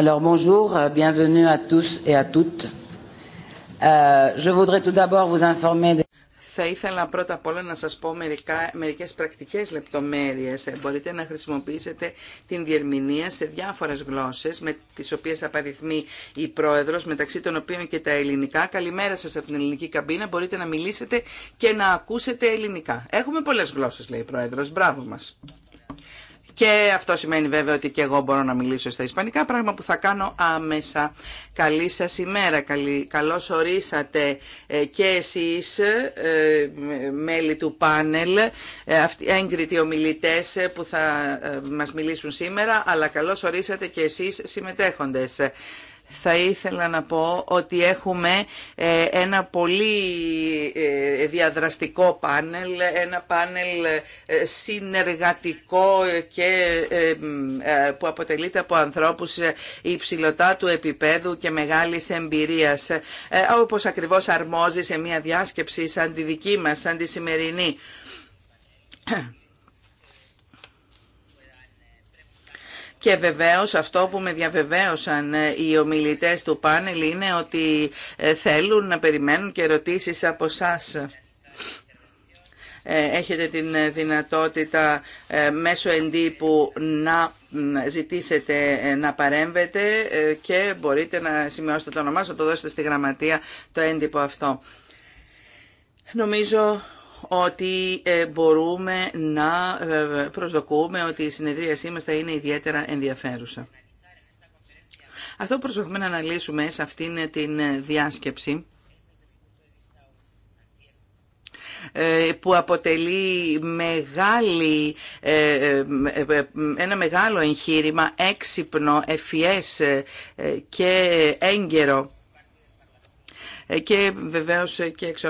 Alors bonjour, euh, bienvenue à tous et θα ήθελα πρώτα απ' όλα να σας πω μερικά, μερικές πρακτικές λεπτομέρειες. Ε, μπορείτε να χρησιμοποιήσετε την διερμηνία σε διάφορες γλώσσες, με τις οποίες απαριθμεί η Πρόεδρος, μεταξύ των οποίων και τα ελληνικά. Καλημέρα σας από την ελληνική καμπίνα, μπορείτε να μιλήσετε και να ακούσετε ελληνικά. Έχουμε πολλές γλώσσες, λέει η Πρόεδρος. Μπράβο μας. Και αυτό σημαίνει βέβαια ότι και εγώ μπορώ να μιλήσω στα ισπανικά, πράγμα που θα κάνω άμεσα. Καλή σα ημέρα, καλή, καλώς ορίσατε ε, και εσείς ε, μέλη του πάνελ, ε, αυτοί έγκριτοι ομιλητές που θα μας μιλήσουν σήμερα, αλλά καλώς ορίσατε και εσείς συμμετέχοντες θα ήθελα να πω ότι έχουμε ε, ένα πολύ ε, διαδραστικό πάνελ, ένα πάνελ ε, συνεργατικό και που αποτελείται από ανθρώπους υψηλωτά του επίπεδου και μεγάλης εμπειρίας, όπως ακριβώς αρμόζει σε μια διάσκεψη σαν τη δική μας, σαν τη σημερινή. και βεβαίως αυτό που με διαβεβαίωσαν ε, οι ομιλητές του πάνελ είναι ότι ε, θέλουν να περιμένουν και ερωτήσεις από εσά. Έχετε την ε, δυνατότητα μέσω εντύπου να ζητήσετε να παρέμβετε και μπορείτε να σημειώσετε το όνομά σας, να το δώσετε στη γραμματεία το έντυπο αυτό. Νομίζω ότι ε, μπορούμε να ε, προσδοκούμε ότι η συνεδρίασή μας θα είναι ιδιαίτερα ενδιαφέρουσα. Αυτό που προσπαθούμε να αναλύσουμε σε αυτήν την διάσκεψη ε, που αποτελεί μεγάλη, ένα μεγάλο εγχείρημα έξυπνο, ευφιές και έγκαιρο και βεβαίως και εξ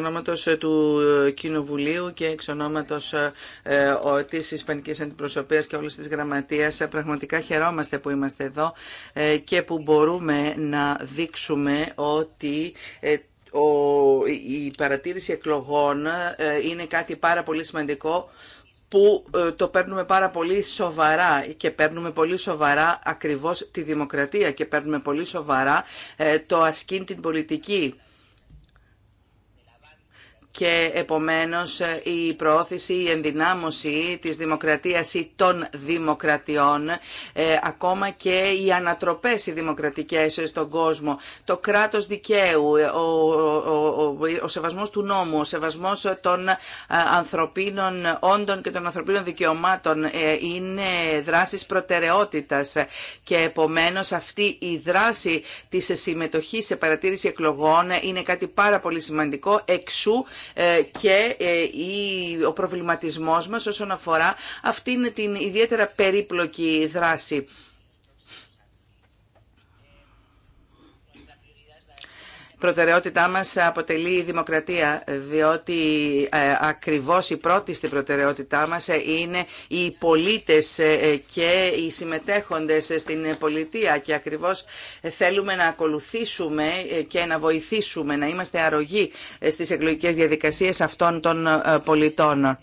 του Κοινοβουλίου και εξ ονόματος ε, της Ισπανικής Αντιπροσωπείας και όλες της γραμματείες ε, Πραγματικά χαιρόμαστε που είμαστε εδώ ε, και που μπορούμε να δείξουμε ότι η παρατήρηση εκλογών είναι κάτι πάρα πολύ σημαντικό που το παίρνουμε πάρα πολύ σοβαρά και παίρνουμε πολύ σοβαρά ακριβώς τη δημοκρατία και παίρνουμε πολύ σοβαρά το ασκήν την πολιτική και επομένως ε, η προώθηση, η ενδυνάμωση της δημοκρατίας ή των δημοκρατιών, ε, ακόμα και οι ανατροπές οι δημοκρατικές ε, στον κόσμο, το κράτος δικαίου, ο, ο, σεβασμός του νόμου, ο σεβασμός των ανθρωπίνων όντων και των ανθρωπίνων δικαιωμάτων είναι δράσεις προτεραιότητας και επομένως αυτή η δράση της συμμετοχής σε παρατήρηση εκλογών είναι κάτι πάρα πολύ σημαντικό εξού ε, και ε, ο προβληματισμός μας όσον αφορά αυτήν την ιδιαίτερα περίπλοκη δράση. προτεραιότητά μας αποτελεί η δημοκρατία, διότι ε, ακριβώς η πρώτη στην προτεραιότητά μας ε, είναι οι πολίτες ε, και οι συμμετέχοντες στην πολιτεία και ακριβώς θέλουμε να ακολουθήσουμε και να βοηθήσουμε, να είμαστε αρρωγοί στις εκλογικές διαδικασίες αυτών των πολιτών.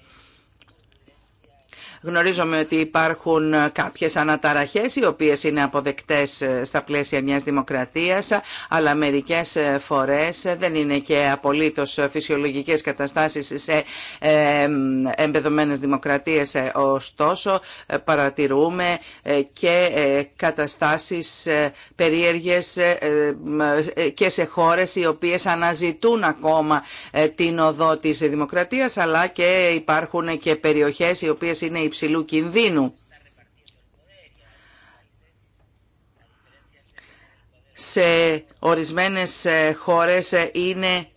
Γνωρίζομαι ότι υπάρχουν ε, κάποιες αναταραχές οι οποίες είναι αποδεκτές ε, στα πλαίσια μιας δημοκρατίας, αλλά μερικές ε, φορές δεν είναι και απολύτως φυσιολογικές καταστάσεις σε εμπεδομένες δημοκρατίες. Ωστόσο, παρατηρούμε και καταστάσεις περίεργες και σε χώρες οι οποίες αναζητούν ακόμα την οδό της δημοκρατίας, αλλά και υπάρχουν και περιοχές οι οποίες είναι υψηλού κινδύνου. Σε ορισμένες ε, χώρες ε, είναι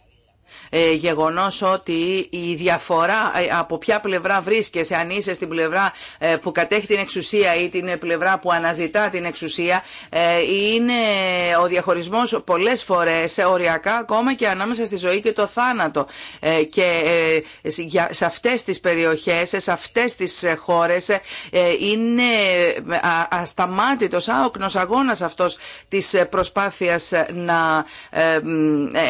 ε, γεγονός ότι η διαφορά ε, από ποια πλευρά βρίσκεσαι, αν είσαι στην πλευρά ε, που κατέχει την εξουσία ή την πλευρά που αναζητά την εξουσία, είναι ο διαχωρισμός πολλές φορές οριακά ακόμα και ανάμεσα στη ζωή και το θάνατο. Και σε αυτές τις περιοχές, σε αυτές τις χώρες είναι ασταμάτητος, άοκνος αγώνας αυτός της προσπάθειας να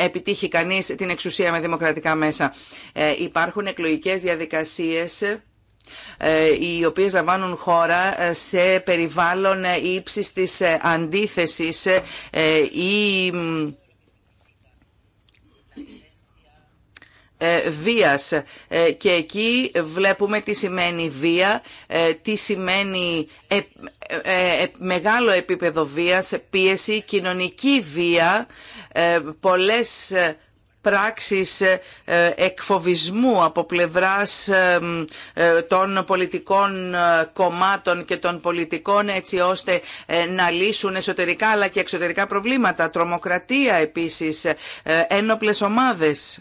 επιτύχει κανείς την εξουσία συνεργασία με δημοκρατικά μέσα. Ε, υπάρχουν εκλογικές διαδικασίες ε, οι οποίες λαμβάνουν χώρα ε, σε περιβάλλον ύψης της αντίθεσης ή βίας και εκεί βλέπουμε τι σημαίνει βία, τι σημαίνει μεγάλο επίπεδο βίας, πίεση, κοινωνική βία, πολλές πράξεις ε, ε, εκφοβισμού από πλευράς ε, των πολιτικών κομμάτων και των πολιτικών έτσι ώστε να λύσουν εσωτερικά αλλά και εξωτερικά προβλήματα, τρομοκρατία επίσης, ένοπλες ομάδες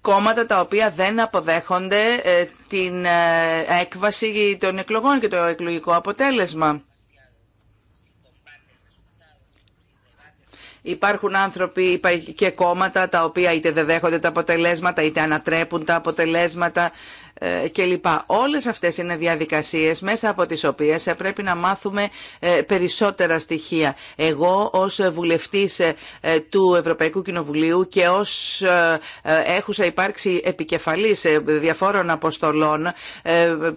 κόμματα τα οποία δεν αποδέχονται την έκβαση των εκλογών και το εκλογικό αποτέλεσμα. Υπάρχουν άνθρωποι και κόμματα τα οποία είτε δεν δέχονται τα αποτελέσματα, είτε ανατρέπουν τα αποτελέσματα ε, κλπ. Όλες αυτές είναι διαδικασίες μέσα από τις οποίες πρέπει να μάθουμε ε, περισσότερα στοιχεία. Εγώ ως βουλευτής ε, του Ευρωπαϊκού Κοινοβουλίου και ως έχουσα υπάρξει επικεφαλής διαφόρων αποστολών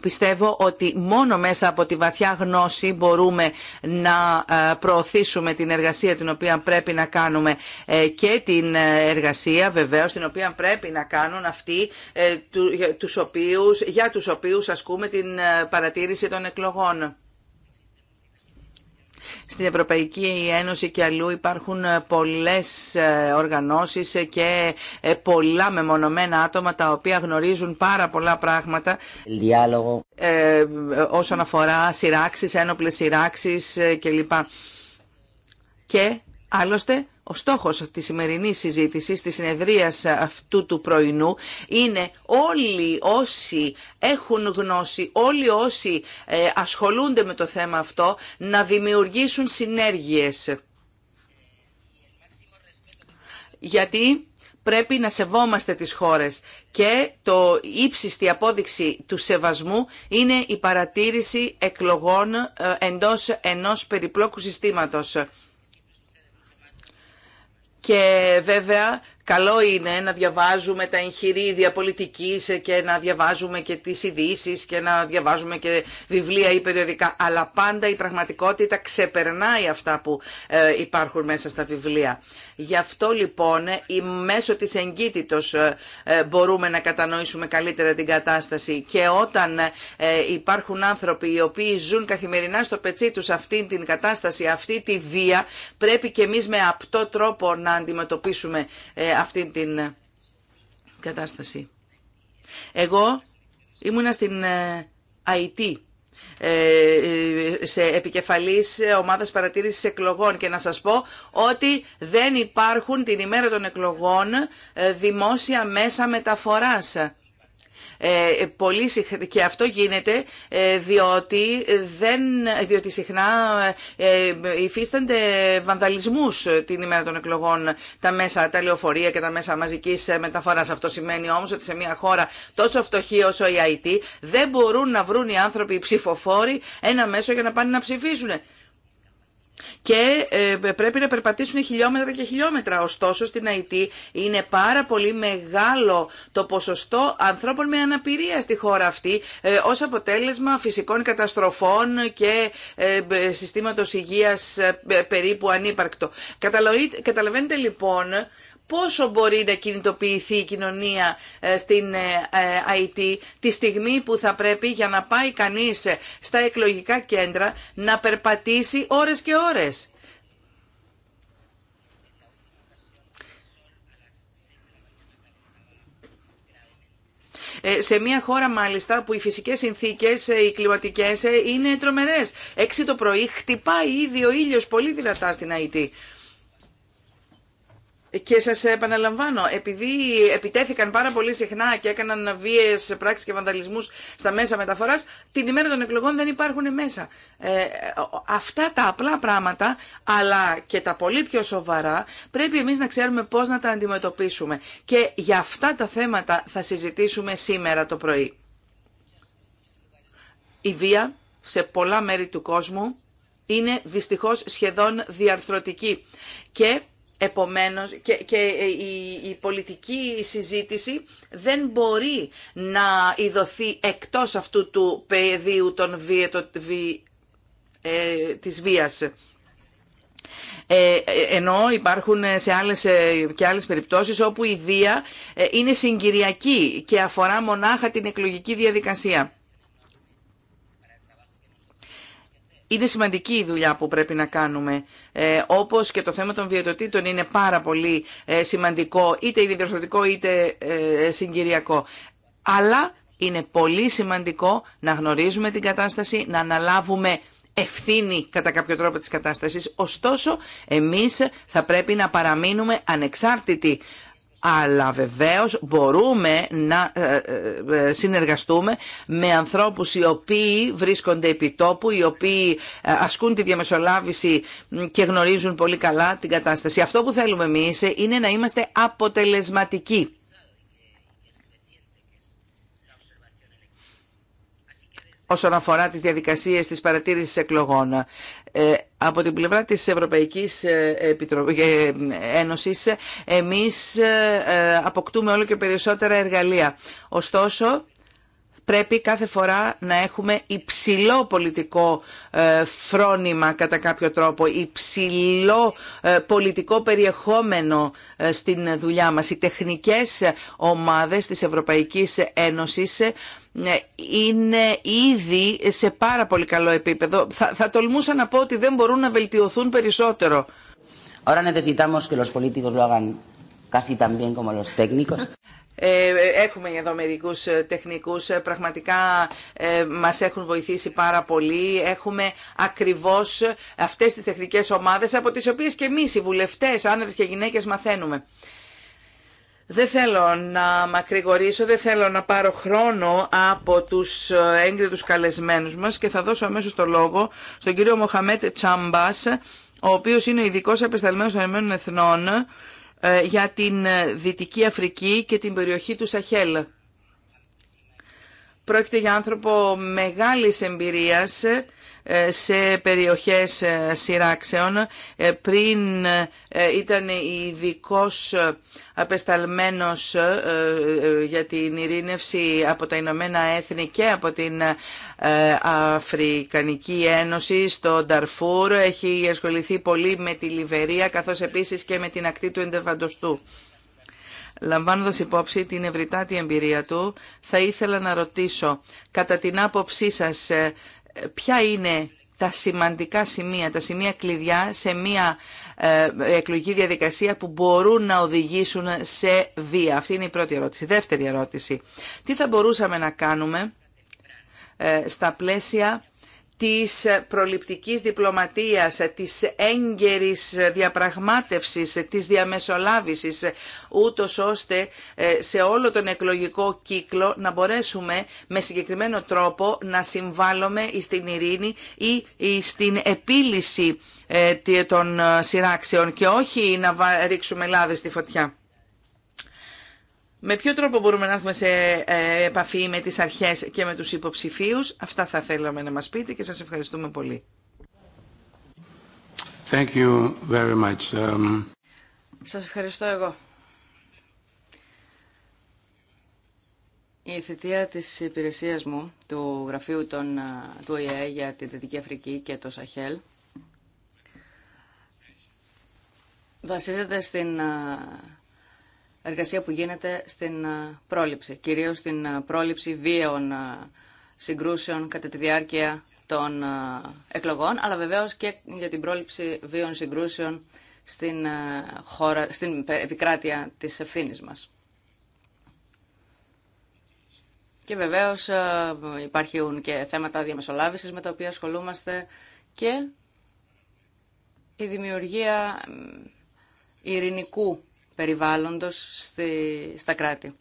πιστεύω ότι μόνο μέσα από τη βαθιά γνώση μπορούμε να προωθήσουμε την εργασία την οποία πρέπει να κάνουμε και την εργασία βεβαίως την οποία πρέπει να κάνουν αυτοί τους για τους οποίους ασκούμε την ε, παρατήρηση των εκλογών. Στην Ευρωπαϊκή Ένωση και αλλού υπάρχουν ε, πολλές ε, οργανώσεις και πολλά μεμονωμένα άτομα τα οποία γνωρίζουν πάρα πολλά πράγματα Διάλογο. όσον αφορά σειράξεις, ένοπλες σειράξεις κλπ. Και Άλλωστε, ο στόχος της σημερινής συζήτησης, της συνεδρίας αυτού του πρωινού, είναι όλοι όσοι έχουν γνώση, όλοι όσοι ε, ασχολούνται με το θέμα αυτό, να δημιουργήσουν συνέργειες. Γιατί πρέπει να σεβόμαστε τις χώρες και το ύψιστη απόδειξη του σεβασμού είναι η παρατήρηση εκλογών ε, εντός ενός περιπλόκου συστήματος και βέβαια Καλό είναι να διαβάζουμε τα εγχειρίδια πολιτικής και να διαβάζουμε και τις ειδήσει και να διαβάζουμε και βιβλία ή περιοδικά. Αλλά πάντα η πραγματικότητα ξεπερνάει αυτά που ε, υπάρχουν μέσα στα βιβλία. Γι' αυτό λοιπόν μέσω της εγκύτητος ε, ε, μπορούμε να κατανοήσουμε καλύτερα την κατάσταση και όταν υπάρχουν άνθρωποι οι οποίοι ζουν καθημερινά στο πετσί τους αυτή την κατάσταση, αυτή τη βία, πρέπει και εμείς με απτό τρόπο να αντιμετωπίσουμε αυτή την ε, κατάσταση. Εγώ ήμουνα στην IT ε, ε, σε επικεφαλής ομάδας παρατήρησης εκλογών και να σας πω ότι δεν υπάρχουν την ημέρα των εκλογών δημόσια μέσα μεταφοράς. Ε, πολύ Και αυτό γίνεται ε, διότι, δεν, διότι συχνά ε, υφίστανται βανδαλισμούς την ημέρα των εκλογών τα μέσα, τα λεωφορεία και τα μέσα μαζικής μεταφοράς. Αυτό σημαίνει όμως ότι σε μια χώρα τόσο φτωχή όσο η IT δεν μπορούν να βρουν οι άνθρωποι οι ψηφοφόροι ένα μέσο για να πάνε να ψηφίσουν και ε, ε, πρέπει να περπατήσουν χιλιόμετρα και χιλιόμετρα. Ωστόσο στην Αιτή είναι πάρα πολύ μεγάλο το ποσοστό ανθρώπων με αναπηρία στη χώρα αυτή ε, ως αποτέλεσμα φυσικών καταστροφών και συστήματος υγείας περίπου ανύπαρκτο. Καταλαβαίνετε λοιπόν πόσο μπορεί να κινητοποιηθεί η κοινωνία ε, στην IT ε, ε, τη στιγμή που θα πρέπει για να πάει κανείς στα εκλογικά κέντρα να περπατήσει ώρες και ώρες. σε μια χώρα μάλιστα που οι φυσικές συνθήκες, οι κλιματικές είναι τρομερές. Έξι το πρωί χτυπάει ήδη ο ήλιος πολύ δυνατά στην Αϊτή. Και σας επαναλαμβάνω, επειδή επιτέθηκαν πάρα πολύ συχνά και έκαναν βίες πράξεις και βανδαλισμούς στα μέσα μεταφοράς, την ημέρα των εκλογών δεν υπάρχουν μέσα. Ε, αυτά τα απλά πράγματα, αλλά και τα πολύ πιο σοβαρά, πρέπει εμείς να ξέρουμε πώς να τα αντιμετωπίσουμε. Και για αυτά τα θέματα θα συζητήσουμε σήμερα το πρωί. Η βία σε πολλά μέρη του κόσμου είναι δυστυχώς σχεδόν διαρθρωτική και Επομένως και, η, πολιτική συζήτηση δεν μπορεί να ειδωθεί εκτός αυτού του πεδίου των βία, το, ε, της βίας. Ε, ενώ υπάρχουν σε άλλες, ε, και άλλες περιπτώσεις όπου η βία ε, είναι συγκυριακή και αφορά μονάχα την εκλογική διαδικασία. είναι σημαντική η δουλειά που πρέπει να κάνουμε. Ε, όπως και το θέμα των βιωτοτήτων είναι πάρα πολύ ε, σημαντικό, είτε είναι διορθωτικό είτε ε, συγκυριακό. Αλλά είναι πολύ σημαντικό να γνωρίζουμε την κατάσταση, να αναλάβουμε ευθύνη κατά κάποιο τρόπο της κατάστασης. Ωστόσο, εμείς θα πρέπει να παραμείνουμε ανεξάρτητοι αλλά βεβαίως μπορούμε να ε, ε, ε, συνεργαστούμε με ανθρώπους οι οποίοι βρίσκονται επί τόπου, οι οποίοι ασκούν τη διαμεσολάβηση και γνωρίζουν πολύ καλά την κατάσταση. Αυτό που θέλουμε εμείς είναι να είμαστε αποτελεσματικοί. όσον αφορά τις διαδικασίες της παρατήρησης εκλογών. Ε, από την πλευρά της Ευρωπαϊκής ε, ε, Ένωσης εμείς αποκτούμε όλο και περισσότερα εργαλεία. Ωστόσο, πρέπει κάθε φορά να έχουμε υψηλό πολιτικό ε, φρόνημα κατά κάποιο τρόπο, υψηλό ε, πολιτικό περιεχόμενο ε, στην δουλειά μας. Οι τεχνικές ομάδες της Ευρωπαϊκής Ένωσης είναι ήδη σε πάρα πολύ καλό επίπεδο. Θα, θα τολμούσα να πω ότι δεν μπορούν να βελτιωθούν περισσότερο. Ahora necesitamos que los políticos lo hagan casi tan bien como los técnicos. Ε, έχουμε εδώ μερικού ε, τεχνικούς, ε, πραγματικά μας έχουν βοηθήσει πάρα πολύ. Έχουμε ακριβώς αυτές τις τεχνικές ομάδες από τις οποίες και εμεί, οι βουλευτές, άνδρε και γυναίκες μαθαίνουμε. Δεν θέλω να μακρηγορήσω, δεν θέλω να πάρω χρόνο από τους έγκριτους καλεσμένους μας και θα δώσω αμέσως το λόγο στον κύριο Μοχαμέτ Τσάμπας, ο οποίος είναι ειδικό ειδικός απεσταλμένος των Ηνωμένων ε, για την ε, Δυτική Αφρική και την περιοχή του Σαχέλ. Πρόκειται για άνθρωπο μεγάλης εμπειρίας σε περιοχές ε, σειράξεων. Ε, πριν ε, ήταν ειδικό απεσταλμένος για την ειρήνευση από τα Ηνωμένα Έθνη και από την Αφρικανική Ένωση στο Νταρφούρ. Έχει ασχοληθεί πολύ με τη Λιβερία καθώς επίσης και με την ακτή του Εντεβαντοστού. Λαμβάνοντας υπόψη την ευρυτάτη εμπειρία του, θα ήθελα να ρωτήσω, κατά την άποψή σας, ποια είναι τα σημαντικά σημεία, τα σημεία κλειδιά σε μια ε, εκλογική διαδικασία που μπορούν να οδηγήσουν σε βία. Αυτή είναι η πρώτη ερώτηση. Δεύτερη ερώτηση. Τι θα μπορούσαμε να κάνουμε ε, στα πλαίσια της προληπτικής διπλωματίας, της έγκαιρης διαπραγμάτευσης, της διαμεσολάβησης, ούτως ώστε ε, σε όλο τον εκλογικό κύκλο να μπορέσουμε με συγκεκριμένο τρόπο να συμβάλλουμε στην ειρήνη ή στην επίλυση ε, των ε, σειράξεων και όχι να ρίξουμε λάδες στη φωτιά. Με ποιο τρόπο μπορούμε να έρθουμε σε ε, επαφή με τις αρχές και με τους υποψηφίους. Αυτά θα θέλαμε να μας πείτε και σας ευχαριστούμε πολύ. Thank you very much. Um, σας ευχαριστώ εγώ. Η θητεία της υπηρεσίας μου, του γραφείου των, του ΟΗΕ για τη Δυτική Αφρική και το Σαχέλ, βασίζεται στην εργασία που γίνεται στην ε, πρόληψη, κυρίως στην ε, πρόληψη βίαιων ε, συγκρούσεων κατά τη διάρκεια των εκλογών, αλλά βεβαίως και για την πρόληψη βίων συγκρούσεων στην, χώρα, στην επικράτεια της ευθύνη μας. Και βεβαίως υπάρχουν και θέματα διαμεσολάβησης με τα οποία ασχολούμαστε και η δημιουργία ειρηνικού περιβάλλοντος στη, στα κράτη.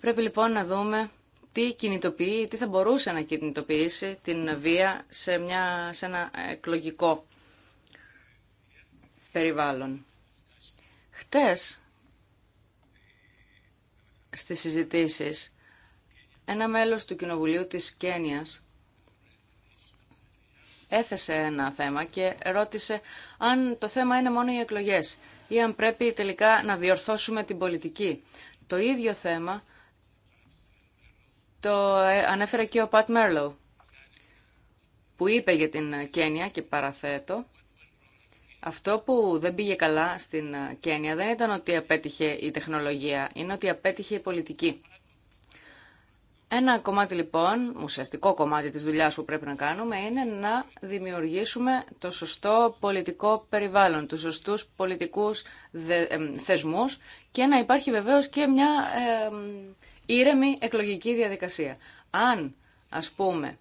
Πρέπει λοιπόν να δούμε τι κινητοποιεί, τι θα μπορούσε να κινητοποιήσει την βία σε, μια, σε ένα εκλογικό περιβάλλον. Χτες στις συζητήσεις ένα μέλος του Κοινοβουλίου της Κένιας έθεσε ένα θέμα και ρώτησε αν το θέμα είναι μόνο οι εκλογές ή αν πρέπει τελικά να διορθώσουμε την πολιτική. Το ίδιο θέμα το ε, ανέφερε και ο Πατ Μέρλο που είπε για την ε, Κένια και παραθέτω αυτό που δεν πήγε καλά στην ε, Κένια δεν ήταν ότι απέτυχε η τεχνολογία, είναι ότι απέτυχε η πολιτική. Ένα κομμάτι λοιπόν, ουσιαστικό κομμάτι της δουλειάς που πρέπει να κάνουμε είναι να δημιουργήσουμε το σωστό πολιτικό περιβάλλον, τους σωστούς πολιτικούς θεσμούς και να υπάρχει βεβαίως και μια ε, ήρεμη εκλογική διαδικασία. Αν, ας πούμε,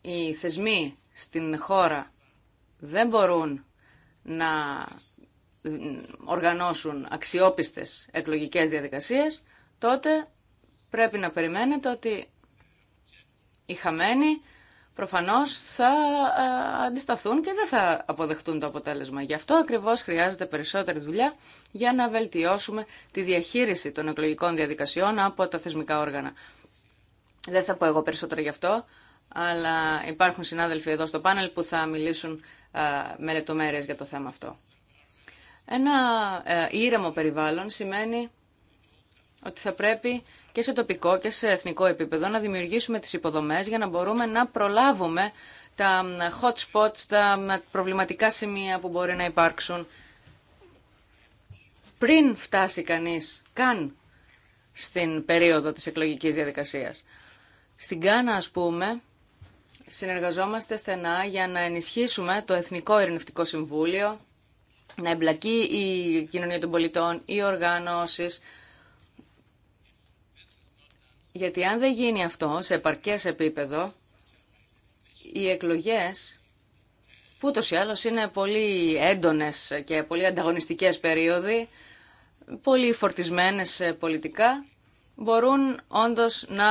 οι θεσμοί στην χώρα δεν μπορούν να οργανώσουν αξιόπιστες εκλογικές διαδικασίες, τότε πρέπει να περιμένετε ότι οι χαμένοι προφανώς θα ε, αντισταθούν και δεν θα αποδεχτούν το αποτέλεσμα. Γι' αυτό ακριβώς χρειάζεται περισσότερη δουλειά για να βελτιώσουμε τη διαχείριση των εκλογικών διαδικασιών από τα θεσμικά όργανα. Δεν θα πω εγώ περισσότερο γι' αυτό, αλλά υπάρχουν συνάδελφοι εδώ στο πάνελ που θα μιλήσουν ε, με λεπτομέρειες για το θέμα αυτό. Ένα ε, ήρεμο περιβάλλον σημαίνει ότι θα πρέπει και σε τοπικό και σε εθνικό επίπεδο να δημιουργήσουμε τις υποδομές για να μπορούμε να προλάβουμε τα hot spots, τα προβληματικά σημεία που μπορεί να υπάρξουν πριν φτάσει κανείς καν στην περίοδο της εκλογικής διαδικασίας. Στην Κάνα, ας πούμε, συνεργαζόμαστε στενά για να ενισχύσουμε το Εθνικό Ειρηνευτικό Συμβούλιο να εμπλακεί η κοινωνία των πολιτών, οι οργανώσεις. Γιατί αν δεν γίνει αυτό σε επαρκές επίπεδο, οι εκλογές που ούτως ή άλλως είναι πολύ έντονες και πολύ ανταγωνιστικές περίοδοι, πολύ φορτισμένες πολιτικά, μπορούν όντως να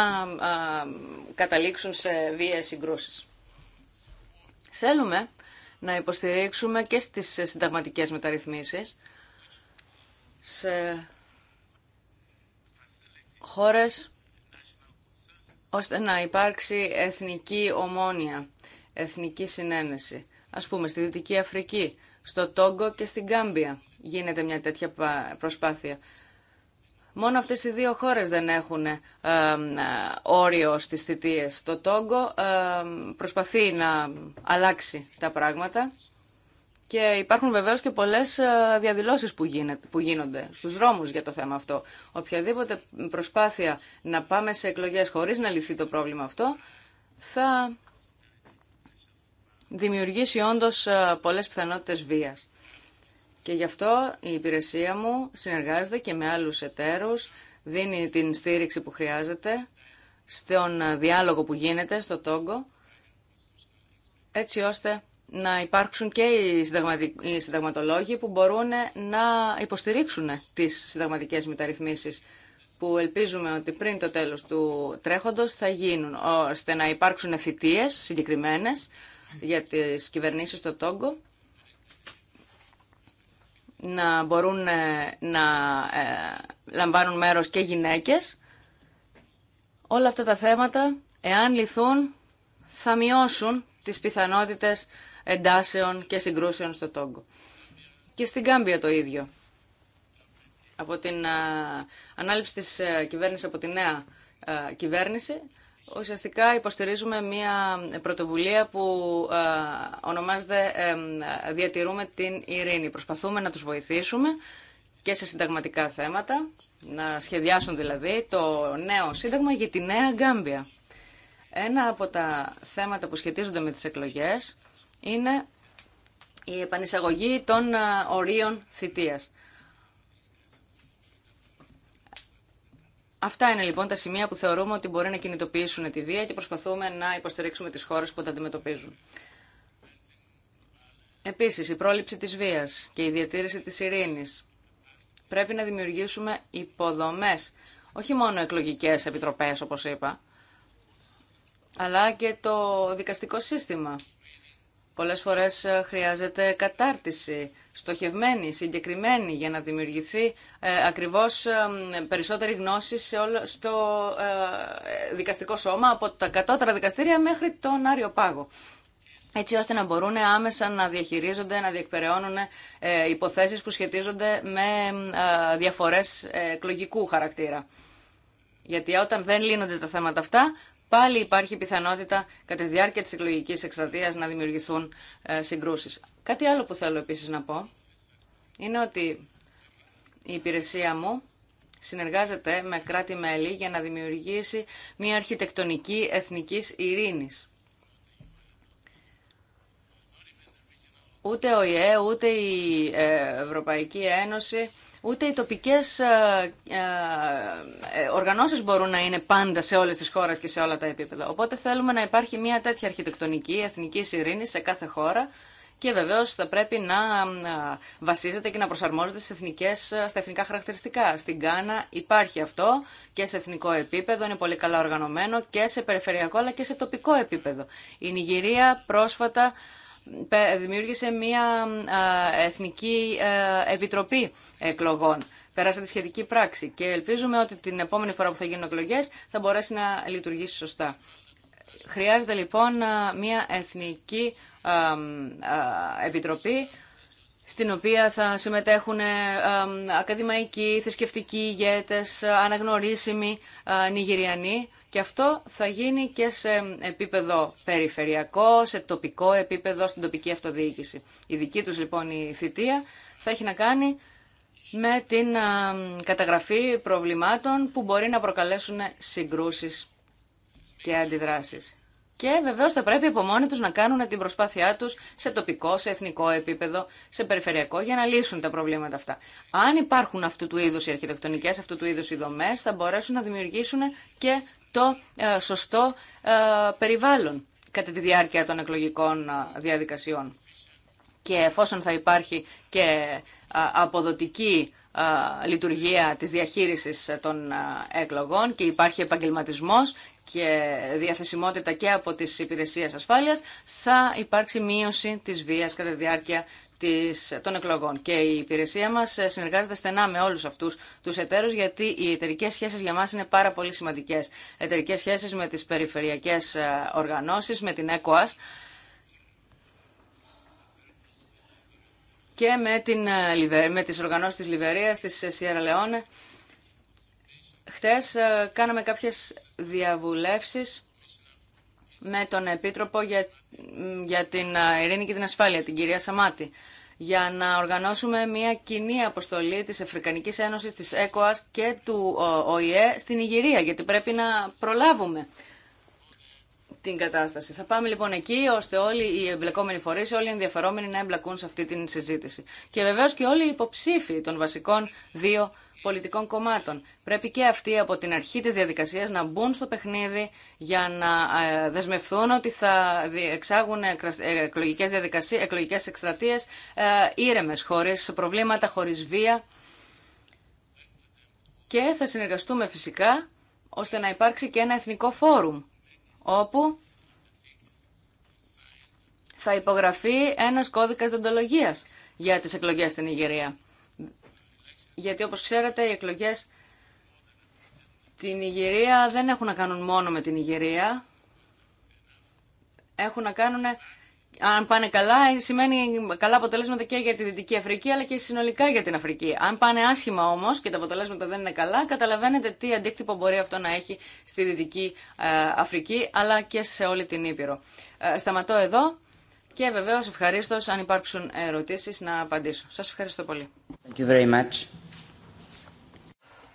καταλήξουν σε βίαιες συγκρούσεις. Θέλουμε να υποστηρίξουμε και στις συνταγματικές μεταρρυθμίσεις σε χώρες ώστε να υπάρξει εθνική ομόνια, εθνική συνένεση. Ας πούμε στη Δυτική Αφρική, στο Τόγκο και στην Κάμπια γίνεται μια τέτοια προσπάθεια. Μόνο αυτές οι δύο χώρες δεν έχουν ε, ε, όριο στις θητείες. Το Τόγκο ε, προσπαθεί να αλλάξει τα πράγματα και υπάρχουν βεβαίως και πολλές διαδηλώσεις που, που γίνονται στους δρόμους για το θέμα αυτό. Οποιαδήποτε προσπάθεια να πάμε σε εκλογές χωρίς να λυθεί το πρόβλημα αυτό θα δημιουργήσει όντως πολλές πιθανότητες βίας. Και γι' αυτό η υπηρεσία μου συνεργάζεται και με άλλους εταίρους, δίνει την στήριξη που χρειάζεται στον διάλογο που γίνεται στο Τόγκο, έτσι ώστε να υπάρξουν και οι συνταγματολόγοι που μπορούν να υποστηρίξουν τις συνταγματικές μεταρρυθμίσεις που ελπίζουμε ότι πριν το τέλος του τρέχοντος θα γίνουν, ώστε να υπάρξουν θητείες συγκεκριμένες για τις κυβερνήσεις στο Τόγκο να μπορούν ε, να ε, λαμβάνουν μέρος και γυναίκες. Όλα αυτά τα θέματα, εάν λυθούν, θα μειώσουν τις πιθανότητες εντάσεων και συγκρούσεων στο Τόγκο. Και στην Κάμπια το ίδιο. Από την ε, ανάληψη της κυβέρνησης από τη νέα κυβέρνηση, Ουσιαστικά υποστηρίζουμε μια πρωτοβουλία που ε, ονομάζεται «Διατηρούμε την ειρήνη». Προσπαθούμε να τους βοηθήσουμε και σε συνταγματικά θέματα, να σχεδιάσουν δηλαδή το νέο σύνταγμα για τη νέα Γκάμπια. Ένα από τα θέματα που σχετίζονται με τις εκλογές είναι η επανεισαγωγή των ε, ορίων θητείας. Αυτά είναι λοιπόν τα σημεία που θεωρούμε ότι μπορεί να κινητοποιήσουν τη βία και προσπαθούμε να υποστηρίξουμε τις χώρες που τα αντιμετωπίζουν. Επίσης, η πρόληψη της βίας και η διατήρηση της ειρήνης. Πρέπει να δημιουργήσουμε υποδομές, όχι μόνο εκλογικές επιτροπές όπως είπα, αλλά και το δικαστικό σύστημα Πολλές φορές ε, χρειάζεται κατάρτιση στοχευμένη, συγκεκριμένη για να δημιουργηθεί ε, ακριβώς ε, περισσότερη γνώση σε όλο, στο δικαστικό σώμα από τα κατώτερα δικαστήρια μέχρι τον Άριο Πάγο έτσι ώστε να μπορούν άμεσα να διαχειρίζονται, να διεκπεραιώνουν υποθέσεις που σχετίζονται με διαφορές εκλογικού χαρακτήρα. Γιατί όταν δεν λύνονται τα θέματα αυτά, πάλι υπάρχει πιθανότητα κατά τη διάρκεια της εκλογική εκστρατεία να δημιουργηθούν ε, συγκρούσεις. Κάτι άλλο που θέλω επίσης να πω είναι ότι η υπηρεσία μου συνεργάζεται με κράτη-μέλη για να δημιουργήσει μια αρχιτεκτονική εθνικής ειρήνης. Ούτε ο ΙΕ, ούτε η ε, Ευρωπαϊκή Ένωση Ούτε οι τοπικές ε, ε, ε, οργανώσει μπορούν να είναι πάντα σε όλες τις χώρες και σε όλα τα επίπεδα. Οπότε θέλουμε να υπάρχει μια τέτοια αρχιτεκτονική εθνική ειρήνη σε κάθε χώρα και βεβαίω θα πρέπει να βασίζεται και να προσαρμόζεται στις εθνικές, στα εθνικά χαρακτηριστικά. Στην Κάνα υπάρχει αυτό και σε εθνικό επίπεδο, είναι πολύ καλά οργανωμένο και σε περιφερειακό αλλά και σε τοπικό επίπεδο. Η Νιγηρία πρόσφατα δημιούργησε μια εθνική επιτροπή εκλογών. Πέρασε τη σχετική πράξη και ελπίζουμε ότι την επόμενη φορά που θα γίνουν εκλογέ θα μπορέσει να λειτουργήσει σωστά. Χρειάζεται λοιπόν μια εθνική επιτροπή στην οποία θα συμμετέχουν ε, ακαδημαϊκοί, θρησκευτικοί ηγέτες, αναγνωρίσιμοι Νιγηριανοί και αυτό θα γίνει και σε επίπεδο περιφερειακό, σε τοπικό επίπεδο, στην τοπική αυτοδιοίκηση. Η δική τους λοιπόν η θητεία θα έχει να κάνει με την καταγραφή προβλημάτων που μπορεί να προκαλέσουν συγκρούσεις και αντιδράσεις. Και βεβαίω θα πρέπει από μόνοι του να κάνουν την προσπάθειά του σε τοπικό, σε εθνικό επίπεδο, σε περιφερειακό για να λύσουν τα προβλήματα αυτά. Αν υπάρχουν αυτού του είδου οι αρχιτεκτονικέ, αυτού του είδου οι δομέ, θα μπορέσουν να δημιουργήσουν και το ε, σωστό ε, περιβάλλον κατά τη διάρκεια των εκλογικών ε, διαδικασιών. Και εφόσον θα υπάρχει και αποδοτική λειτουργία της διαχείρισης των εκλογών και υπάρχει επαγγελματισμός και διαθεσιμότητα και από τις υπηρεσίες ασφάλειας, θα υπάρξει μείωση της βίας κατά τη διάρκεια της, των εκλογών. Και η υπηρεσία μας ε, συνεργάζεται στενά με όλους αυτούς τους εταίρου, γιατί οι εταιρικέ σχέσεις για μα είναι πάρα πολύ σημαντικές. Εταιρικέ σχέσεις με τις περιφερειακές ε, οργανώσεις, με την ΕΚΟΑΣ, και με, την, ε, με τις οργανώσεις της Λιβερίας, της Σιέρα Λεόνε. Χτες κάναμε κάποιες διαβουλεύσεις με τον Επίτροπο για, για την Ειρήνη και την Ασφάλεια, την κυρία Σαμάτη, για να οργανώσουμε μια κοινή αποστολή της Αφρικανικής Ένωσης, της ΕΚΟΑΣ και του ΟΗΕ στην Ιγυρία, γιατί πρέπει να προλάβουμε την κατάσταση. Θα πάμε λοιπόν εκεί ώστε όλοι οι εμπλεκόμενοι φορείς, όλοι οι ενδιαφερόμενοι να εμπλακούν σε αυτή την συζήτηση. Και βεβαίω και όλοι οι υποψήφοι των βασικών δύο πολιτικών κομμάτων. Πρέπει και αυτοί από την αρχή της διαδικασίας να μπουν στο παιχνίδι για να ε, δεσμευθούν ότι θα εξάγουν ε, εκλογικές διαδικασίες, εκλογικές εκστρατείες ε, ήρεμες, χωρίς προβλήματα, χωρίς βία. Και θα συνεργαστούμε φυσικά ώστε να υπάρξει και ένα εθνικό φόρουμ όπου θα υπογραφεί ένας κώδικας δοντολογίας για τις εκλογές στην Ιγερία γιατί όπως ξέρετε οι εκλογές στην Ιγυρία δεν έχουν να κάνουν μόνο με την Ιγυρία. Έχουν να κάνουν, αν πάνε καλά, σημαίνει καλά αποτελέσματα και για τη Δυτική Αφρική, αλλά και συνολικά για την Αφρική. Αν πάνε άσχημα όμως και τα αποτελέσματα δεν είναι καλά, καταλαβαίνετε τι αντίκτυπο μπορεί αυτό να έχει στη Δυτική ε, Αφρική, αλλά και σε όλη την Ήπειρο. Ε, σταματώ εδώ. Και βεβαίως ευχαρίστω αν υπάρξουν ερωτήσεις να απαντήσω. Σας ευχαριστώ πολύ. Thank you very much.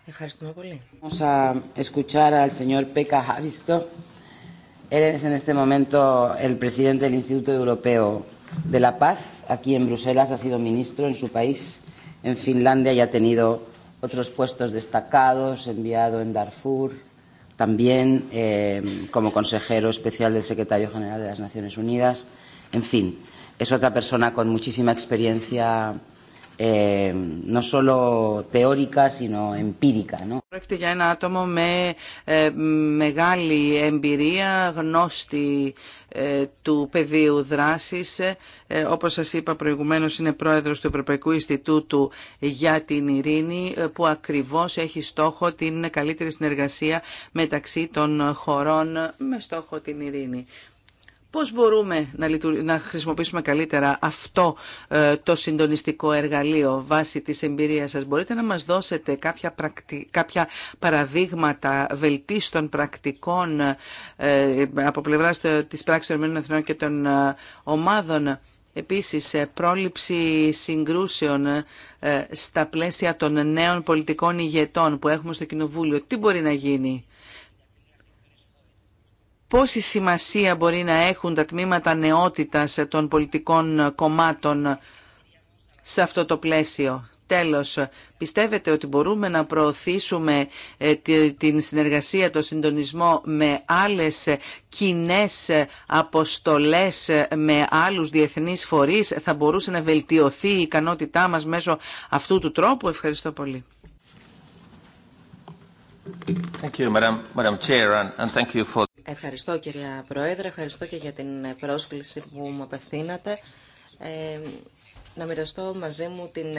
Ευχαριστούμε πολύ. Vamos a escuchar al señor Peca Javisto. Él es en este momento el presidente del Instituto Europeo de la Paz. Aquí en Bruselas ha sido ministro en su país. En Finlandia ya ha tenido otros puestos destacados, enviado en Darfur, también eh, como consejero especial del secretario general de las Naciones Unidas En fin, es otra persona con muchísima experiencia eh, no solo teórica, sino Πρόκειται για ένα άτομο με ε, μεγάλη εμπειρία, γνώστη ε, του πεδίου δράσης. Ε, όπως σας είπα προηγουμένως είναι πρόεδρος του Ευρωπαϊκού Ινστιτούτου για την Ειρήνη ε, που ακριβώς έχει στόχο την καλύτερη συνεργασία μεταξύ των χωρών με στόχο την ειρήνη. Πώς μπορούμε να χρησιμοποιήσουμε καλύτερα αυτό ε, το συντονιστικό εργαλείο βάσει της εμπειρίας σας. Μπορείτε να μας δώσετε κάποια, πρακτι... κάποια παραδείγματα βελτίστων πρακτικών ε, από πλευράς της πράξης των ΕΕ και των ε, ομάδων. Επίσης, πρόληψη συγκρούσεων στα πλαίσια των νέων πολιτικών ηγετών που έχουμε στο Κοινοβούλιο. Τι μπορεί να γίνει πόση σημασία μπορεί να έχουν τα τμήματα νεότητας των πολιτικών κομμάτων σε αυτό το πλαίσιο. Τέλος, πιστεύετε ότι μπορούμε να προωθήσουμε ε, την συνεργασία, το συντονισμό με άλλες κοινέ αποστολές, με άλλους διεθνείς φορείς. Θα μπορούσε να βελτιωθεί η ικανότητά μας μέσω αυτού του τρόπου. Ευχαριστώ πολύ. Thank you, Madam, Ευχαριστώ κυρία Πρόεδρε, ευχαριστώ και για την πρόσκληση που μου απευθύνατε. Ε, να μοιραστώ μαζί, μου την,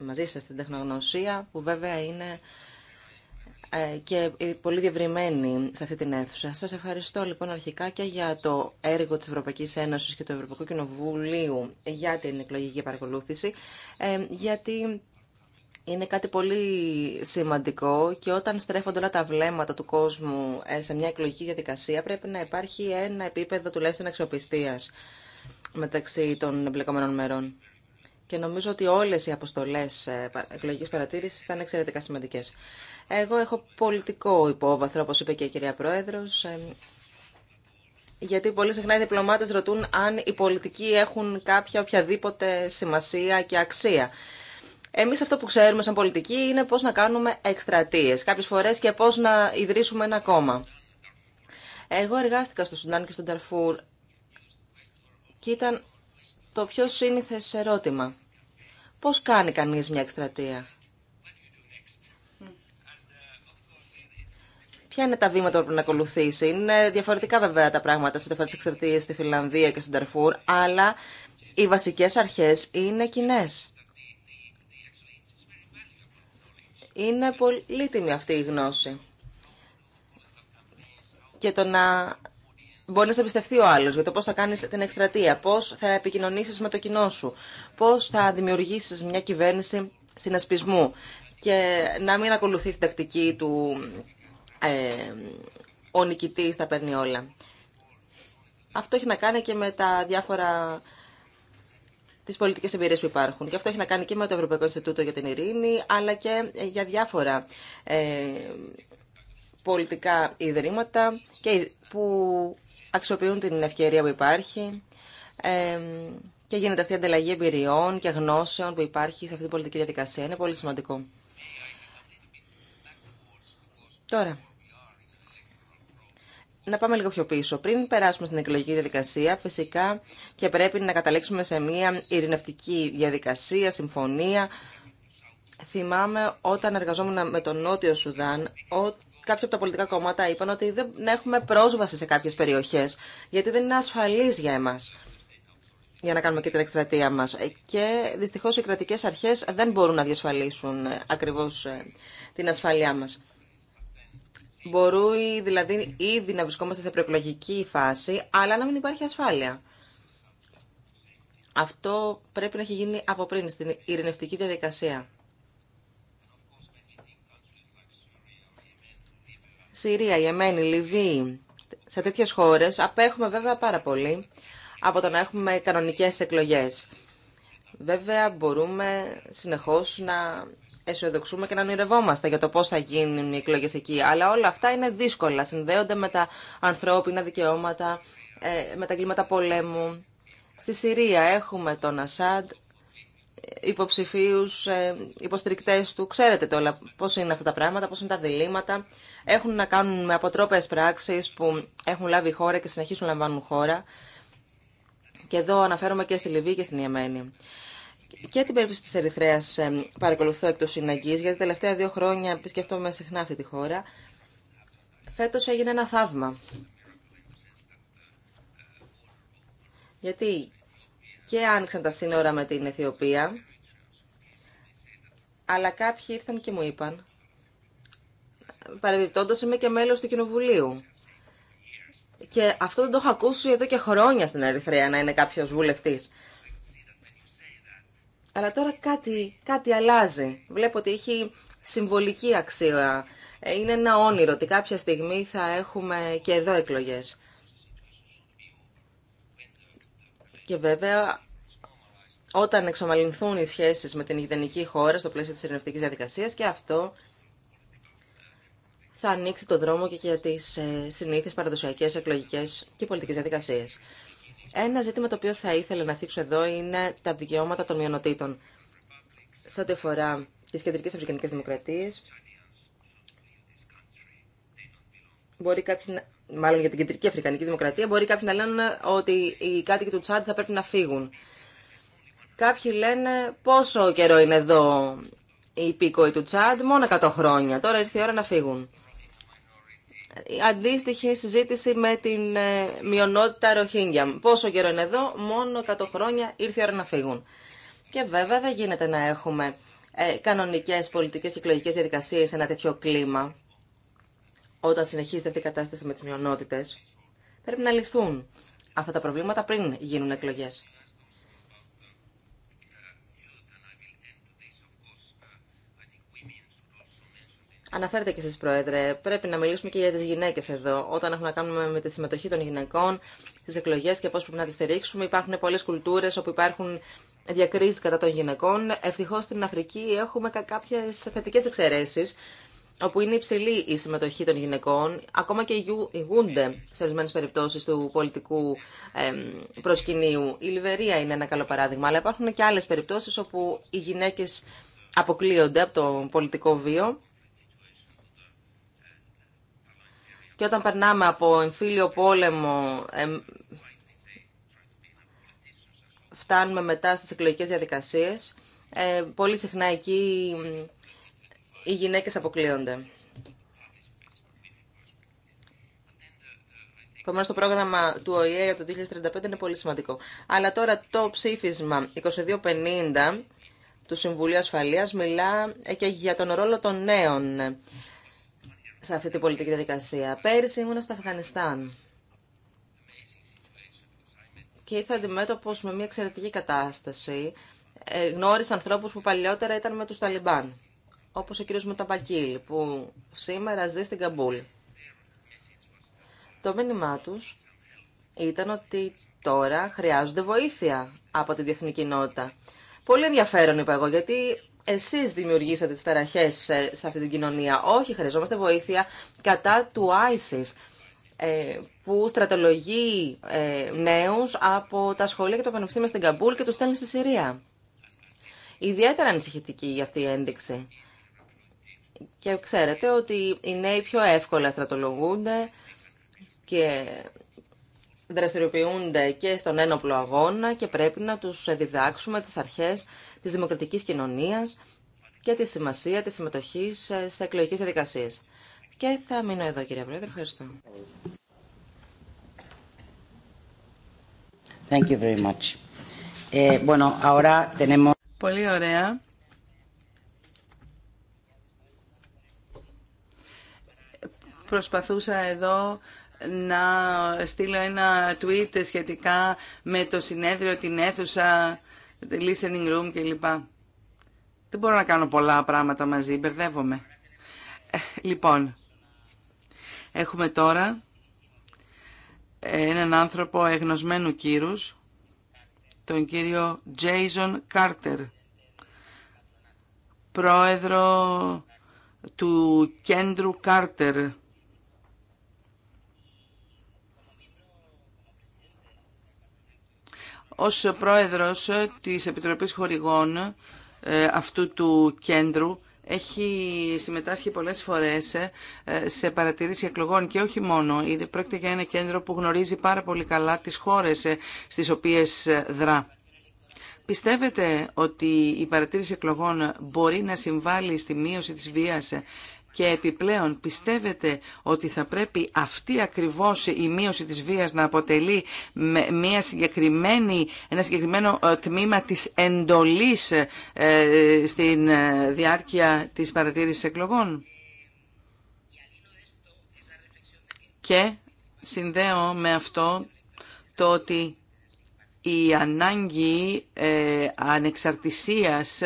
μαζί σας την τεχνογνωσία που βέβαια είναι ε, και πολύ διευρυμένη σε αυτή την αίθουσα. Σας ευχαριστώ λοιπόν αρχικά και για το έργο της Ευρωπαϊκής Ένωσης και του Ευρωπαϊκού Κοινοβουλίου για την εκλογική παρακολούθηση, ε, γιατί είναι κάτι πολύ σημαντικό και όταν στρέφονται όλα τα βλέμματα του κόσμου ε, σε μια εκλογική διαδικασία πρέπει να υπάρχει ένα επίπεδο τουλάχιστον αξιοπιστία μεταξύ των εμπλεκομένων μερών. Και νομίζω ότι όλες οι αποστολές ε, εκλογικής παρατήρησης ήταν εξαιρετικά σημαντικές. Εγώ έχω πολιτικό υπόβαθρο, όπως είπε και η κυρία Πρόεδρος, ε, γιατί πολύ συχνά οι διπλωμάτες ρωτούν αν οι πολιτικοί έχουν κάποια οποιαδήποτε σημασία και αξία. Εμείς αυτό που ξέρουμε σαν πολιτικοί είναι πώς να κάνουμε εκστρατείε κάποιε φορές και πώς να ιδρύσουμε ένα κόμμα. Εγώ εργάστηκα στο Σουντάν και στον Ταρφούρ και ήταν το πιο σύνηθες ερώτημα. Πώς κάνει κανείς μια εκστρατεία. Ποια είναι τα βήματα που πρέπει να ακολουθήσει. Είναι διαφορετικά βέβαια τα πράγματα σε διαφορετικέ εκστρατείε στη Φιλανδία και στον Ταρφούρ, αλλά οι βασικέ αρχέ είναι κοινέ. Είναι πολύτιμη αυτή η γνώση. Και το να μπορεί να σε εμπιστευτεί ο άλλος για το πώς θα κάνεις την εκστρατεία, πώς θα επικοινωνήσεις με το κοινό σου, πώς θα δημιουργήσεις μια κυβέρνηση συνασπισμού και να μην ακολουθεί την τακτική του ε, ο νικητής τα παίρνει όλα. Αυτό έχει να κάνει και με τα διάφορα τι πολιτικές εμπειρίες που υπάρχουν. Και αυτό έχει να κάνει και με το Ευρωπαϊκό Ινστιτούτο για την Ειρήνη, αλλά και ε, για διάφορα ε, πολιτικά ιδρύματα και που αξιοποιούν την ευκαιρία που υπάρχει ε, και γίνεται αυτή η ανταλλαγή εμπειριών και γνώσεων που υπάρχει σε αυτή την πολιτική διαδικασία. Είναι πολύ σημαντικό. Τώρα, να πάμε λίγο πιο πίσω. Πριν περάσουμε στην εκλογική διαδικασία, φυσικά και πρέπει να καταλήξουμε σε μια ειρηνευτική διαδικασία, συμφωνία. Θυμάμαι όταν εργαζόμουν με τον Νότιο Σουδάν, ο... κάποια από τα πολιτικά κόμματα είπαν ότι δεν έχουμε πρόσβαση σε κάποιες περιοχές, γιατί δεν είναι ασφαλής για εμάς για να κάνουμε και την εκστρατεία μας. Και δυστυχώς οι κρατικές αρχές δεν μπορούν να διασφαλίσουν ε, ακριβώς ε, την ασφαλειά μας. Μπορεί δηλαδή ήδη να βρισκόμαστε σε προεκλογική φάση, αλλά να μην υπάρχει ασφάλεια. Αυτό πρέπει να έχει γίνει από πριν, στην ειρηνευτική διαδικασία. Συρία, Ιεμένη, Λιβύη, σε τέτοιες χώρες απέχουμε βέβαια πάρα πολύ από το να έχουμε κανονικές εκλογές. Βέβαια μπορούμε συνεχώς να αισιοδοξούμε και να ονειρευόμαστε για το πώ θα γίνουν οι εκλογέ εκεί. Αλλά όλα αυτά είναι δύσκολα, συνδέονται με τα ανθρώπινα δικαιώματα, ε, με τα κλίματα πολέμου. Στη Συρία έχουμε τον Ασάντ, υποψηφίου, ε, υποστηρικτέ του. Ξέρετε τώρα πώ είναι αυτά τα πράγματα, πώ είναι τα διλήμματα. Έχουν να κάνουν με αποτρόπε πράξεις που έχουν λάβει χώρα και συνεχίσουν να λαμβάνουν χώρα. Και εδώ αναφέρομαι και στη Λιβύη και στην Ιεμένη και την περίπτωση της Ερυθρέας παρακολουθώ εκτός συναγκής, γιατί τα τελευταία δύο χρόνια επισκεφτόμαι συχνά αυτή τη χώρα. Φέτος έγινε ένα θαύμα. Γιατί και άνοιξαν τα σύνορα με την Αιθιοπία, αλλά κάποιοι ήρθαν και μου είπαν, παρεμπιπτόντως είμαι και μέλος του Κοινοβουλίου. Και αυτό δεν το έχω ακούσει εδώ και χρόνια στην Ερυθρέα, να είναι κάποιος βουλευτής. Αλλά τώρα κάτι, κάτι αλλάζει. Βλέπω ότι έχει συμβολική αξία. Ε, είναι ένα όνειρο ότι κάποια στιγμή θα έχουμε και εδώ εκλογές. Και βέβαια, όταν εξομαλυνθούν οι σχέσεις με την γειτονική χώρα στο πλαίσιο της ειρηνευτικής διαδικασίας και αυτό θα ανοίξει το δρόμο και για τις ε, συνήθεις παραδοσιακές εκλογικές και πολιτικές διαδικασίες. Ένα ζήτημα το οποίο θα ήθελα να θίξω εδώ είναι τα δικαιώματα των μειονοτήτων. Σε ό,τι αφορά τι κεντρικές αφρικανικές δημοκρατίες, μπορεί κάποιοι να... μάλλον για την κεντρική αφρικανική δημοκρατία, μπορεί κάποιοι να λένε ότι οι κάτοικοι του Τσάντ θα πρέπει να φύγουν. Κάποιοι λένε πόσο καιρό είναι εδώ η υπήκοοι του Τσάντ, μόνο 100 χρόνια. Τώρα ήρθε η ώρα να φύγουν αντίστοιχη συζήτηση με την ε, μειονότητα Ροχίνγκια. Πόσο καιρό είναι εδώ, μόνο 100 χρόνια ήρθε η ώρα να φύγουν. Και βέβαια δεν γίνεται να έχουμε ε, κανονικές πολιτικές και εκλογικές διαδικασίες σε ένα τέτοιο κλίμα όταν συνεχίζεται αυτή η κατάσταση με τις μειονότητες. Πρέπει να λυθούν αυτά τα προβλήματα πριν γίνουν εκλογές. Αναφέρετε και εσείς, Πρόεδρε, πρέπει να μιλήσουμε και για τις γυναίκες εδώ. Όταν έχουμε να κάνουμε με τη συμμετοχή των γυναικών στις εκλογές και πώς πρέπει να τις στηρίξουμε, υπάρχουν πολλές κουλτούρες όπου υπάρχουν διακρίσεις κατά των γυναικών. Ευτυχώς στην Αφρική έχουμε κάποιες θετικές εξαιρέσεις όπου είναι υψηλή η συμμετοχή των γυναικών, ακόμα και ηγούνται σε ορισμένε περιπτώσει του πολιτικού προσκυνείου. Η Λιβερία είναι ένα καλό παράδειγμα, αλλά υπάρχουν και άλλε περιπτώσει όπου οι γυναίκε αποκλείονται από το πολιτικό βίο. Και όταν περνάμε από εμφύλιο πόλεμο, φτάνουμε μετά στις εκλογικές διαδικασίες, ε, πολύ συχνά εκεί οι γυναίκες αποκλείονται. Επομένω, το πρόγραμμα του ΟΗΕ για το 2035 είναι πολύ σημαντικό. Αλλά τώρα το ψήφισμα 2250 του Συμβουλίου Ασφαλείας μιλά ε, και για τον ρόλο των νέων σε αυτή την πολιτική διαδικασία. Πέρυσι ήμουν στο Αφγανιστάν και ήρθα αντιμέτωπο με μια εξαιρετική κατάσταση. Ε, γνώρισα ανθρώπους που παλιότερα ήταν με τους Ταλιμπάν, όπως ο κύριος Μουταμπακίλ, που σήμερα ζει στην Καμπούλ. Το μήνυμά τους ήταν ότι τώρα χρειάζονται βοήθεια από τη διεθνή κοινότητα. Πολύ ενδιαφέρον είπα εγώ, γιατί εσείς δημιουργήσατε τις ταραχές σε αυτή την κοινωνία. Όχι, χρειαζόμαστε βοήθεια κατά του ISIS ε, που στρατολογεί ε, νέους από τα σχολεία και το πανεπιστήμιο στην Καμπούλ και τους στέλνει στη Συρία. Ιδιαίτερα ανησυχητική αυτή η ένδειξη. Και ξέρετε ότι οι νέοι πιο εύκολα στρατολογούνται και δραστηριοποιούνται και στον ένοπλο αγώνα και πρέπει να τους διδάξουμε τις αρχές της δημοκρατικής κοινωνίας και τη σημασία της συμμετοχής σε εκλογικέ διαδικασίες. Και θα μείνω εδώ κύριε Πρόεδρε. Ευχαριστώ. Thank you very much. Ε, bueno, ahora tenemos... Πολύ ωραία. Προσπαθούσα εδώ να στείλω ένα tweet σχετικά με το συνέδριο, την αίθουσα, listening room κλπ. Δεν μπορώ να κάνω πολλά πράγματα μαζί, μπερδεύομαι. Ε, λοιπόν, έχουμε τώρα ε, έναν άνθρωπο εγνωσμένου κύρους, τον κύριο Jason Carter, πρόεδρο του κέντρου Carter, Ως πρόεδρος της Επιτροπής Χορηγών ε, αυτού του κέντρου, έχει συμμετάσχει πολλές φορές ε, σε παρατηρήσει εκλογών και όχι μόνο. πρόκειται για ένα κέντρο που γνωρίζει πάρα πολύ καλά τις χώρες ε, στις οποίες δρά. Πιστεύετε ότι η παρατήρηση εκλογών μπορεί να συμβάλλει στη μείωση της βίας και επιπλέον πιστεύετε ότι θα πρέπει αυτή ακριβώς η μείωση της βίας να αποτελεί μια συγκεκριμένη, ένα συγκεκριμένο ε, τμήμα της εντολής ε, στην ε, διάρκεια της παρατήρησης εκλογών. Και συνδέω με αυτό το ότι η ανάγκη ε, ανεξαρτησίας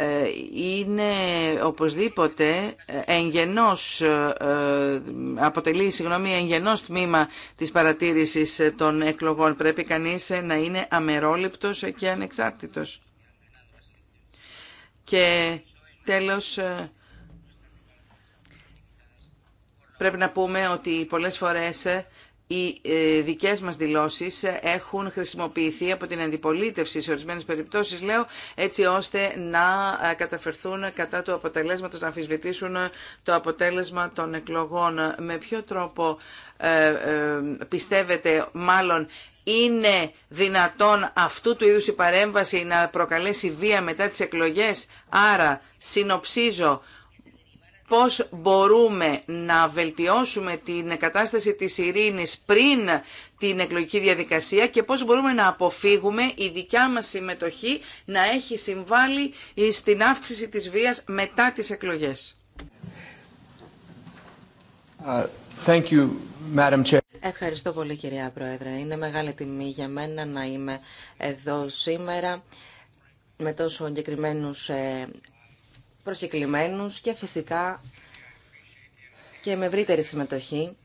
ε, είναι οπωσδήποτε ε, εγγενός, ε, αποτελεί συγγνώμη, εγγενός τμήμα της παρατήρησης των εκλογών. Πρέπει κανείς να είναι αμερόληπτος και ανεξάρτητος. Και τέλος... Πρέπει να πούμε ότι πολλές φορές οι ε, δικές μας δηλώσεις έχουν χρησιμοποιηθεί από την αντιπολίτευση σε ορισμένες περιπτώσεις, λέω, έτσι ώστε να ε, καταφερθούν κατά του αποτελέσματος, να αμφισβητήσουν ε, το αποτέλεσμα των εκλογών. Με ποιο τρόπο πιστεύετε, μάλλον, είναι δυνατόν αυτού του είδους η παρέμβαση να προκαλέσει βία μετά τις εκλογές. Άρα, συνοψίζω, πώς μπορούμε να βελτιώσουμε την κατάσταση της ειρήνης πριν την εκλογική διαδικασία και πώς μπορούμε να αποφύγουμε η δικιά μας συμμετοχή να έχει συμβάλει στην αύξηση της βίας μετά τις εκλογές. Uh, thank you, Madam Chair. Ευχαριστώ πολύ κυρία Πρόεδρε. Είναι μεγάλη τιμή για μένα να είμαι εδώ σήμερα με τόσο εγκεκριμένου ε, προσκεκλημένους και φυσικά και με ευρύτερη συμμετοχή.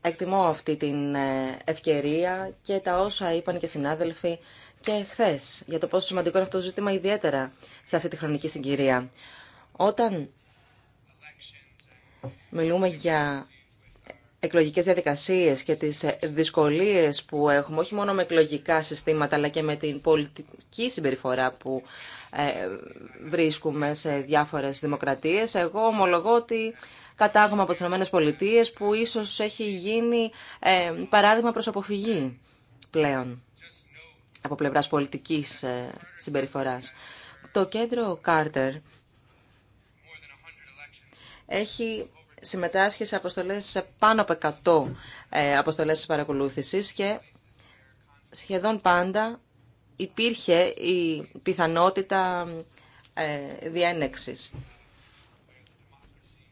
Εκτιμώ αυτή την ε, ευκαιρία και τα όσα είπαν και συνάδελφοι και χθε για το πόσο σημαντικό είναι αυτό το ζήτημα ιδιαίτερα σε αυτή τη χρονική συγκυρία. Όταν μιλούμε για εκλογικές διαδικασίες και τις ε, δυσκολίες που έχουμε, όχι μόνο με εκλογικά συστήματα, αλλά και με την πολιτική συμπεριφορά που ε, βρίσκουμε σε διάφορες δημοκρατίες, εγώ ομολογώ ότι κατάγομαι από τις ΗΠΑ που ίσως έχει γίνει ε, παράδειγμα προς αποφυγή πλέον από πλευράς πολιτικής συμπεριφοράς. Το κέντρο Κάρτερ έχει συμμετάσχει σε αποστολές σε πάνω από 100 ε, αποστολές παρακολούθησης και σχεδόν πάντα υπήρχε η πιθανότητα ε, διένεξης.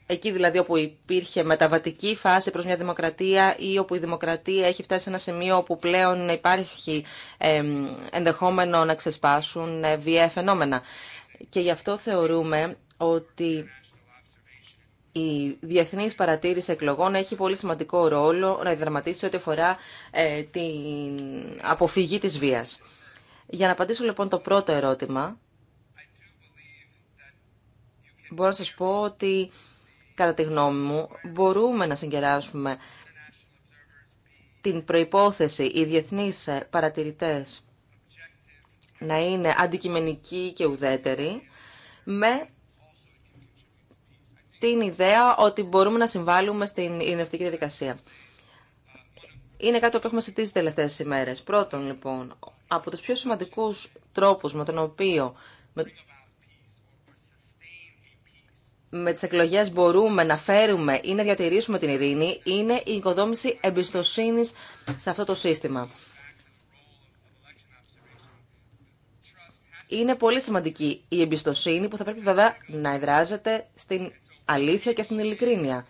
Εκεί δηλαδή όπου υπήρχε μεταβατική φάση προς μια δημοκρατία ή όπου η δημοκρατία έχει φτάσει σε ένα σημείο όπου πλέον υπάρχει ε, ενδεχόμενο να ξεσπάσουν βία φαινόμενα. Και γι' αυτό θεωρούμε ότι η διεθνή παρατήρηση εκλογών έχει πολύ σημαντικό ρόλο να δραματίσει ό,τι αφορά ε, την αποφυγή της βίας. Για να απαντήσω λοιπόν το πρώτο ερώτημα, μπορώ να σας πω ότι κατά τη γνώμη μου μπορούμε να συγκεράσουμε την προϋπόθεση οι διεθνείς παρατηρητές να είναι αντικειμενικοί και ουδέτεροι με την ιδέα ότι μπορούμε να συμβάλλουμε στην ειρηνευτική διαδικασία. Είναι κάτι που έχουμε συζητήσει τις τελευταίες ημέρες. Πρώτον, λοιπόν, από τους πιο σημαντικού τρόπους με τον οποίο με, με τις μπορούμε να φέρουμε ή να διατηρήσουμε την ειρήνη είναι η οικοδόμηση εμπιστοσύνης σε αυτό το σύστημα. Είναι πολύ σημαντική η εμπιστοσύνη που θα πρέπει βέβαια να εδράζεται στην αλήθεια και στην ειλικρίνεια.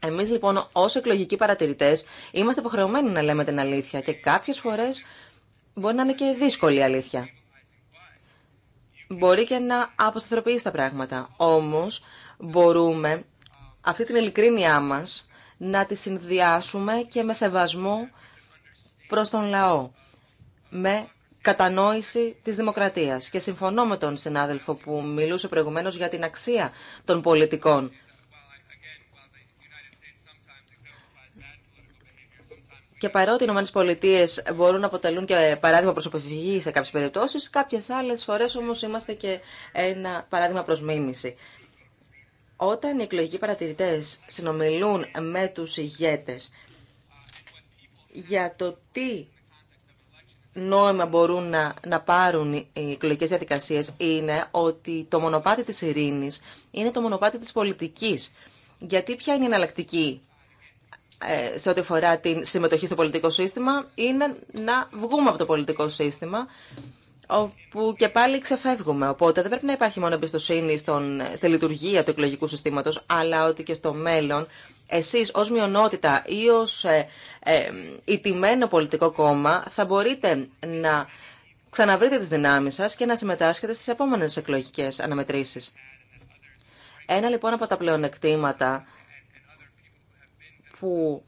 Εμείς λοιπόν ως εκλογικοί παρατηρητές είμαστε υποχρεωμένοι να λέμε την αλήθεια και κάποιες φορές μπορεί να είναι και δύσκολη η αλήθεια. Μπορεί και να αποσταθεροποιείς τα πράγματα. Όμως μπορούμε αυτή την ειλικρίνειά μας να τη συνδυάσουμε και με σεβασμό προς τον λαό. Με κατανόηση της δημοκρατίας. Και συμφωνώ με τον συνάδελφο που μιλούσε προηγουμένως για την αξία των πολιτικών. Και παρότι οι Ηνωμένε Πολιτείε μπορούν να αποτελούν και παράδειγμα προσωπική σε κάποιε περιπτώσει, κάποιε άλλε φορέ όμω είμαστε και ένα παράδειγμα προ μίμηση. Όταν οι εκλογικοί παρατηρητέ συνομιλούν με του ηγέτε για το τι νόημα μπορούν να, να πάρουν οι εκλογικέ διαδικασίε είναι ότι το μονοπάτι της ειρήνης είναι το μονοπάτι της πολιτική. Γιατί ποια είναι η εναλλακτική ε, σε ό,τι αφορά την συμμετοχή στο πολιτικό σύστημα είναι να βγούμε από το πολιτικό σύστημα όπου και πάλι ξεφεύγουμε. Οπότε δεν πρέπει να υπάρχει μόνο εμπιστοσύνη στον, στη λειτουργία του εκλογικού συστήματος, αλλά ότι και στο μέλλον εσείς ως μειονότητα ή ως ε, ε ιτημένο πολιτικό κόμμα θα μπορείτε να ξαναβρείτε τις δυνάμεις σας και να συμμετάσχετε στις επόμενες εκλογικές αναμετρήσεις. Ένα λοιπόν από τα πλεονεκτήματα που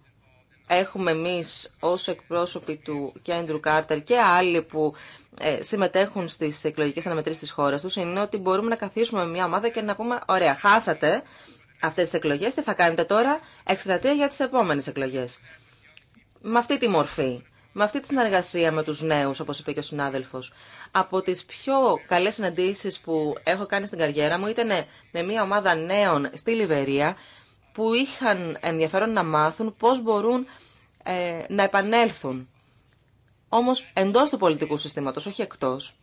έχουμε εμείς ως εκπρόσωποι του Κέντρου Κάρτερ και άλλοι που ε, συμμετέχουν στις εκλογικές αναμετρήσεις της χώρας τους είναι ότι μπορούμε να καθίσουμε με μια ομάδα και να πούμε «Ωραία, χάσατε αυτές τις εκλογές, τι θα κάνετε τώρα, εκστρατεία για τις επόμενες εκλογές». Με αυτή τη μορφή, με αυτή τη συνεργασία με τους νέους, όπως είπε και ο συνάδελφος, από τις πιο καλές συναντήσεις που έχω κάνει στην καριέρα μου ήταν με μια ομάδα νέων στη Λιβερία, που είχαν ενδιαφέρον να μάθουν πώς μπορούν ε, να επανέλθουν. Όμως εντός του πολιτικού συστήματος, όχι εκτός.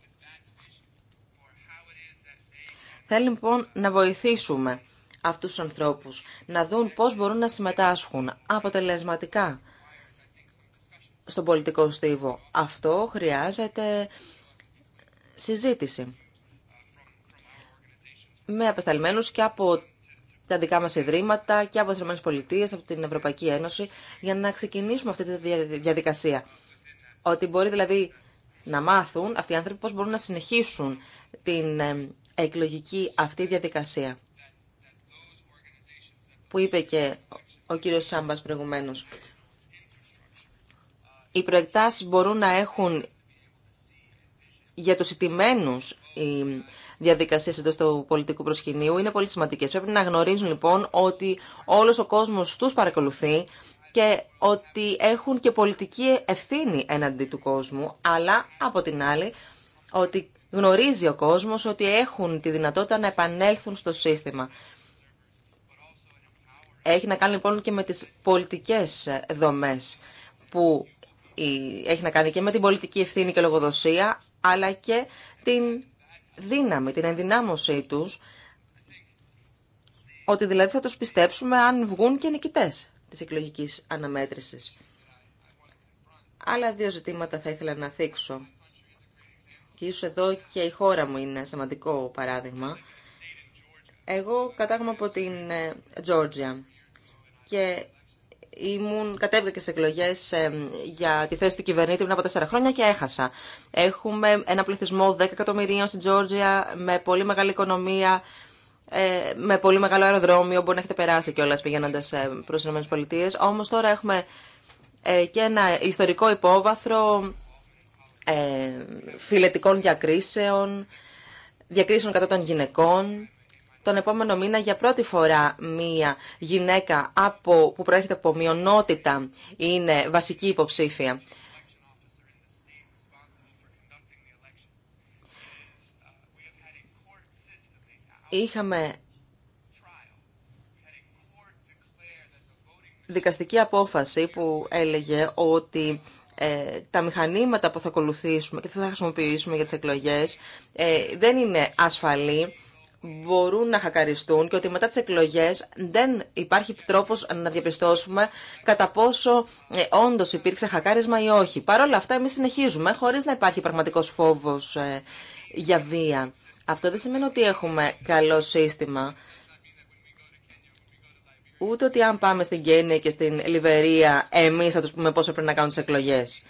Θέλει λοιπόν να βοηθήσουμε αυτούς τους ανθρώπους, να δουν πώς μπορούν να συμμετάσχουν αποτελεσματικά στον πολιτικό στίβο. Αυτό χρειάζεται συζήτηση με απεσταλμένους και από τα δικά μας ιδρύματα και από τις ΗΠΑ, από την Ευρωπαϊκή Ένωση, για να ξεκινήσουμε αυτή τη διαδικασία. Ότι μπορεί δηλαδή να μάθουν αυτοί οι άνθρωποι πώς μπορούν να συνεχίσουν την εκλογική αυτή διαδικασία. Που είπε και ο κύριος Σάμπας προηγουμένως. Οι προεκτάσεις μπορούν να έχουν για τους ιτημένους οι διαδικασίε εντό του πολιτικού προσκυνείου είναι πολύ σημαντικέ. Πρέπει να γνωρίζουν λοιπόν ότι όλο ο κόσμο του παρακολουθεί και ότι έχουν και πολιτική ευθύνη εναντί του κόσμου, αλλά από την άλλη ότι γνωρίζει ο κόσμος ότι έχουν τη δυνατότητα να επανέλθουν στο σύστημα. Έχει να κάνει λοιπόν και με τις πολιτικές δομές που έχει να κάνει και με την πολιτική ευθύνη και λογοδοσία, αλλά και την δύναμη, την ενδυνάμωσή τους, ότι δηλαδή θα τους πιστέψουμε αν βγουν και νικητές της εκλογικής αναμέτρησης. Άλλα δύο ζητήματα θα ήθελα να θίξω. Και ίσως εδώ και η χώρα μου είναι σημαντικό παράδειγμα. Εγώ κατάγομαι από την Τζόρτζια ε, και ήμουν, κατέβηκα και σε εκλογέ για τη θέση του κυβερνήτη πριν από τέσσερα χρόνια και έχασα. Έχουμε ένα πληθυσμό 10 εκατομμυρίων στην Τζόρτζια με πολύ μεγάλη οικονομία, ε, με πολύ μεγάλο αεροδρόμιο. Μπορεί να έχετε περάσει κιόλα πηγαίνοντα προ τι ΗΠΑ. Όμω τώρα έχουμε ε, και ένα ιστορικό υπόβαθρο ε, φιλετικών διακρίσεων, διακρίσεων κατά των γυναικών τον επόμενο μήνα για πρώτη φορά μία γυναίκα από, που προέρχεται από μειονότητα είναι βασική υποψήφια. Είχαμε δικαστική απόφαση που έλεγε ότι ε, τα μηχανήματα που θα ακολουθήσουμε και θα χρησιμοποιήσουμε για τις εκλογές ε, δεν είναι ασφαλή μπορούν να χακαριστούν και ότι μετά τις εκλογές δεν υπάρχει τρόπος να διαπιστώσουμε κατά πόσο ε, όντως υπήρξε χακάρισμα ή όχι. Παρ' όλα αυτά εμείς συνεχίζουμε χωρίς να υπάρχει πραγματικός φόβος ε, για βία. Αυτό δεν σημαίνει ότι έχουμε καλό σύστημα. Ούτε ότι αν πάμε στην Κένια και στην Λιβερία εμείς θα τους πούμε πόσο πρέπει να κάνουν τις εκλογές.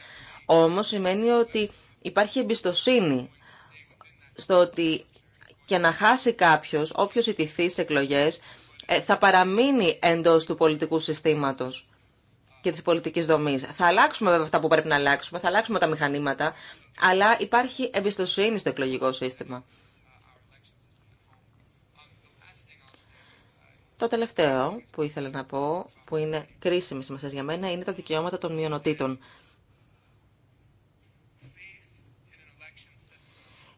Όμως σημαίνει ότι υπάρχει εμπιστοσύνη στο ότι και να χάσει κάποιο όποιος ιτηθεί σε εκλογέ, ε, θα παραμείνει εντός του πολιτικού συστήματος και της πολιτικής δομής. Θα αλλάξουμε βέβαια αυτά που πρέπει να αλλάξουμε, θα αλλάξουμε τα μηχανήματα, αλλά υπάρχει εμπιστοσύνη στο εκλογικό σύστημα. Το τελευταίο που ήθελα να πω, που είναι κρίσιμη σημασία για μένα, είναι τα δικαιώματα των μειονοτήτων.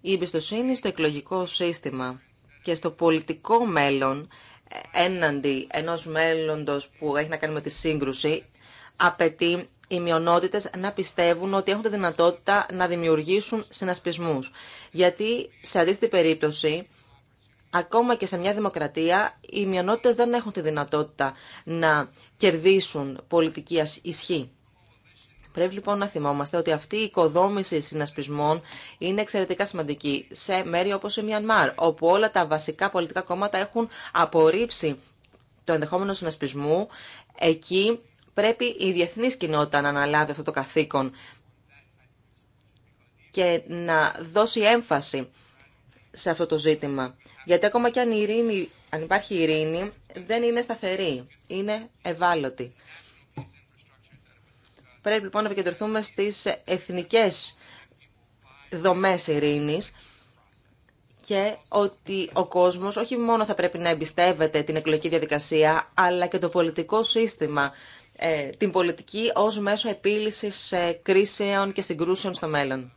η εμπιστοσύνη στο εκλογικό σύστημα και στο πολιτικό μέλλον έναντι ενός μέλλοντος που έχει να κάνει με τη σύγκρουση απαιτεί οι μειονότητες να πιστεύουν ότι έχουν τη δυνατότητα να δημιουργήσουν συνασπισμούς. Γιατί σε αντίθετη περίπτωση, ακόμα και σε μια δημοκρατία, οι μειονότητες δεν έχουν τη δυνατότητα να κερδίσουν πολιτική ισχύ. Πρέπει λοιπόν να θυμόμαστε ότι αυτή η οικοδόμηση συνασπισμών είναι εξαιρετικά σημαντική σε μέρη όπως η Μιανμάρ, όπου όλα τα βασικά πολιτικά κόμματα έχουν απορρίψει το ενδεχόμενο συνασπισμού. Εκεί πρέπει η διεθνής κοινότητα να αναλάβει αυτό το καθήκον και να δώσει έμφαση σε αυτό το ζήτημα. Γιατί ακόμα και αν, αν υπάρχει ειρήνη, δεν είναι σταθερή, είναι ευάλωτη. Πρέπει λοιπόν να επικεντρωθούμε στις εθνικές δομές ειρήνης και ότι ο κόσμος όχι μόνο θα πρέπει να εμπιστεύεται την εκλογική διαδικασία, αλλά και το πολιτικό σύστημα, ε, την πολιτική ως μέσο επίλυσης ε, κρίσεων και συγκρούσεων στο μέλλον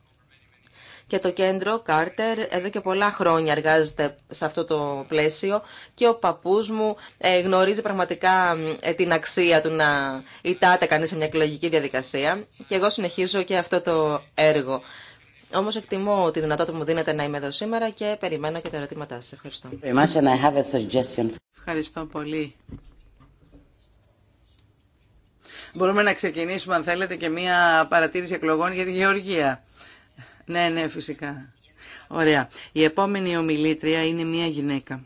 και το κέντρο Κάρτερ εδώ και πολλά χρόνια εργάζεται σε αυτό το πλαίσιο και ο παππούς μου ε, γνωρίζει πραγματικά ε, την αξία του να ητάται κανείς σε μια εκλογική διαδικασία και εγώ συνεχίζω και αυτό το έργο. Όμως εκτιμώ τη δυνατότητα που μου δίνεται να είμαι εδώ σήμερα και περιμένω και τα ερωτήματά σα. Ευχαριστώ. Ευχαριστώ πολύ. Μπορούμε να ξεκινήσουμε, αν θέλετε, και μία παρατήρηση εκλογών για τη Γεωργία. Ναι, ναι, φυσικά. Ωραία. Η επόμενη ομιλήτρια είναι μία γυναίκα.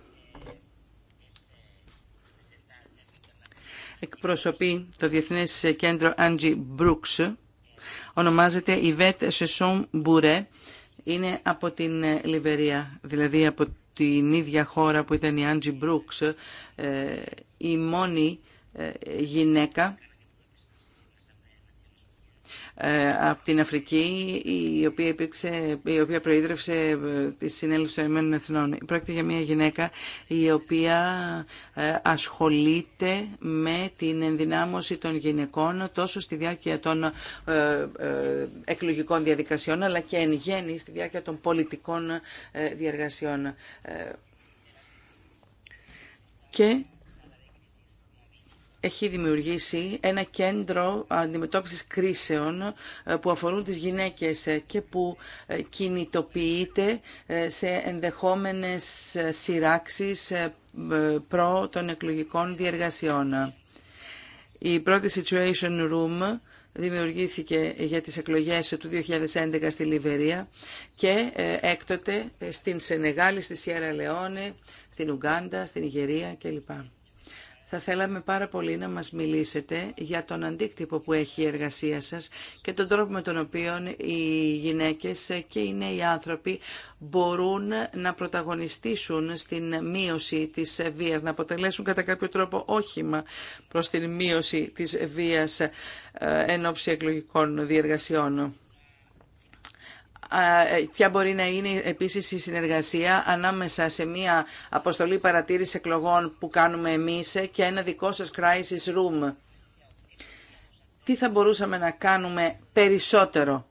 Εκπροσωπεί το Διεθνές Κέντρο Angie Brooks. Ονομάζεται Ιβέτ Σεσόμ Μπουρέ. Είναι από την ε, Λιβερία, δηλαδή από την ίδια χώρα που ήταν η Angie Brooks, ε, η μόνη ε, γυναίκα ε, από την Αφρική, η οποία, υπήρξε, η οποία προείδρευσε ε, τη Συνέλευση των Ηνωμένων Εθνών. Πρόκειται για μια γυναίκα η οποία ε, ασχολείται με την ενδυνάμωση των γυναικών τόσο στη διάρκεια των εκλογικών διαδικασιών, αλλά και εν γέννη στη διάρκεια των πολιτικών διαργασιών. Και έχει δημιουργήσει ένα κέντρο αντιμετώπισης κρίσεων ε, που αφορούν τις γυναίκες ε, και που ε, κινητοποιείται σε ενδεχόμενες σειράξεις προ των εκλογικών διεργασιών. Η πρώτη Situation Room δημιουργήθηκε για τις εκλογές του 2011 στη Λιβερία και έκτοτε στην Σενεγάλη, στη Σιέρα Λεόνε, στην Ουγκάντα, στην Ιγερία κλπ. Θα θέλαμε πάρα πολύ να μας μιλήσετε για τον αντίκτυπο που έχει η εργασία σας και τον τρόπο με τον οποίο οι γυναίκες και οι νέοι άνθρωποι μπορούν να πρωταγωνιστήσουν στην μείωση της βίας, να αποτελέσουν κατά κάποιο τρόπο όχημα προς την μείωση της βίας ε, εν ώψη εκλογικών διεργασιών. Ε, ποια μπορεί να είναι επίσης η συνεργασία ανάμεσα σε μια αποστολή παρατήρηση εκλογών που κάνουμε εμείς και ένα δικό σας crisis room. Τι θα μπορούσαμε να κάνουμε περισσότερο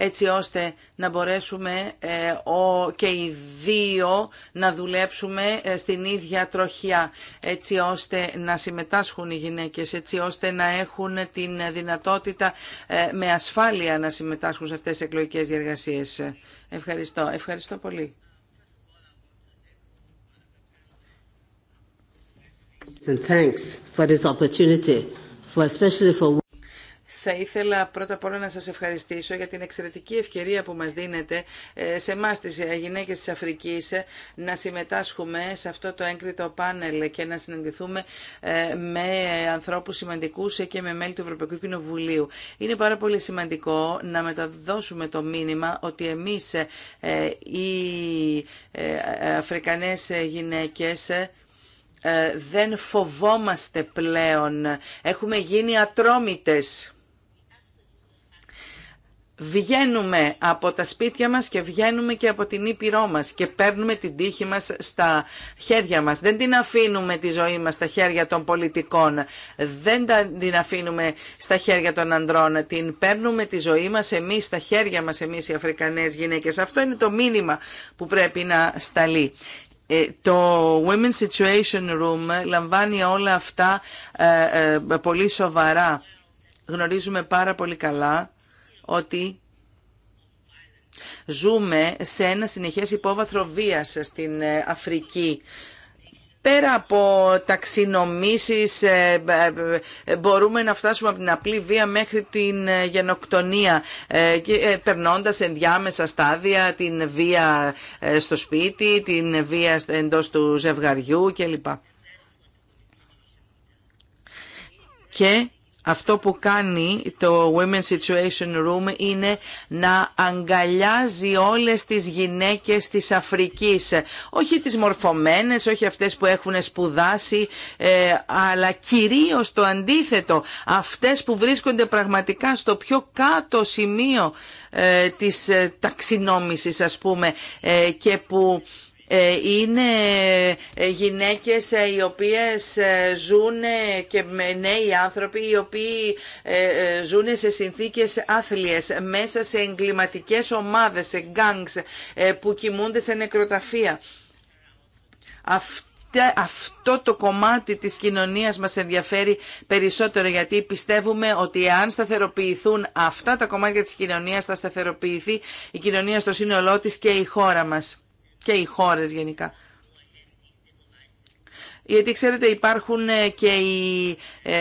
έτσι ώστε να μπορέσουμε ε, ο, και οι δύο να δουλέψουμε ε, στην ίδια τροχιά, έτσι ώστε να συμμετάσχουν οι γυναίκες, έτσι ώστε να έχουν την δυνατότητα ε, με ασφάλεια να συμμετάσχουν σε αυτές τις εκλογικές διεργασίες. Ευχαριστώ. Ευχαριστώ πολύ. for this opportunity, for θα ήθελα πρώτα απ' όλα να σας ευχαριστήσω για την εξαιρετική ευκαιρία που μας δίνετε ε, σε εμά τις ε, γυναίκες της Αφρικής ε, να συμμετάσχουμε σε αυτό το έγκριτο πάνελ και να συναντηθούμε με ανθρώπους σημαντικούς και με μέλη του Ευρωπαϊκού Κοινοβουλίου. Είναι πάρα πολύ σημαντικό να μεταδώσουμε το μήνυμα ότι εμείς οι Αφρικανές γυναίκες δεν φοβόμαστε πλέον. Έχουμε γίνει ατρόμητες βγαίνουμε από τα σπίτια μας και βγαίνουμε και από την ήπειρό μας και παίρνουμε την τύχη μας στα χέρια μας. Δεν την αφήνουμε τη ζωή μας στα χέρια των πολιτικών, δεν την αφήνουμε στα χέρια των ανδρών, την παίρνουμε τη ζωή μας εμείς στα χέρια μας εμείς οι Αφρικανές γυναίκες. Αυτό είναι το μήνυμα που πρέπει να σταλεί. Ε, το Women's Situation Room λαμβάνει όλα αυτά ε, ε, πολύ σοβαρά. Γνωρίζουμε πάρα πολύ καλά ότι ζούμε σε ένα συνεχές υπόβαθρο βίας στην ε, Αφρική πέρα από ταξινομήσεις ε, ε, μπορούμε να φτάσουμε από την απλή βία μέχρι την γενοκτονία περνώντας ενδιάμεσα στάδια την βία στο σπίτι, την βία εντός του ζευγαριού κλπ. Και αυτό που κάνει το Women's Situation Room είναι να αγκαλιάζει όλες τις γυναίκες της Αφρικής. Όχι τις μορφωμένες, όχι αυτές που έχουν σπουδάσει, ε, αλλά κυρίως το αντίθετο. Αυτές που βρίσκονται πραγματικά στο πιο κάτω σημείο ε, της ε, ταξινόμησης, ας πούμε, και που ε, είναι ε, γυναίκες ε, οι οποίες ζουν και νέοι άνθρωποι οι οποίοι ζουν σε συνθήκες άθλιες μέσα σε εγκληματικές ομάδες, σε γκάγκς που κοιμούνται σε νεκροταφεία. Αυτό το κομμάτι της κοινωνίας μας ενδιαφέρει περισσότερο γιατί πιστεύουμε ότι αν σταθεροποιηθούν αυτά τα κομμάτια της κοινωνίας θα σταθεροποιηθεί η κοινωνία στο σύνολό της και η χώρα μας και οι χώρες γενικά. Γιατί ξέρετε υπάρχουν ε, και οι, ε,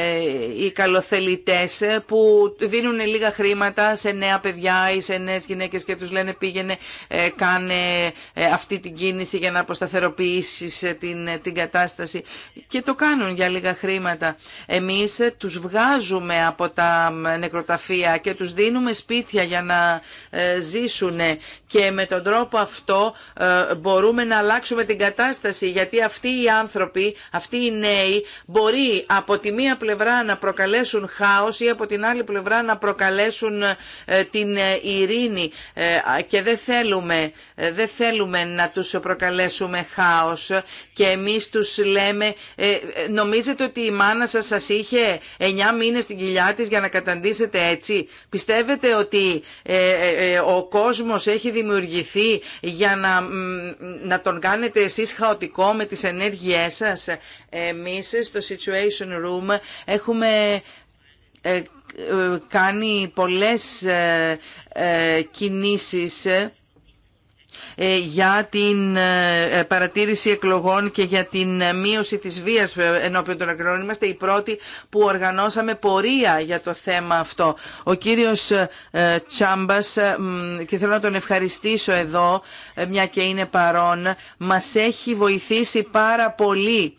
καλοθελητές ε, που δίνουν λίγα χρήματα σε νέα παιδιά ή σε νέες γυναίκες και τους λένε πήγαινε ε, κάνε αυτή την κίνηση για να αποσταθεροποιήσεις την, την κατάσταση και το κάνουν για λίγα χρήματα. Εμείς τους βγάζουμε από τα νεκροταφεία και τους δίνουμε σπίτια για να ζήσουν και με τον τρόπο αυτό μπορούμε να αλλάξουμε την κατάσταση γιατί αυτοί οι άνθρωποι αυτοί οι νέοι μπορεί από τη μία πλευρά να προκαλέσουν χάος ή από την άλλη πλευρά να προκαλέσουν ε, την ε, ειρήνη ε, και δεν θέλουμε, δεν θέλουμε να τους προκαλέσουμε χάος και εμείς τους λέμε νομίζετε ότι η μάνα σας σας είχε 9 μήνες στην κοιλιά της για να καταντήσετε έτσι. Πιστεύετε ότι ο κόσμος έχει δημιουργηθεί για να, να τον κάνετε εσείς χαοτικό με τις ενέργειές σας. Εμείς στο Situation Room έχουμε ε, ε, κάνει πολλές ε, κινήσεις ε, για την ε, παρατήρηση εκλογών και για την ε, μείωση της βίας ενώπιον των εκλογών. Είμαστε οι πρώτοι που οργανώσαμε πορεία για το θέμα αυτό. Ο κύριος Τσάμπας, και θέλω να τον ευχαριστήσω εδώ, μια και είναι παρόν, μας έχει βοηθήσει πάρα πολύ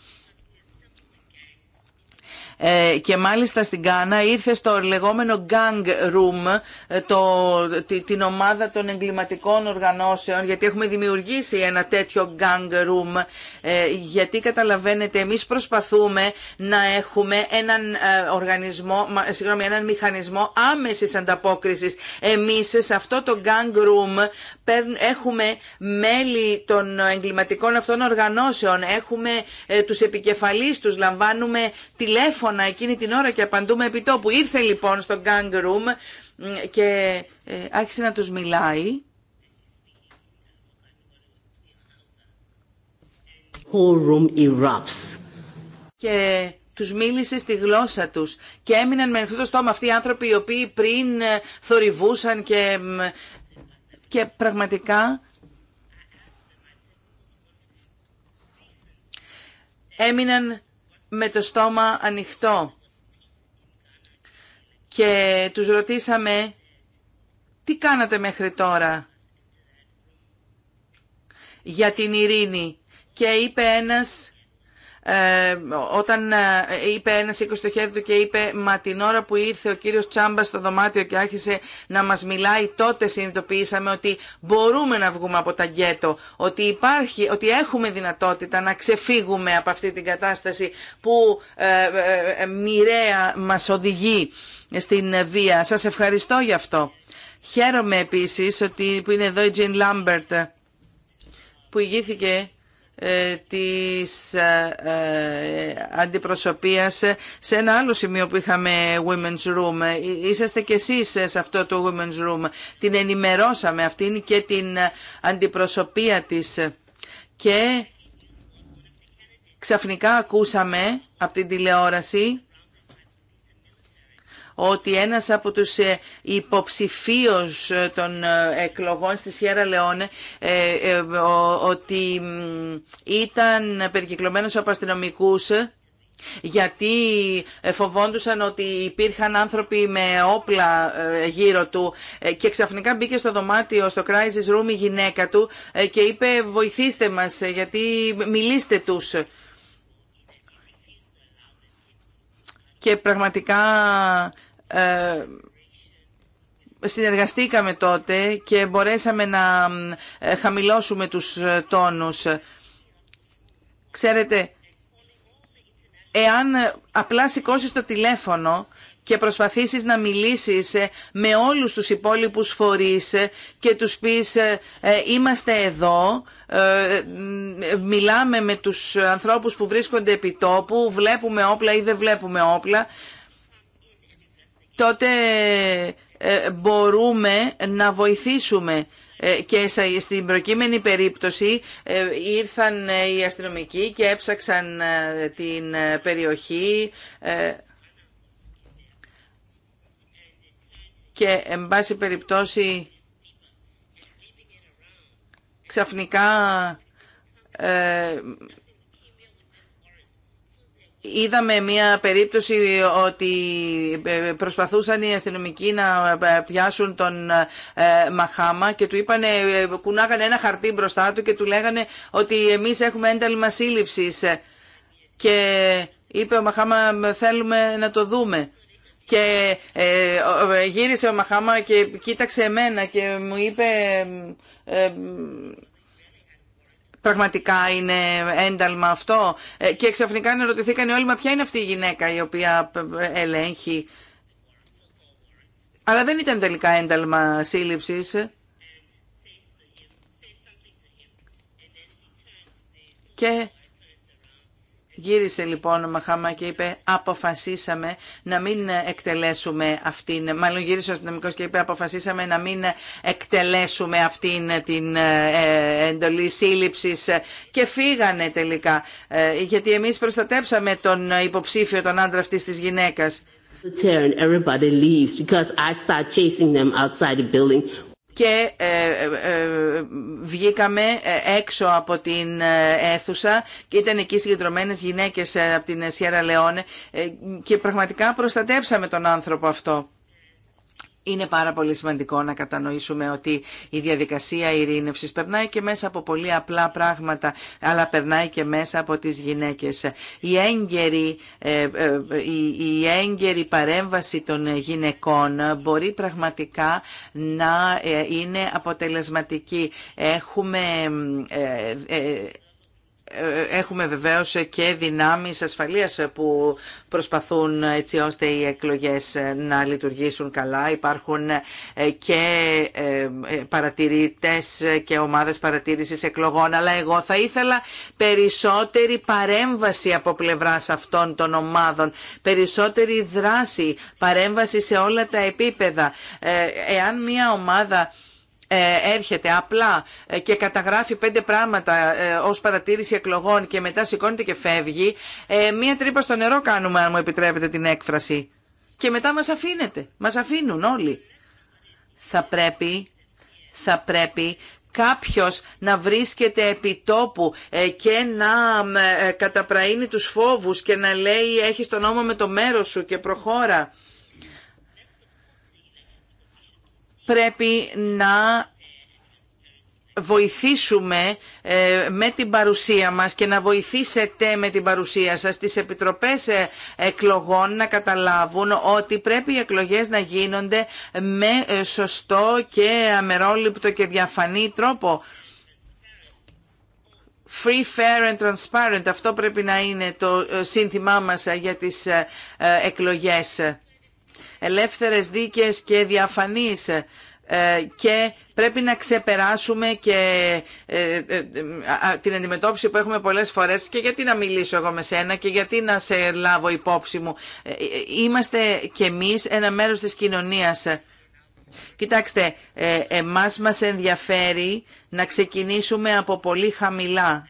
ε, και μάλιστα στην Κάνα ήρθε στο λεγόμενο gang room, ε, το, την ομάδα των εγκληματικών οργανώσεων, γιατί έχουμε δημιουργήσει ένα τέτοιο gang room, ε, γιατί καταλαβαίνετε εμείς προσπαθούμε να έχουμε έναν οργανισμό, συγγνώμη, έναν μηχανισμό άμεσης ανταπόκρισης. Εμείς σε αυτό το gang room έχουμε μέλη των εγκληματικών αυτών οργανώσεων, έχουμε τους επικεφαλείς τους, λαμβάνουμε τηλέφωνα τηλέφωνα εκείνη την ώρα και απαντούμε επί τόπου. Ήρθε λοιπόν στο gang room και ε, άρχισε να τους μιλάει. Whole room erupts. Και τους μίλησε στη γλώσσα τους και έμειναν με ανοιχτό το στόμα αυτοί οι άνθρωποι οι οποίοι πριν ε, θορυβούσαν και, και πραγματικά έμειναν με το στόμα ανοιχτό. Και τους ρωτήσαμε τι κάνατε μέχρι τώρα για την ειρήνη. Και είπε ένας ε, όταν ε, είπε ένα σήκωσε το χέρι του και είπε «Μα την ώρα που ήρθε ο κύριος Τσάμπα στο δωμάτιο και άρχισε να μας μιλάει, τότε συνειδητοποιήσαμε ότι μπορούμε να βγούμε από τα γκέτο, ότι, υπάρχει, ότι έχουμε δυνατότητα να ξεφύγουμε από αυτή την κατάσταση που ε, μοιραία μας οδηγεί στην βία». Σας ευχαριστώ γι' αυτό. Χαίρομαι επίσης ότι, που είναι εδώ η Τζιν Λάμπερτ που ηγήθηκε ε, της ε, ε, αντιπροσωπείας σε ένα άλλο σημείο που είχαμε Women's Room. Είσαστε κι εσείς σε αυτό το Women's Room. Την ενημερώσαμε αυτήν και την αντιπροσωπεία της. Και ξαφνικά ακούσαμε από την τηλεόραση ότι ένας από τους ε, υποψηφίους ε, των ε, εκλογών στη Σιέρα Λεόνε ότι ήταν περικυκλωμένος από αστυνομικού γιατί φοβόντουσαν ότι υπήρχαν άνθρωποι με όπλα γύρω του και ξαφνικά μπήκε στο δωμάτιο, στο crisis room η γυναίκα του και είπε βοηθήστε μας γιατί μιλήστε τους. Και πραγματικά ε, συνεργαστήκαμε τότε και μπορέσαμε να ε, χαμηλώσουμε τους ε, τόνους. Ξέρετε, εάν απλά σηκώσει το τηλέφωνο και προσπαθήσεις να μιλήσεις με όλους τους υπόλοιπους φορείς και τους πεις «Είμαστε εδώ», μιλάμε με τους ανθρώπους που βρίσκονται επί τόπου, βλέπουμε όπλα ή δεν βλέπουμε όπλα, τότε ε, μπορούμε να βοηθήσουμε ε, και στην προκείμενη περίπτωση ε, ήρθαν οι αστυνομικοί και έψαξαν την περιοχή και εν πάση περιπτώσει ξαφνικά Είδαμε μια περίπτωση ότι προσπαθούσαν οι αστυνομικοί να πιάσουν τον ε, Μαχάμα και του είπανε, κουνάγανε ένα χαρτί μπροστά του και του λέγανε ότι εμείς έχουμε ένταλμα σύλληψης και είπε ο Μαχάμα θέλουμε να το δούμε. Και ε, ε, γύρισε ο Μαχάμα και κοίταξε εμένα και μου είπε Πραγματικά είναι ένταλμα αυτό. Ε, και ξαφνικά αναρωτηθήκαν όλοι, μα ποια είναι αυτή η γυναίκα η οποία ε, ε, ελέγχει. Αλλά δεν ήταν τελικά ένταλμα σύλληψης. Και Γύρισε λοιπόν ο Μαχάμα και είπε αποφασίσαμε να μην εκτελέσουμε αυτήν, μάλλον γύρισε ο αστυνομικός και είπε αποφασίσαμε να μην εκτελέσουμε αυτήν την ε, εντολή σύλληψης και φύγανε τελικά ε, γιατί εμείς προστατέψαμε τον υποψήφιο, τον άντρα αυτής της γυναίκας. Everybody leaves because I start chasing them outside the building και ε, ε, ε, βγήκαμε έξω από την αίθουσα και ήταν εκεί συγκεντρωμένε γυναίκες από την Σιέρα Λεόνε και πραγματικά προστατέψαμε τον άνθρωπο αυτό. Είναι πάρα πολύ σημαντικό να κατανοήσουμε ότι η διαδικασία ειρηνευση περνάει και μέσα από πολύ απλά πράγματα, αλλά περνάει και μέσα από τις γυναίκες. Η έγκαιρη, ε, ε, η έγκαιρη παρέμβαση των γυναικών μπορεί πραγματικά να ε, είναι αποτελεσματική. Έχουμε έχουμε βεβαίως και δυνάμεις ασφαλείας που προσπαθούν έτσι ώστε οι εκλογές να λειτουργήσουν καλά. Υπάρχουν ε, και ε, παρατηρητές και ομάδες παρατήρησης εκλογών, αλλά εγώ θα ήθελα περισσότερη παρέμβαση από πλευράς αυτών των ομάδων, περισσότερη δράση, παρέμβαση σε όλα τα επίπεδα. Ε, εάν μια ομάδα ε, έρχεται απλά ε, και καταγράφει πέντε πράγματα ε, ως παρατήρηση εκλογών και μετά σηκώνεται και φεύγει, μία τρύπα στο νερό κάνουμε, αν μου επιτρέπετε την έκφραση. Και μετά μας αφήνεται. Μας αφήνουν όλοι. Θα πρέπει, θα πρέπει κάποιος να βρίσκεται επί τόπου και να καταπραίνει τους φόβους και να λέει έχεις τον νόμο με το μέρος σου και προχώρα. πρέπει να βοηθήσουμε ε, με την παρουσία μας και να βοηθήσετε με την παρουσία σας τις επιτροπές ε, εκλογών να καταλάβουν ότι πρέπει οι εκλογές να γίνονται με ε, σωστό και αμερόληπτο και διαφανή τρόπο. Free, fair and transparent. Αυτό πρέπει να είναι το σύνθημά μας για τις εκλογές ελεύθερες δίκες και διαφανείς ε, και πρέπει να ξεπεράσουμε και ε, ε, την αντιμετώπιση που έχουμε πολλές φορές και γιατί να μιλήσω εγώ με σένα και γιατί να σε λάβω υπόψη μου. Είμαστε κι εμείς ένα μέρος της κοινωνίας. Κοιτάξτε, εμάς μας ενδιαφέρει να ξεκινήσουμε από πολύ χαμηλά.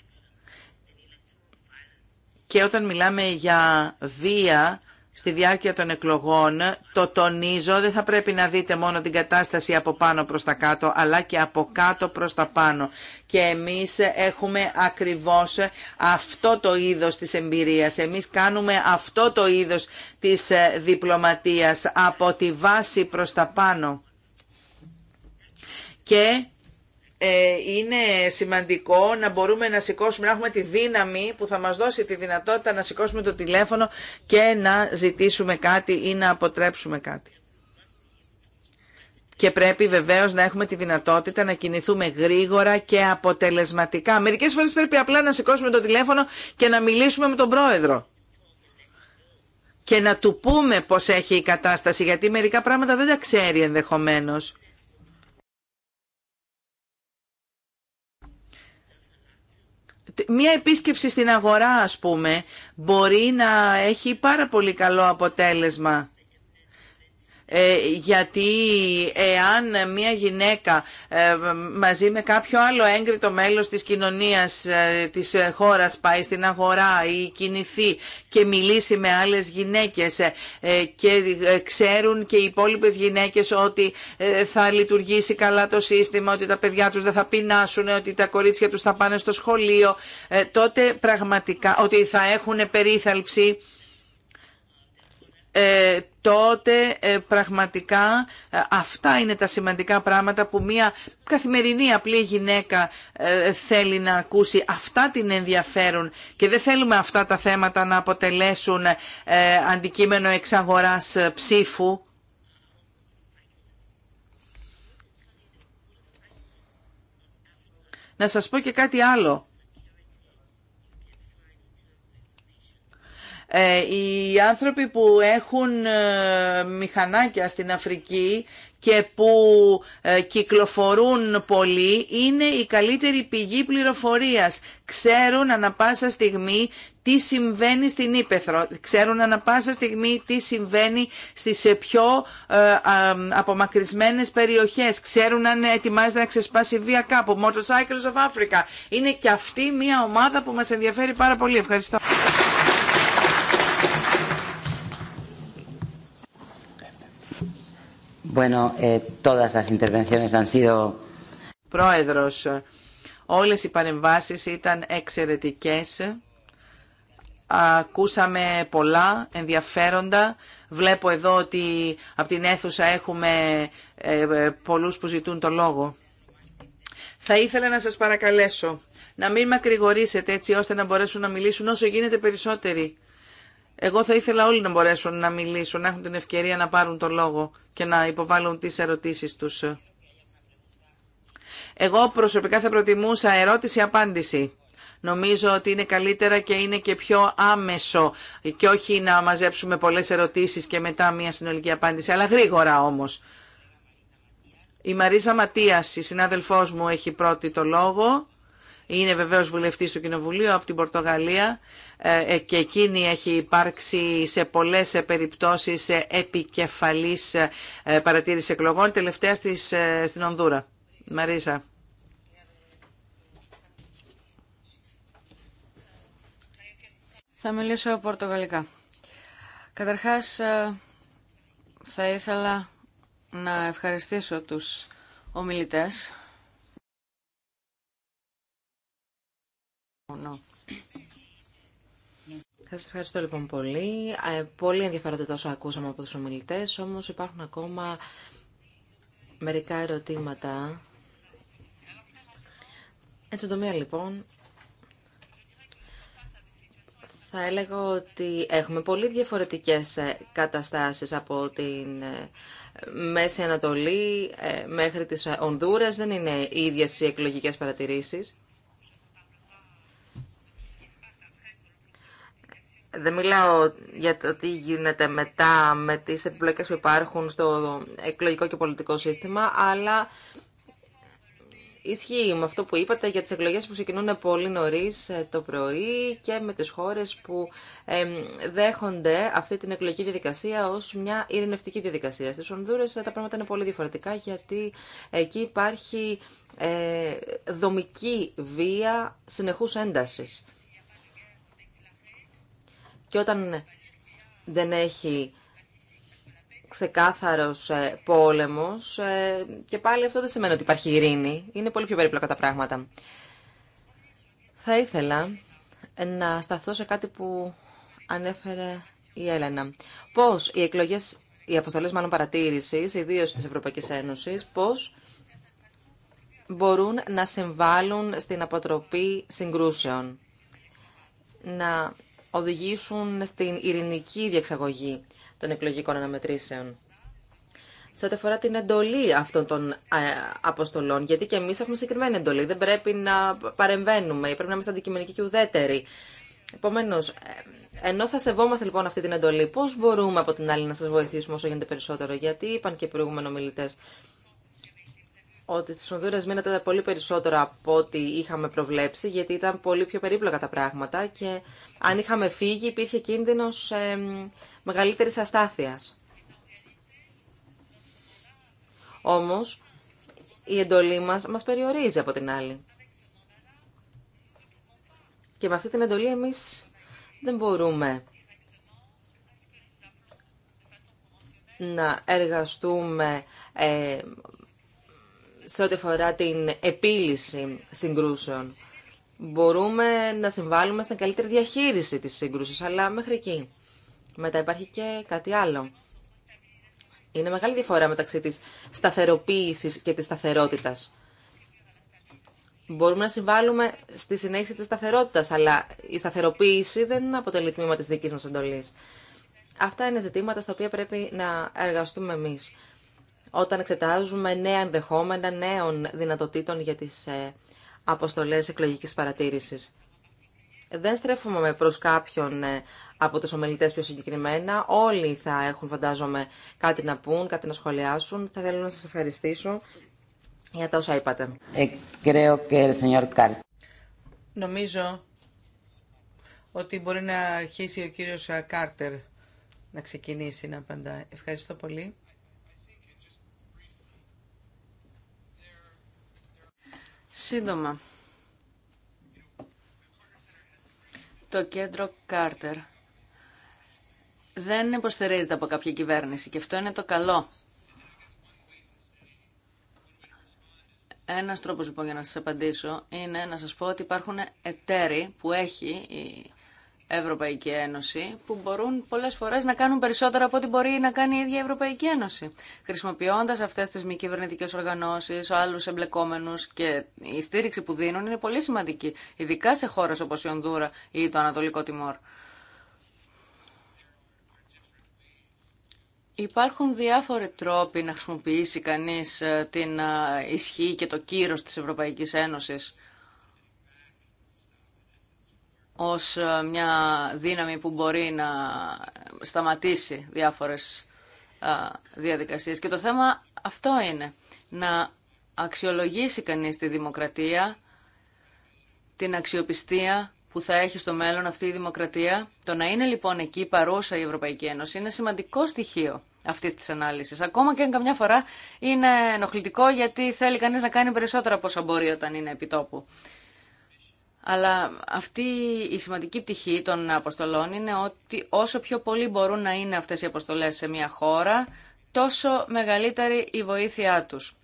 Και όταν μιλάμε για βία στη διάρκεια των εκλογών, το τονίζω, δεν θα πρέπει να δείτε μόνο την κατάσταση από πάνω προς τα κάτω, αλλά και από κάτω προς τα πάνω. Και εμείς έχουμε ακριβώς αυτό το είδος της εμπειρίας. Εμείς κάνουμε αυτό το είδος της ε, διπλωματίας από τη βάση προς τα πάνω. Και ε, είναι σημαντικό να μπορούμε να σηκώσουμε, να έχουμε τη δύναμη που θα μας δώσει τη δυνατότητα να σηκώσουμε το τηλέφωνο και να ζητήσουμε κάτι ή να αποτρέψουμε κάτι. Και πρέπει βεβαίω να έχουμε τη δυνατότητα να κινηθούμε γρήγορα και αποτελεσματικά. Μερικέ φορέ πρέπει απλά να σηκώσουμε το τηλέφωνο και να μιλήσουμε με τον πρόεδρο. Και να του πούμε πώ έχει η κατάσταση, γιατί μερικά πράγματα δεν τα ξέρει ενδεχομένω. Μία επίσκεψη στην αγορά, ας πούμε, μπορεί να έχει πάρα πολύ καλό αποτέλεσμα. Ε, γιατί εάν μια γυναίκα ε, μαζί με κάποιο άλλο έγκριτο μέλος της κοινωνίας ε, της χώρας πάει στην αγορά ή κινηθεί και μιλήσει με άλλες γυναίκες και ξέρουν και οι υπόλοιπες γυναίκες ότι θα λειτουργήσει καλά το σύστημα, ότι τα παιδιά τους δεν θα πεινάσουν, ότι τα κορίτσια τους θα πάνε στο σχολείο, τότε πραγματικά ότι θα έχουν περίθαλψη ε, τότε ε, πραγματικά ε, αυτά είναι τα σημαντικά πράγματα που μια καθημερινή απλή γυναίκα θέλει να ακούσει. Αυτά την ενδιαφέρουν και δεν θέλουμε αυτά τα θέματα να αποτελέσουν αντικείμενο εξαγοράς ψήφου. Να σας πω και κάτι άλλο. Ε, οι άνθρωποι που έχουν ε, μηχανάκια στην Αφρική και που ε, κυκλοφορούν πολύ είναι η καλύτερη πηγή πληροφορίας. Ξέρουν ανα πάσα στιγμή τι συμβαίνει στην Ήπεθρο. Ξέρουν ανα πάσα στιγμή τι συμβαίνει στις πιο απομακρυσμένες περιοχές. Ξέρουν αν ετοιμάζεται να ξεσπάσει βία κάπου. Motorcycles of Africa. Είναι και αυτή μια ομάδα που μας ενδιαφέρει πάρα πολύ. Ευχαριστώ. Bueno, eh, Πρόεδρος, όλες οι παρεμβάσεις ήταν εξαιρετικές. Ακούσαμε πολλά ενδιαφέροντα. Βλέπω εδώ ότι από την αίθουσα έχουμε ε, πολλούς που ζητούν το λόγο. Θα ήθελα να σας παρακαλέσω να μην μακρηγορήσετε έτσι ώστε να μπορέσουν να μιλήσουν όσο γίνεται περισσότεροι. Εγώ θα ήθελα όλοι να μπορέσουν να μιλήσουν, να έχουν την ευκαιρία να πάρουν το λόγο και να υποβάλουν τις ερωτήσεις τους. Εγώ προσωπικά θα προτιμούσα ερώτηση-απάντηση. Νομίζω ότι είναι καλύτερα και είναι και πιο άμεσο και όχι να μαζέψουμε πολλές ερωτήσεις και μετά μια συνολική απάντηση, αλλά γρήγορα όμως. Η Μαρίζα Ματίας, η συνάδελφός μου, έχει πρώτη το λόγο. Είναι βεβαίως βουλευτής του Κοινοβουλίου από την Πορτογαλία. Ε, ε, και εκείνη έχει υπάρξει σε πολλές ε, περιπτώσεις επικεφαλής παρατήρηση εκλογών, τελευταία στις, στην Ονδούρα. Μαρίσα. Θα μιλήσω πορτογαλικά. Καταρχάς θα ήθελα να ευχαριστήσω τους ομιλητές. Σας ευχαριστώ λοιπόν πολύ. Ε, πολύ ενδιαφέρονται τόσο ακούσαμε από τους ομιλητές, όμως υπάρχουν ακόμα μερικά ερωτήματα. το μία λοιπόν, θα έλεγα ότι έχουμε πολύ διαφορετικές ε, καταστάσεις από την ε, Μέση Ανατολή μέχρι τις Ονδούρες. Δεν είναι ίδιες οι εκλογικές παρατηρήσεις. Δεν μιλάω για το τι γίνεται μετά με τις επιπλοκές που υπάρχουν στο εκλογικό και πολιτικό σύστημα, αλλά ισχύει με αυτό που είπατε για τις εκλογές που ξεκινούν πολύ νωρίς ε, το πρωί και με τις χώρες που δέχονται αυτή την εκλογική διαδικασία ως μια ειρηνευτική διαδικασία. Στις Ονδούρες ε, τα πράγματα είναι πολύ διαφορετικά γιατί εκεί υπάρχει ε, δομική βία συνεχούς έντασης και όταν δεν έχει ξεκάθαρος ε, πόλεμος ε, και πάλι αυτό δεν σημαίνει ότι υπάρχει ειρήνη. Είναι πολύ πιο περίπλοκα τα πράγματα. Θα ήθελα να σταθώ σε κάτι που ανέφερε η Έλενα. Πώς οι εκλογές, οι αποστολές μάλλον παρατήρησης, ιδίω της Ευρωπαϊκής Ένωσης, πώς μπορούν να συμβάλλουν στην αποτροπή συγκρούσεων. Να οδηγήσουν στην ειρηνική διεξαγωγή των εκλογικών αναμετρήσεων. Σε ό,τι αφορά την εντολή αυτών των ε, αποστολών, γιατί και εμεί έχουμε συγκεκριμένη εντολή, δεν πρέπει να παρεμβαίνουμε, ή πρέπει να είμαστε αντικειμενικοί και ουδέτεροι. Επομένω, ε, ενώ θα σεβόμαστε λοιπόν αυτή την εντολή, πώ μπορούμε από την άλλη να σα βοηθήσουμε όσο γίνεται περισσότερο, γιατί είπαν και οι προηγούμενοι μιλητέ ότι στις Ονδούρες μείνατε πολύ περισσότερο από ό,τι είχαμε προβλέψει, γιατί ήταν πολύ πιο περίπλοκα τα πράγματα και αν είχαμε φύγει υπήρχε κίνδυνος ε, μεγαλύτερης αστάθειας. Όμως, η εντολή μας μας περιορίζει από την άλλη. Και με αυτή την εντολή εμείς δεν μπορούμε να εργαστούμε ε, σε ό,τι αφορά την επίλυση συγκρούσεων. Μπορούμε να συμβάλλουμε στην καλύτερη διαχείριση της σύγκρουσης, αλλά μέχρι εκεί. Μετά υπάρχει και κάτι άλλο. Είναι μεγάλη διαφορά μεταξύ της σταθεροποίησης και της σταθερότητας. Μπορούμε να συμβάλλουμε στη συνέχιση της σταθερότητας, αλλά η σταθεροποίηση δεν αποτελεί τμήμα της δικής μας εντολής. Αυτά είναι ζητήματα στα οποία πρέπει να εργαστούμε εμείς όταν εξετάζουμε νέα ενδεχόμενα νέων δυνατοτήτων για τις ε, αποστολές εκλογικής παρατήρησης. Δεν στρέφουμε προς κάποιον ε, από τους ομιλητές πιο συγκεκριμένα. Όλοι θα έχουν, φαντάζομαι, κάτι να πούν, κάτι να σχολιάσουν. Θα θέλω να σας ευχαριστήσω για τα όσα είπατε. Ε, Νομίζω ότι μπορεί να αρχίσει ο κύριος Κάρτερ να ξεκινήσει να απαντάει. Ευχαριστώ πολύ. Σύντομα. Το κέντρο Κάρτερ δεν υποστηρίζεται από κάποια κυβέρνηση και αυτό είναι το καλό. Ένας τρόπος λοιπόν για να σας απαντήσω είναι να σας πω ότι υπάρχουν εταίροι που έχει η Ευρωπαϊκή Ένωση που μπορούν πολλές φορές να κάνουν περισσότερα από ό,τι μπορεί να κάνει η ίδια η Ευρωπαϊκή Ένωση. Χρησιμοποιώντας αυτές τις μη κυβερνητικέ οργανώσεις, άλλους εμπλεκόμενους και η στήριξη που δίνουν είναι πολύ σημαντική, ειδικά σε χώρες όπως η Ονδούρα ή το Ανατολικό Τιμόρ. Υπάρχουν διάφοροι τρόποι να χρησιμοποιήσει κανείς ε, την ε, ισχύ και το κύρος της Ευρωπαϊκής Ένωσης ως ε, μια δύναμη που μπορεί να σταματήσει διάφορες ε, διαδικασίες. Και το θέμα αυτό είναι να αξιολογήσει κανείς τη δημοκρατία, την αξιοπιστία που θα έχει στο μέλλον αυτή η δημοκρατία. Το να είναι λοιπόν εκεί παρούσα η Ευρωπαϊκή Ένωση είναι σημαντικό στοιχείο αυτής της ανάλυσης. Ακόμα και αν καμιά φορά είναι ενοχλητικό γιατί θέλει κανείς να κάνει περισσότερα από μπορεί όταν είναι επιτόπου. Αλλά αυτή η σημαντική πτυχή των αποστολών είναι ότι όσο πιο πολύ μπορούν να είναι αυτές οι αποστολές σε μια χώρα, τόσο μεγαλύτερη η βοήθειά τους.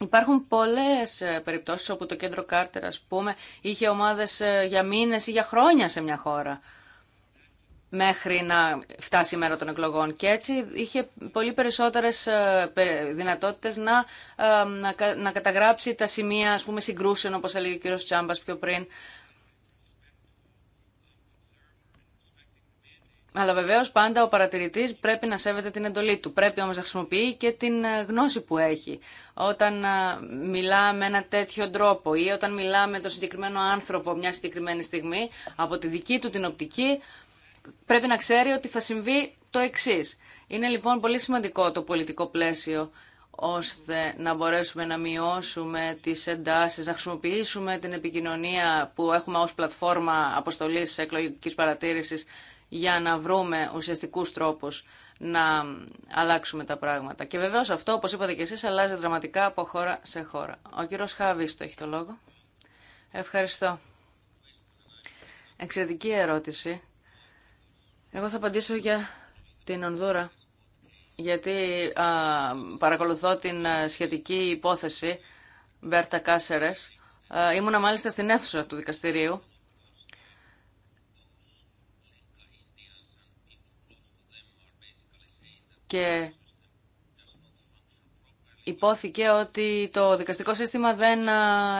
Υπάρχουν πολλές ε, περιπτώσεις όπου το κέντρο Κάρτερ, ας πούμε, είχε ομάδες ε, για μήνες ή για χρόνια σε μια χώρα μέχρι να φτάσει η μέρα των εκλογών και έτσι είχε πολύ περισσότερες ε, δυνατότητες να, ε, να, καταγράψει τα σημεία ας συγκρούσεων όπως έλεγε ο κύριος Τσάμπας πιο πριν. Αλλά βεβαίω πάντα ο παρατηρητή πρέπει να σέβεται την εντολή του. Πρέπει όμω να χρησιμοποιεί και την ε, γνώση που έχει. Όταν μιλά με ένα τέτοιο τρόπο ή όταν μιλά με τον συγκεκριμένο άνθρωπο μια συγκεκριμένη στιγμή, από τη δική του την οπτική, πρέπει να ξέρει ότι θα συμβεί το εξή. Είναι λοιπόν πολύ σημαντικό το πολιτικό πλαίσιο ώστε να μπορέσουμε να μειώσουμε τις εντάσεις, να χρησιμοποιήσουμε την επικοινωνία που έχουμε ως πλατφόρμα αποστολής εκλογικής παρατήρησης για να βρούμε ουσιαστικούς τρόπους να αλλάξουμε τα πράγματα. Και βεβαίως αυτό, όπως είπατε και εσείς, αλλάζει δραματικά από χώρα σε χώρα. Ο κύριος Χάβης το έχει το λόγο. Ευχαριστώ. Εξαιρετική ερώτηση. Εγώ θα απαντήσω για την Ονδούρα, γιατί α, παρακολουθώ την σχετική υπόθεση Μπέρτα Κάσερες. Α, ήμουνα μάλιστα στην αίθουσα του δικαστηρίου. Και υπόθηκε ότι το δικαστικό σύστημα δεν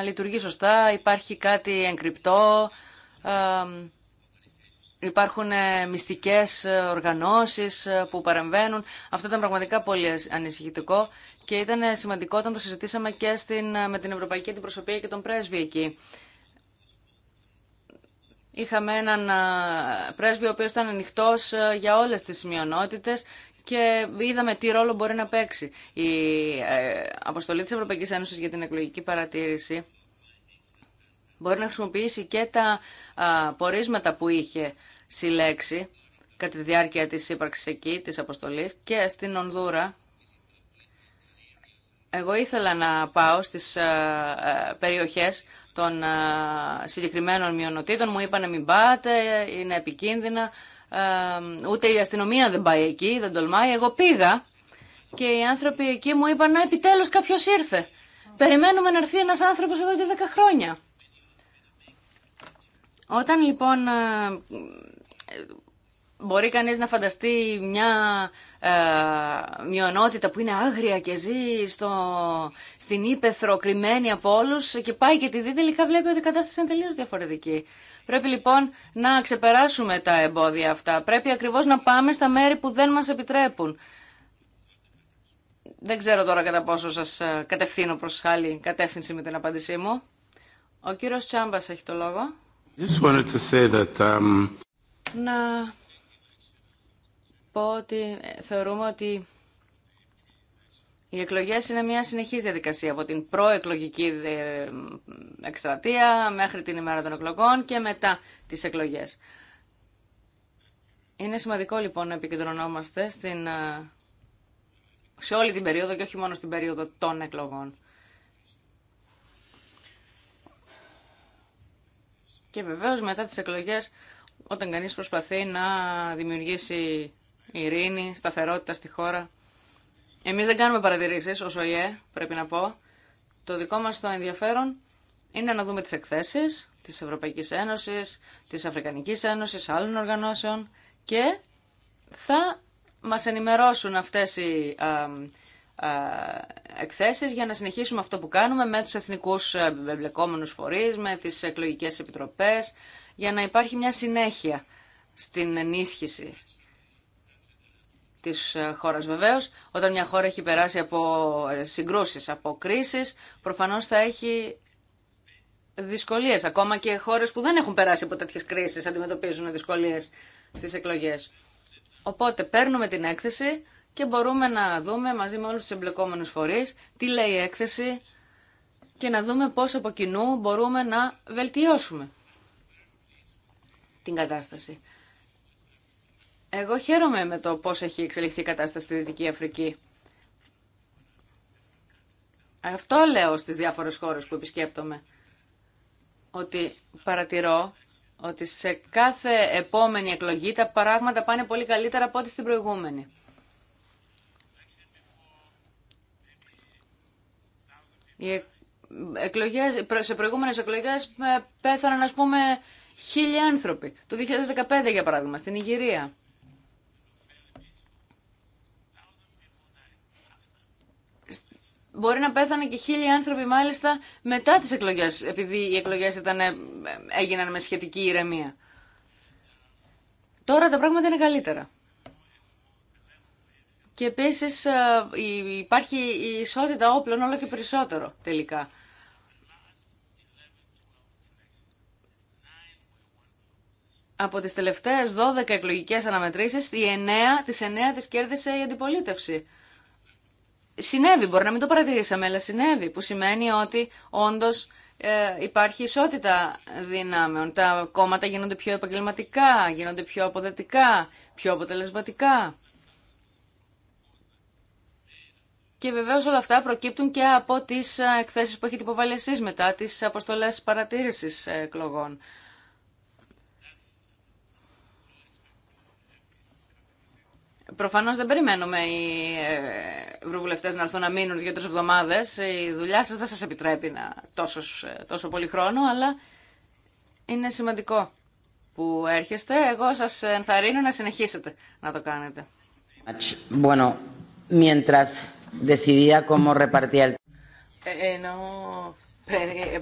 λειτουργεί σωστά, υπάρχει κάτι εγκρυπτό, Υπάρχουν ε, μυστικές ε, οργανώσεις ε, που παρεμβαίνουν. Αυτό ήταν πραγματικά πολύ ανησυχητικό και ήταν σημαντικό όταν το συζητήσαμε και στην, με την Ευρωπαϊκή Αντιπροσωπεία και τον πρέσβη εκεί. Είχαμε έναν πρέσβη ο οποίος ήταν ανοιχτό για όλες τις μειονότητες και είδαμε τι ρόλο μπορεί να παίξει η αποστολή της Ευρωπαϊκής Ένωσης για την εκλογική παρατήρηση μπορεί να χρησιμοποιήσει και τα πορίσματα που είχε συλλέξει κατά τη διάρκεια της ύπαρξης εκεί, της αποστολής και στην Ονδούρα. Εγώ ήθελα να πάω στις περιοχές των συγκεκριμένων μειονοτήτων. Μου είπανε μην πάτε, είναι επικίνδυνα. Ούτε η αστυνομία δεν πάει εκεί, δεν τολμάει. Εγώ πήγα και οι άνθρωποι εκεί μου είπαν να επιτέλους κάποιος ήρθε. Περιμένουμε να έρθει ένας άνθρωπος εδώ και 10 χρόνια. Όταν λοιπόν ε, μπορεί κανείς να φανταστεί μια ε, μειονότητα που είναι άγρια και ζει στο, στην ύπεθρο κρυμμένη από όλου και πάει και τη δει τελικά βλέπει ότι η κατάσταση είναι τελείως διαφορετική. Πρέπει λοιπόν να ξεπεράσουμε τα εμπόδια αυτά. Πρέπει ακριβώς να πάμε στα μέρη που δεν μας επιτρέπουν. Δεν ξέρω τώρα κατά πόσο σας ε, κατευθύνω προς άλλη κατεύθυνση με την απάντησή μου. Ο κύριος Τσάμπας έχει το λόγο. Um, να πω ότι θεωρούμε ότι οι εκλογές είναι μια συνεχής διαδικασία από την προεκλογική ε, εκστρατεία μέχρι την ημέρα των εκλογών και μετά τις εκλογές. Είναι σημαντικό λοιπόν να επικεντρωνόμαστε ε, σε όλη την περίοδο και όχι μόνο στην περίοδο των εκλογών. Και βεβαίω μετά τις εκλογές όταν κανείς προσπαθεί να δημιουργήσει ειρήνη, σταθερότητα στη χώρα. Εμείς δεν κάνουμε παρατηρήσει όσο ε, πρέπει να πω. Το δικό μας το ενδιαφέρον είναι να δούμε τις εκθέσεις της Ευρωπαϊκή Ένωση, της Αφρικανική Ένωσης, άλλων οργανώσεων και θα μα ενημερώσουν αυτές οι ε, εκθέσεις για να συνεχίσουμε αυτό που κάνουμε με τους εθνικούς εμπλεκόμενους φορείς, με τις εκλογικές επιτροπές, για να υπάρχει μια συνέχεια στην ενίσχυση της χώρας βεβαίως. Όταν μια χώρα έχει περάσει από ε, συγκρούσεις, από κρίσεις, προφανώς θα έχει δυσκολίες. Ακόμα και χώρες που δεν έχουν περάσει από τέτοιες κρίσεις αντιμετωπίζουν δυσκολίες στις εκλογές. Οπότε παίρνουμε την έκθεση και μπορούμε να δούμε μαζί με όλους τους εμπλεκόμενους φορείς τι λέει η έκθεση και να δούμε πώς από κοινού μπορούμε να βελτιώσουμε την κατάσταση. Εγώ χαίρομαι με το πώς έχει εξελιχθεί η κατάσταση στη Δυτική Αφρική. Αυτό λέω στις διάφορες χώρες που επισκέπτομαι. Ότι παρατηρώ ότι σε κάθε επόμενη εκλογή τα πράγματα πάνε πολύ καλύτερα από ό,τι στην προηγούμενη. σε προηγούμενε εκλογέ ε, πέθαναν α πούμε χίλιοι άνθρωποι. Το 2015 για παράδειγμα στην Ιγυρία. Μπορεί να πέθανε και χίλιοι άνθρωποι μάλιστα μετά τις εκλογές, επειδή οι εκλογές ε, έγιναν με σχετική ηρεμία. Τώρα τα πράγματα είναι καλύτερα. Και επίση ε, υπάρχει η ισότητα όπλων όλο και περισσότερο τελικά. Από τις τελευταίες 12 εκλογικές αναμετρήσεις, η 9, τις 9 τις κέρδισε η αντιπολίτευση. Συνέβη, μπορεί να μην το παρατηρήσαμε, αλλά συνέβη, που σημαίνει ότι όντως ε, υπάρχει ισότητα δυνάμεων. Τα κόμματα γίνονται πιο επαγγελματικά, γίνονται πιο αποδετικά, πιο αποτελεσματικά. Και βεβαίω όλα αυτά προκύπτουν και από τι ε, εκθέσει που έχετε υποβάλει εσεί μετά, τι αποστολέ παρατήρηση ε, εκλογών. Προφανώ δεν περιμένουμε οι βρουβουλευτέ ε, να έρθουν να μείνουν τρει εβδομάδε. Η δουλειά σα δεν σα επιτρέπει να τόσο, τόσο πολύ χρόνο, αλλά είναι σημαντικό που έρχεστε. Εγώ σα ενθαρρύνω να συνεχίσετε να το κάνετε. Bueno, decidía cómo repartía el ε, Ενώ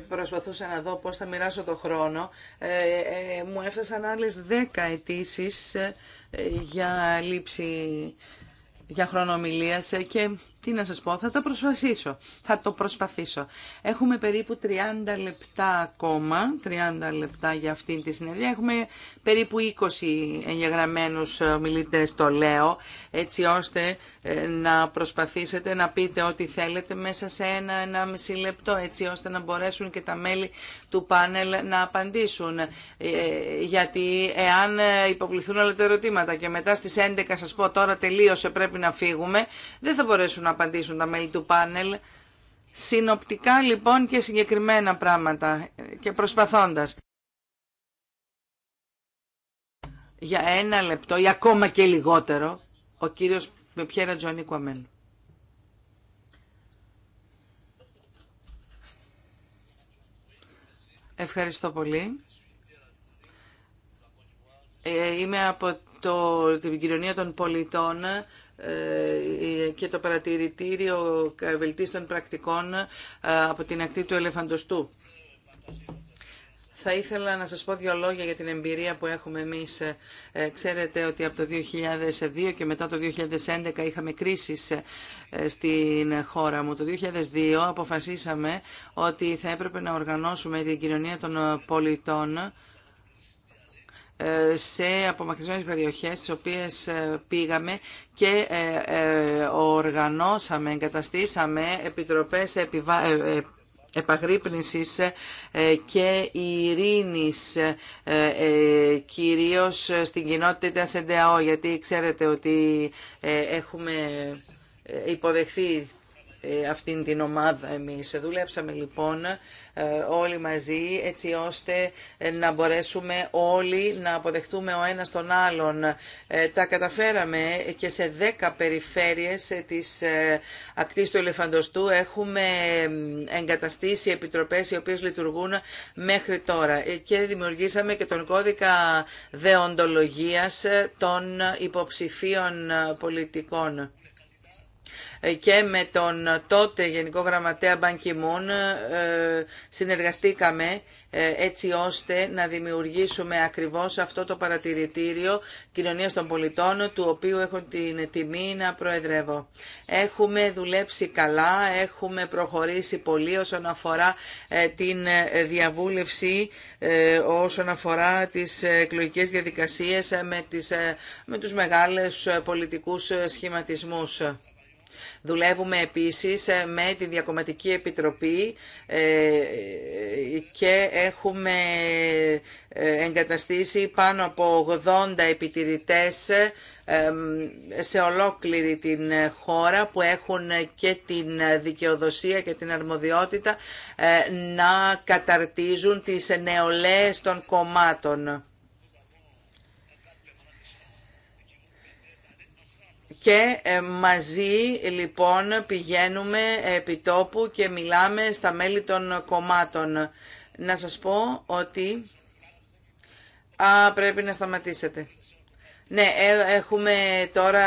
προσπαθούσα να δω πώς θα μοιράσω το χρόνο, ε, ε, μου έφτασαν άλλες 10 αιτήσει ε, για λήψη για χρονομιλίας ε, και τι να σας πω, θα το προσπαθήσω. Θα το προσπαθήσω. Έχουμε περίπου 30 λεπτά ακόμα, 30 λεπτά για αυτή τη συνεδρία. Έχουμε περίπου 20 εγγεγραμμένους μιλητές, το λέω, έτσι ώστε ε, να προσπαθήσετε να πείτε ό,τι θέλετε μέσα σε ένα, ένα μισή λεπτό, έτσι ώστε να μπορέσουν και τα μέλη του πάνελ να απαντήσουν. Ε, γιατί εάν ε, υποβληθούν όλα τα ερωτήματα και μετά στις 11 σας πω τώρα τελείωσε πρέπει να φύγουμε, δεν θα μπορέσουν να απαντήσουν τα μέλη του πάνελ. Συνοπτικά λοιπόν και συγκεκριμένα πράγματα και προσπαθώντας. Για ένα λεπτό ή ακόμα και λιγότερο, ο κύριος με πιέρα Τζονί Κουαμέν. Ευχαριστώ πολύ. Ε, είμαι από το, την κοινωνία των πολιτών ε, και το παρατηρητήριο βελτίστων πρακτικών ε, από την ακτή του Ελεφαντοστού. Θα ήθελα να σας πω δύο λόγια για την εμπειρία που έχουμε εμείς. Ε, ξέρετε ότι από το 2002 και μετά το 2011 είχαμε κρίσεις στην χώρα μου. Το 2002 αποφασίσαμε ότι θα έπρεπε να οργανώσουμε την κοινωνία των πολιτών ε, σε απομακρυσμένες περιοχές στις οποίες ε, πήγαμε και ε, οργανώσαμε, εγκαταστήσαμε επιτροπές επιβα επαγρύπνησης και ειρήνης κυρίως στην κοινότητα ΣΕΝΤΕΑΟ γιατί ξέρετε ότι έχουμε υποδεχθεί ε, αυτήν την ομάδα εμείς. Δουλέψαμε λοιπόν ε, όλοι μαζί έτσι ώστε ε, να μπορέσουμε όλοι να αποδεχτούμε ο ένας τον άλλον. Τα καταφέραμε και σε δέκα περιφέρειες της ακτής του Ελεφαντοστού έχουμε εγκαταστήσει επιτροπές οι οποίες λειτουργούν μέχρι τώρα και δημιουργήσαμε και τον κώδικα δεοντολογίας των υποψηφίων πολιτικών και με τον τότε Γενικό Γραμματέα Μπανκιμούν ε, συνεργαστήκαμε ε, έτσι ώστε να δημιουργήσουμε ακριβώς αυτό το παρατηρητήριο κοινωνίας των πολιτών, του οποίου έχω την τιμή να προεδρεύω. Έχουμε δουλέψει καλά, έχουμε προχωρήσει πολύ όσον αφορά ε, την διαβούλευση, όσον αφορά τις εκλογικέ διαδικασίες με, τις, με τους μεγάλες πολιτικούς σχηματισμούς. Δουλεύουμε επίσης ε, με τη Διακομματική Επιτροπή ε, και έχουμε ε, εγκαταστήσει πάνω από 80 επιτηρητές σε ολόκληρη την χώρα που έχουν και την δικαιοδοσία και την αρμοδιότητα να καταρτίζουν τις νεολαίες των κομμάτων. Και ε, μαζί λοιπόν πηγαίνουμε επί τόπου και μιλάμε στα μέλη των κομμάτων. Να σας πω ότι... Α, πρέπει να σταματήσετε. Ναι, ε, έχουμε τώρα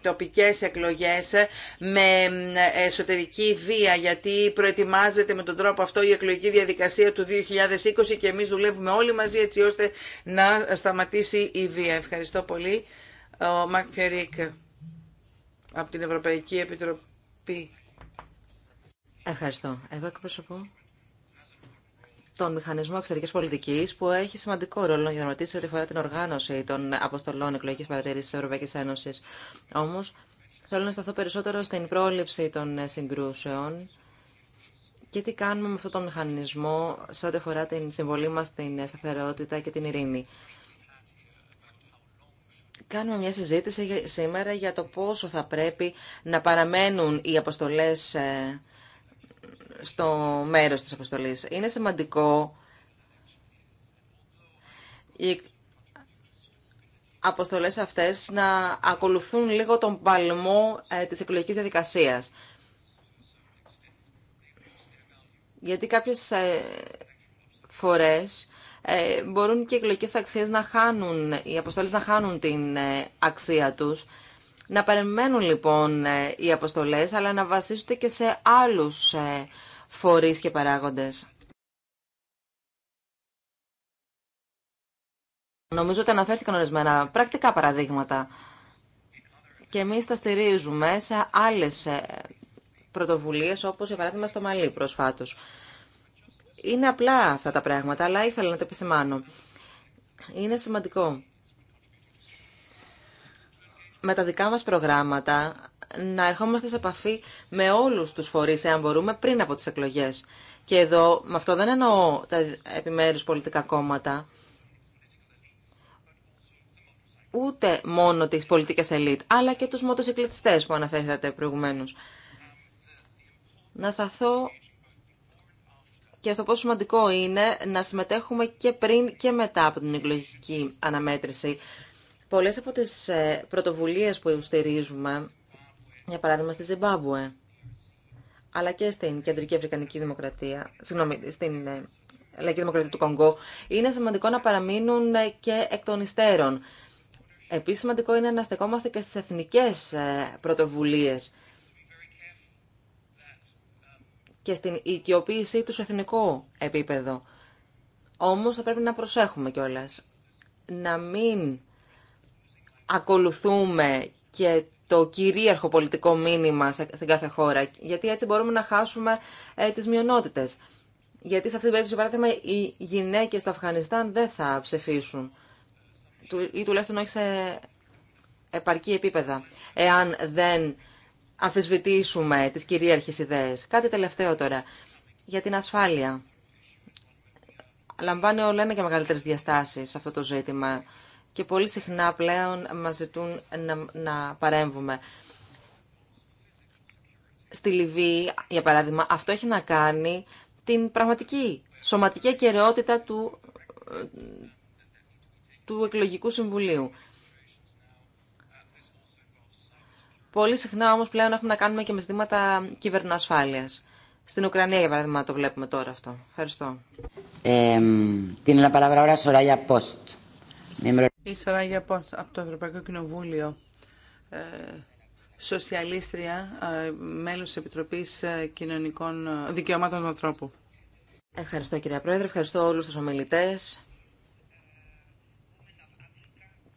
τοπικές εκλογές ε, με εσωτερική βία γιατί προετοιμάζεται με τον τρόπο αυτό η εκλογική διαδικασία του 2020 και εμείς δουλεύουμε όλοι μαζί έτσι ώστε να σταματήσει η βία. Ευχαριστώ πολύ. Ο Μακ από την Ευρωπαϊκή Επιτροπή. Ευχαριστώ. Εγώ εκπροσωπώ τον Μηχανισμό Εξωτερική Πολιτική, που έχει σημαντικό ρόλο να γνωρίσει ό,τι αφορά την οργάνωση των αποστολών εκλογική παρατήρηση τη Ευρωπαϊκή Ένωση. Όμω, θέλω να σταθώ περισσότερο στην πρόληψη των συγκρούσεων και τι κάνουμε με αυτόν τον μηχανισμό σε ό,τι αφορά την συμβολή μα στην σταθερότητα και την ειρήνη. Κάνουμε μια συζήτηση σήμερα για το πόσο θα πρέπει να παραμένουν οι αποστολές ε, στο μέρος της αποστολής. Είναι σημαντικό οι αποστολές αυτές να ακολουθούν λίγο τον παλμό ε, της εκλογικής διαδικασίας. Γιατί κάποιες ε, φορές ε, μπορούν και οι εκλογικέ αξίε να χάνουν, οι αποστολέ να χάνουν την ε, αξία του. Να περιμένουν λοιπόν ε, οι αποστολέ, αλλά να βασίζονται και σε άλλου φορεί και παράγοντε. Νομίζω ότι αναφέρθηκαν ορισμένα πρακτικά παραδείγματα και εμείς τα στηρίζουμε σε άλλες πρωτοβουλίες όπως για παράδειγμα στο Μαλί προσφάτως. Είναι απλά αυτά τα πράγματα, αλλά ήθελα να τα επισημάνω. Είναι σημαντικό με τα δικά μας προγράμματα να ερχόμαστε σε επαφή με όλους τους φορείς, εάν μπορούμε, πριν από τις εκλογές. Και εδώ, με αυτό δεν εννοώ τα επιμέρους πολιτικά κόμματα, ούτε μόνο τις πολιτικές ελίτ, αλλά και τους μοτοσυκλετιστές που αναφέρατε προηγουμένως. Να σταθώ και αυτό πόσο σημαντικό είναι να συμμετέχουμε και πριν και μετά από την εκλογική αναμέτρηση. Πολλές από τις ε, πρωτοβουλίες που υποστηρίζουμε, για παράδειγμα στη Ζιμπάμπουε, αλλά και στην Κεντρική Αφρικανική Δημοκρατία, συγγνώμη, στην ε, Λαϊκή Δημοκρατία του Κονγκό, είναι σημαντικό να παραμείνουν ε, και εκ των υστέρων. Επίσης σημαντικό είναι να στεκόμαστε και στις εθνικές πρωτοβουλίες και στην οικειοποίησή του σε εθνικό επίπεδο. Όμως θα πρέπει να προσέχουμε κιόλας. Να μην ακολουθούμε και το κυρίαρχο πολιτικό μήνυμα στην κάθε χώρα, γιατί έτσι μπορούμε να χάσουμε ε, τις μειονότητες. Γιατί σε αυτή την περίπτωση, παράδειγμα, οι γυναίκες στο Αφγανιστάν δεν θα ψηφίσουν ή τουλάχιστον όχι σε επαρκή επίπεδα, εάν δεν αμφισβητήσουμε τις κυρίαρχες ιδέες. Κάτι τελευταίο τώρα, για την ασφάλεια. Λαμβάνει όλα ένα και μεγαλύτερες διαστάσεις αυτό το ζήτημα και πολύ συχνά πλέον μα ζητούν να, παρέμβουμε. Στη Λιβύη, για παράδειγμα, αυτό έχει να κάνει την πραγματική σωματική ακαιρεότητα του, ε, του εκλογικού συμβουλίου. Πολύ συχνά όμως πλέον έχουμε να κάνουμε και με ζητήματα κυβερνοασφάλεια. Στην Ουκρανία, για παράδειγμα, το βλέπουμε τώρα αυτό. Ευχαριστώ. Την ώρα, Σοράγια Πόστ. Η Σοράγια Πόστ από το Ευρωπαϊκό Κοινοβούλιο. Ε, σοσιαλίστρια, ε, μέλος της Επιτροπής ε, Κοινωνικών ε, Δικαιωμάτων του Ανθρώπου. Ευχαριστώ κυρία Πρόεδρε, ευχαριστώ όλους τους ομιλητές.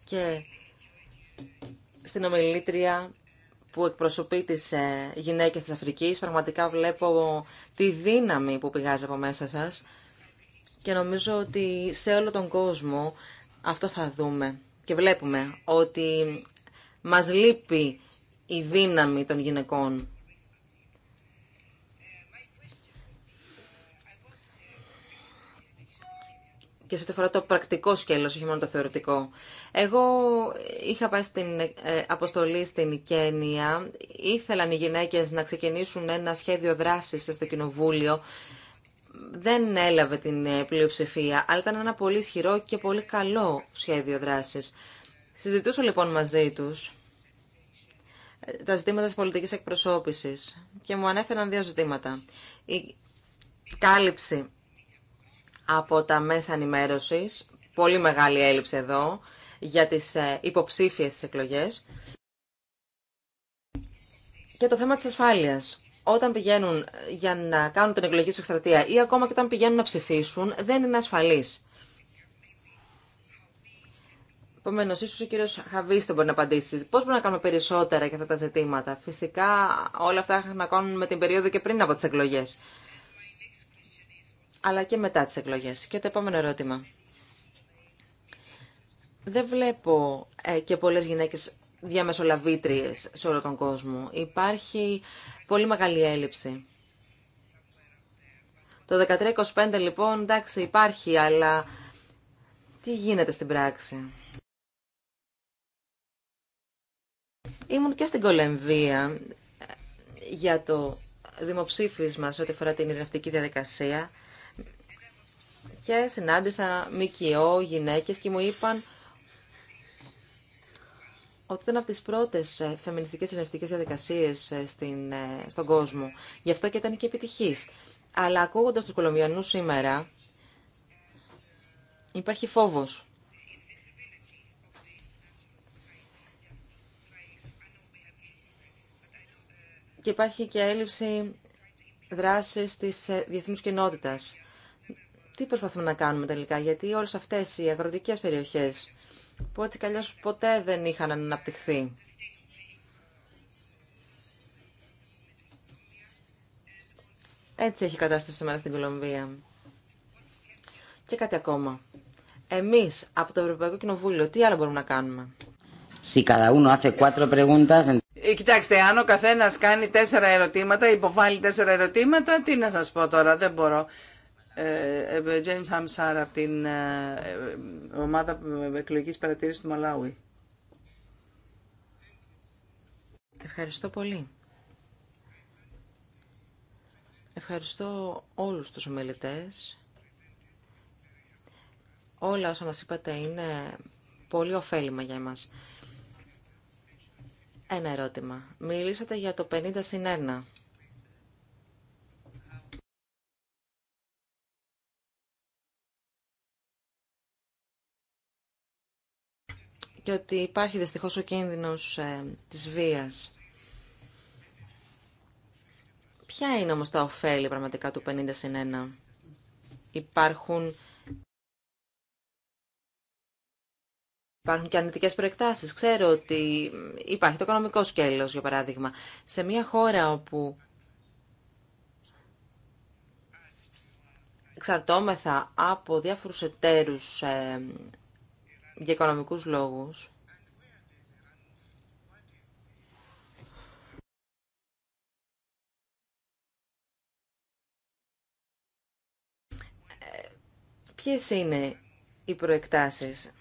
Και στην ομιλήτρια που εκπροσωπεί τις ε, γυναίκες της Αφρικής. Πραγματικά βλέπω τη δύναμη που πηγάζει από μέσα σας και νομίζω ότι σε όλο τον κόσμο αυτό θα δούμε και βλέπουμε ότι μας λείπει η δύναμη των γυναικών. και σε ό,τι φορά το πρακτικό σκέλος, όχι μόνο το θεωρητικό. Εγώ είχα πάει στην ε, αποστολή στην Κένια. Ήθελαν οι γυναίκες να ξεκινήσουν ένα σχέδιο δράσης στο Κοινοβούλιο. Δεν έλαβε την ε, πλειοψηφία, αλλά ήταν ένα πολύ ισχυρό και πολύ καλό σχέδιο δράσης. Συζητούσα λοιπόν μαζί τους ε, τα ζητήματα της πολιτικής εκπροσώπησης και μου ανέφεραν δύο ζητήματα. Η κάλυψη από τα μέσα ενημέρωσης, πολύ μεγάλη έλλειψη εδώ, για τις ε, υποψήφιες εκλογές. Και το θέμα της ασφάλειας. Όταν πηγαίνουν για να κάνουν την εκλογική του εκστρατεία ή ακόμα και όταν πηγαίνουν να ψηφίσουν, δεν είναι ασφαλής. Επομένω, ίσω ο κύριο Χαβίστε μπορεί να απαντήσει. Πώ μπορούμε να κάνουμε περισσότερα για αυτά τα ζητήματα. Φυσικά, όλα αυτά έχουν να κάνουν με την περίοδο και πριν από τι εκλογέ αλλά και μετά τις εκλογές. Και το επόμενο ερώτημα. Δεν βλέπω ε, και πολλές γυναίκες διαμεσολαβήτριες σε όλο τον κόσμο. Υπάρχει πολύ μεγάλη έλλειψη. Το 1325 λοιπόν, εντάξει, υπάρχει, αλλά τι γίνεται στην πράξη. Ήμουν και στην Κολεμβία ε, για το δημοψήφισμα σε ό,τι αφορά την ειρηνευτική διαδικασία και συνάντησα ΜΚΟ, γυναίκες και μου είπαν ότι ήταν από τις πρώτες ε, φεμινιστικές ενευτικές διαδικασίες ε, στην, ε, στον κόσμο. Γι' αυτό και ήταν και επιτυχής. Αλλά ακούγοντας τους Κολομβιανούς σήμερα, υπάρχει φόβος. Και υπάρχει και έλλειψη δράσης της διεθνούς κοινότητας τι προσπαθούμε να κάνουμε τελικά, γιατί όλες αυτές οι αγροτικές περιοχές που έτσι κι ποτέ δεν είχαν αναπτυχθεί. Έτσι έχει κατάσταση σήμερα στην Κολομβία. Και κάτι ακόμα. Εμείς από το Ευρωπαϊκό Κοινοβούλιο τι άλλο μπορούμε να κάνουμε. Ε, κοιτάξτε, αν ο καθένας κάνει τέσσερα ερωτήματα, υποβάλλει τέσσερα ερωτήματα, τι να σα πω τώρα, δεν μπορώ. Ε, ε, James Hamsar από την ε, ομάδα εκλογικής παρατήρησης του Μαλάουι. Ευχαριστώ πολύ. Ευχαριστώ όλους τους ομιλητές. Όλα όσα μας είπατε είναι πολύ ωφέλιμα για εμάς. Ένα ερώτημα. Μιλήσατε για το 50 συν 1. και ότι υπάρχει δυστυχώς ο κίνδυνος ε, της βίας. Ποια είναι όμως τα ωφέλη πραγματικά του 50 συν 1. Υπάρχουν, υπάρχουν και αρνητικές προεκτάσεις. Ξέρω ότι υπάρχει το οικονομικό σκέλος, για παράδειγμα. Σε μια χώρα όπου εξαρτώμεθα από διάφορους εταίρους ε, για οικονομικούς λόγους. Ποιες είναι οι προεκτάσεις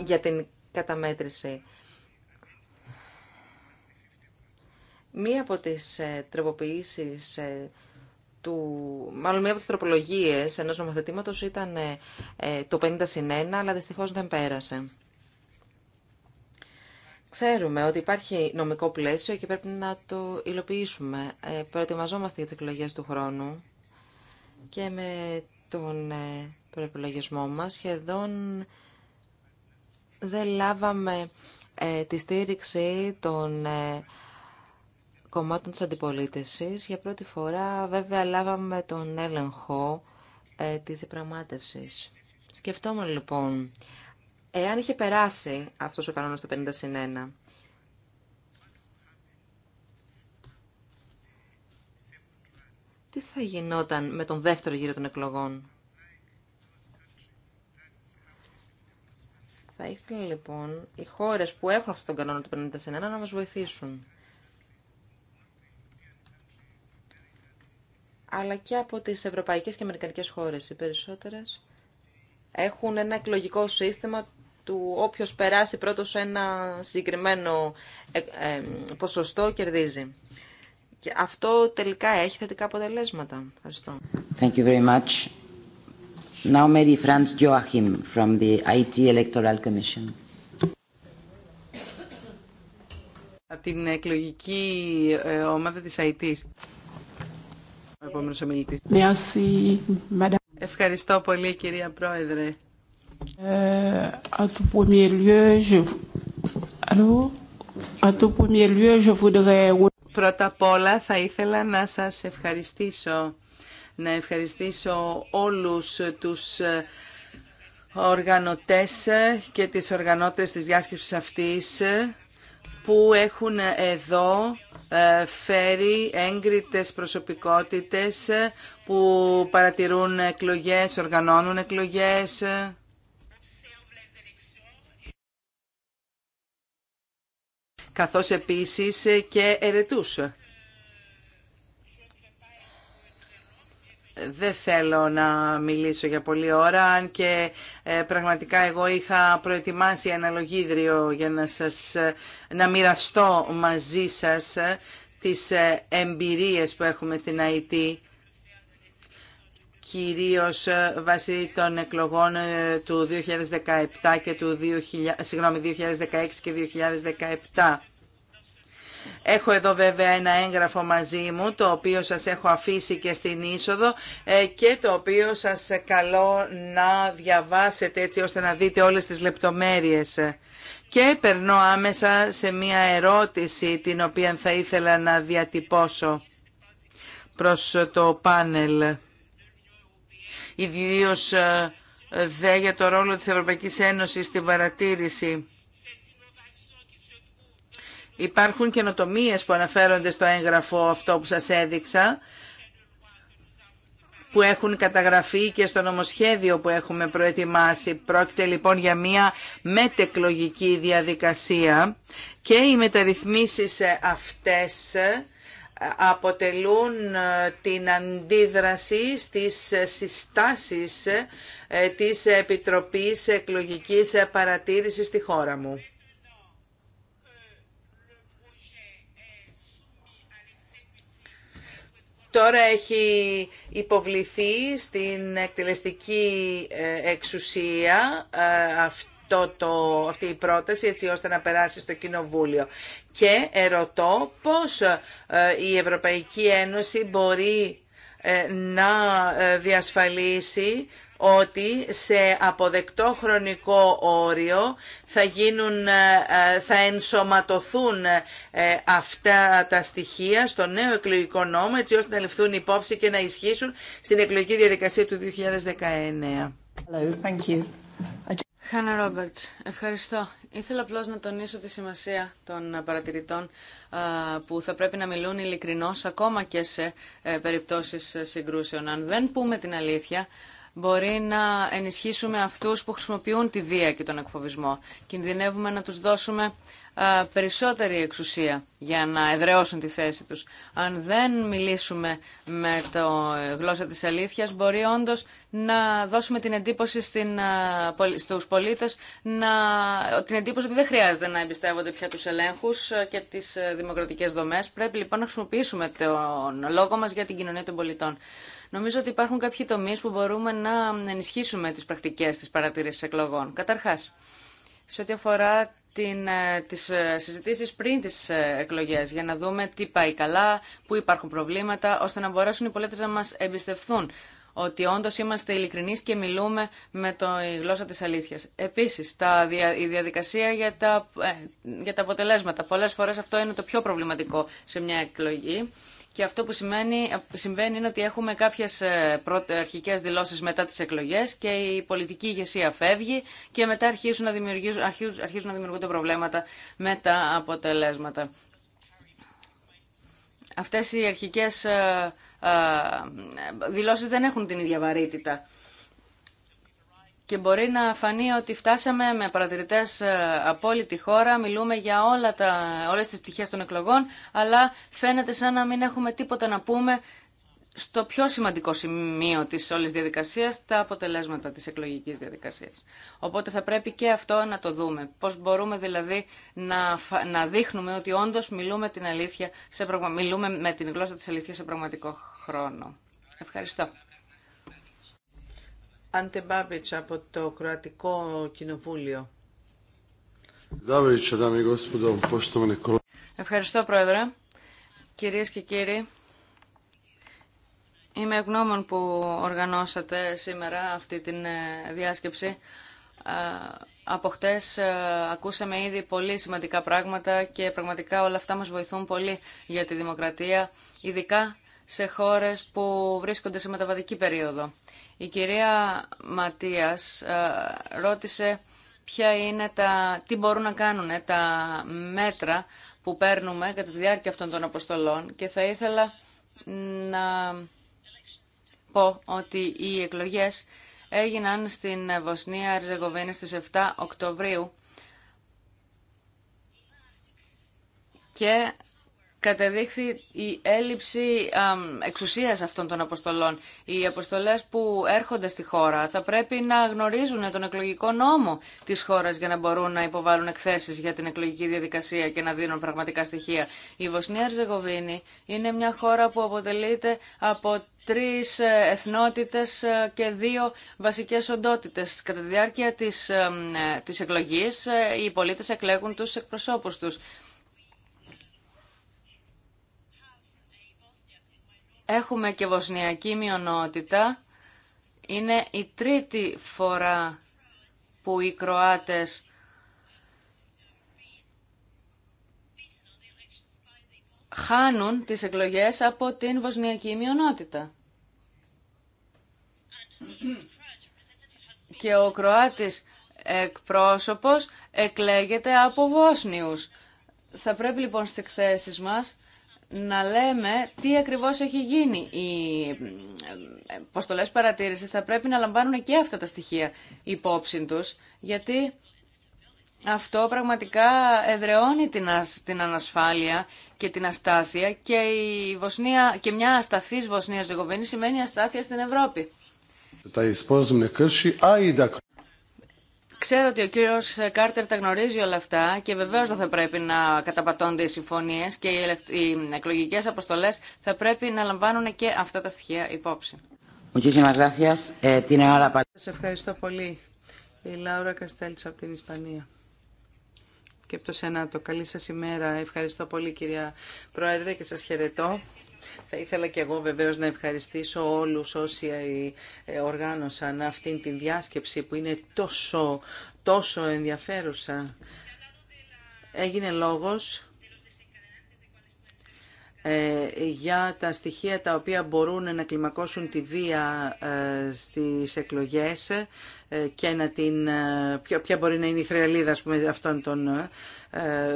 για την καταμέτρηση. Μία από τις ε, τροποποιήσεις ε, του, μάλλον μία από τις τροπολογίες ενός νομοθετήματος ήταν ε, ε, το 50 συν 1, αλλά δυστυχώς δεν πέρασε. Ξέρουμε ότι υπάρχει νομικό πλαίσιο και πρέπει να το υλοποιήσουμε. Ε, προετοιμαζόμαστε για τις εκλογέ του χρόνου και με τον ε, προεπιλογισμό μας σχεδόν δεν λάβαμε ε, τη στήριξη των κομμάτων της αντιπολίτευσης. Για πρώτη φορά βέβαια λάβαμε τον έλεγχο ε, της διπραγμάτευσης. Σκεφτόμουν λοιπόν, εάν είχε περάσει αυτός ο κανόνας το 50 1, τι θα γινόταν με τον δεύτερο γύρο των εκλογών. Θα ήθελα λοιπόν οι χώρες που έχουν αυτόν τον κανόνα του 50 να μας βοηθήσουν. αλλά και από τις ευρωπαϊκές και αμερικανικές χώρες. Οι περισσότερες έχουν ένα εκλογικό σύστημα του όποιος περάσει πρώτος ένα συγκεκριμένο ε, ε, ποσοστό κερδίζει. Και αυτό τελικά έχει θετικά αποτελέσματα. Ευχαριστώ. Thank you very much. Now Joachim from the IT Electoral Commission. Από την εκλογική ε, ομάδα της ΑΙΤΙΣ. Ευχαριστώ πολύ κυρία Πρόεδρε. Ε, Πρώτα απ' όλα θα ήθελα να σας ευχαριστήσω. Να ευχαριστήσω όλους τους ε, οργανωτές και τις οργανώτες της διάσκεψης αυτής που έχουν εδώ ε, φέρει έγκριτες προσωπικότητες ε, που παρατηρούν εκλογές, οργανώνουν εκλογές. καθώς επίσης και ερετούς. δεν θέλω να μιλήσω για πολλή ώρα, αν και ε, πραγματικά εγώ είχα προετοιμάσει ένα λογίδριο για να, σας, ε, να μοιραστώ μαζί σας ε, τις εμπειρίες που έχουμε στην ΑΕΤ κυρίως βάσει των εκλογών του 2017 και του 2000, συγγνώμη, 2016 και 2017. Έχω εδώ βέβαια ένα έγγραφο μαζί μου, το οποίο σας έχω αφήσει και στην είσοδο ε, και το οποίο σας καλώ να διαβάσετε έτσι ώστε να δείτε όλες τις λεπτομέρειες. Και περνώ άμεσα σε μια ερώτηση την οποία θα ήθελα να διατυπώσω προς το πάνελ. Ιδίως ε, δε για το ρόλο της Ευρωπαϊκής Ένωσης στην παρατήρηση Υπάρχουν καινοτομίε που αναφέρονται στο έγγραφο αυτό που σας έδειξα, που έχουν καταγραφεί και στο νομοσχέδιο που έχουμε προετοιμάσει. Πρόκειται λοιπόν για μια μετεκλογική διαδικασία και οι μεταρρυθμίσεις αυτές αποτελούν ε, την αντίδραση στις συστάσεις ε, της Επιτροπής Εκλογικής Παρατήρησης στη χώρα μου. Τώρα έχει υποβληθεί στην εκτελεστική ε, εξουσία ε, αυτό το, αυτή η πρόταση έτσι ώστε να περάσει στο Κοινοβούλιο. Και ερωτώ πώς ε, η Ευρωπαϊκή Ένωση μπορεί να διασφαλίσει ότι σε αποδεκτό χρονικό όριο θα, γίνουν, ε, θα ενσωματωθούν ε, αυτά τα στοιχεία στο νέο εκλογικό νόμο έτσι ώστε να ληφθούν υπόψη και να ισχύσουν στην εκλογική διαδικασία του 2019. Hello, Χάνα Ρόμπερτς, ευχαριστώ. Ήθελα απλώς να τονίσω τη σημασία των ε, παρατηρητών που θα πρέπει να μιλούν ειλικρινώς ακόμα και σε περιπτώσεις συγκρούσεων. Αν δεν πούμε την αλήθεια, μπορεί να ενισχύσουμε αυτούς που χρησιμοποιούν τη βία και τον εκφοβισμό. Κινδυνεύουμε να τους δώσουμε περισσότερη εξουσία για να εδραιώσουν τη θέση τους. Αν δεν μιλήσουμε με το γλώσσα της αλήθειας, μπορεί όντως να δώσουμε την εντύπωση στην, στους πολίτες να, την εντύπωση ότι δεν χρειάζεται να εμπιστεύονται πια τους ελέγχους και τις δημοκρατικές δομές. Πρέπει λοιπόν να χρησιμοποιήσουμε τον λόγο μας για την κοινωνία των πολιτών. Νομίζω ότι υπάρχουν κάποιοι τομεί που μπορούμε να ενισχύσουμε τι πρακτικέ τη παρατήρηση εκλογών. Καταρχά, σε ό,τι αφορά τι ε, τις ε, συζητήσεις πριν τις ε, εκλογές για να δούμε τι πάει καλά, που υπάρχουν προβλήματα, ώστε να μπορέσουν οι πολίτες να μας εμπιστευθούν ότι όντως είμαστε ειλικρινεί και μιλούμε με το, η γλώσσα της αλήθειας. Επίσης, η διαδικασία για τα, για τα αποτελέσματα. Πολλές φορές αυτό είναι το πιο προβληματικό σε μια εκλογή. Και αυτό που σημαίνει, συμβαίνει είναι ότι έχουμε κάποιες ε, αρχικές δηλώσεις μετά τις εκλογές και η πολιτική ηγεσία φεύγει και μετά αρχίζουν να, αρχίζουν να δημιουργούνται προβλήματα με τα αποτελέσματα. Αυτές οι αρχικές ε, ε, δηλώσεις δεν έχουν την ίδια βαρύτητα και μπορεί να φανεί ότι φτάσαμε με παρατηρητές ε, από όλη τη χώρα, μιλούμε για όλα τα, όλες τις πτυχές των εκλογών, αλλά φαίνεται σαν να μην έχουμε τίποτα να πούμε στο πιο σημαντικό σημείο της όλης διαδικασίας, τα αποτελέσματα της εκλογικής διαδικασίας. Οπότε θα πρέπει και αυτό να το δούμε. Πώς μπορούμε δηλαδή να, να δείχνουμε ότι όντως μιλούμε, την αλήθεια σε, μιλούμε με την γλώσσα της αλήθειας σε πραγματικό χρόνο. Ευχαριστώ. Άντε από το Κροατικό Κοινοβούλιο. Ευχαριστώ Πρόεδρε. Κυρίες και κύριοι, είμαι ευγνώμων που οργανώσατε σήμερα αυτή την ε, διάσκεψη. Από χτε ε, ακούσαμε ήδη πολύ σημαντικά πράγματα και πραγματικά όλα αυτά μας βοηθούν πολύ για τη δημοκρατία, ειδικά σε χώρες που βρίσκονται σε μεταβατική περίοδο. Η κυρία Ματίας ε, ρώτησε ποια είναι τα, τι μπορούν να κάνουν ε, τα μέτρα που παίρνουμε κατά τη διάρκεια αυτών των αποστολών και θα ήθελα να πω ότι οι εκλογές έγιναν στην Βοσνία Ριζεγοβίνη στις 7 Οκτωβρίου και κατεδείχθη η έλλειψη εξουσίας αυτών των αποστολών. Οι αποστολές που έρχονται στη χώρα θα πρέπει να γνωρίζουν τον εκλογικό νόμο της χώρας για να μπορούν να υποβάλουν εκθέσεις για την εκλογική διαδικασία και να δίνουν πραγματικά στοιχεία. Η Βοσνία ριζεγοβινη είναι μια χώρα που αποτελείται από τρεις ε, εθνότητες ε, και δύο βασικές οντότητες. Κατά τη διάρκεια της, ε, της εκλογής οι πολίτες εκλέγουν τους εκπροσώπους τους. Έχουμε και βοσνιακή μειονότητα. Είναι η τρίτη φορά που οι Κροάτες χάνουν τις εκλογές από την βοσνιακή μειονότητα. Και ο Κροάτης εκπρόσωπος εκλέγεται από Βόσνιους. Θα πρέπει λοιπόν στις εκθέσεις μας να λέμε τι ακριβώς έχει γίνει. Οι ε, αποστολές παρατήρησης θα πρέπει να λαμβάνουν και αυτά τα στοιχεία υπόψη τους, γιατί αυτό πραγματικά εδρεώνει την, ασ, την ανασφάλεια και την αστάθεια και, η Βοσνία, και μια ασταθής Βοσνία Ζεγοβίνη σημαίνει αστάθεια στην Ευρώπη. Ξέρω ότι ο κύριο Κάρτερ τα γνωρίζει όλα αυτά και βεβαίω δεν θα πρέπει να καταπατώνται οι συμφωνίε και οι εκλογικέ αποστολέ θα πρέπει να λαμβάνουν και αυτά τα στοιχεία υπόψη. Ε, σα ευχαριστώ πολύ. Η Λάουρα Καστέλτσα από την Ισπανία και από το Σενάτο. Καλή σα ημέρα. Ευχαριστώ πολύ κυρία Πρόεδρε και σα χαιρετώ. Θα ήθελα και εγώ βεβαίως να ευχαριστήσω όλους όσοι ε, ε, οργάνωσαν αυτήν την διάσκεψη που είναι τόσο, τόσο ενδιαφέρουσα. Έγινε λόγος ε, για τα στοιχεία τα οποία μπορούν να κλιμακώσουν τη βία στις εκλογές ε, και την, ε, ποια, μπορεί να είναι η θρελίδα ας πούμε, αυτών των ε,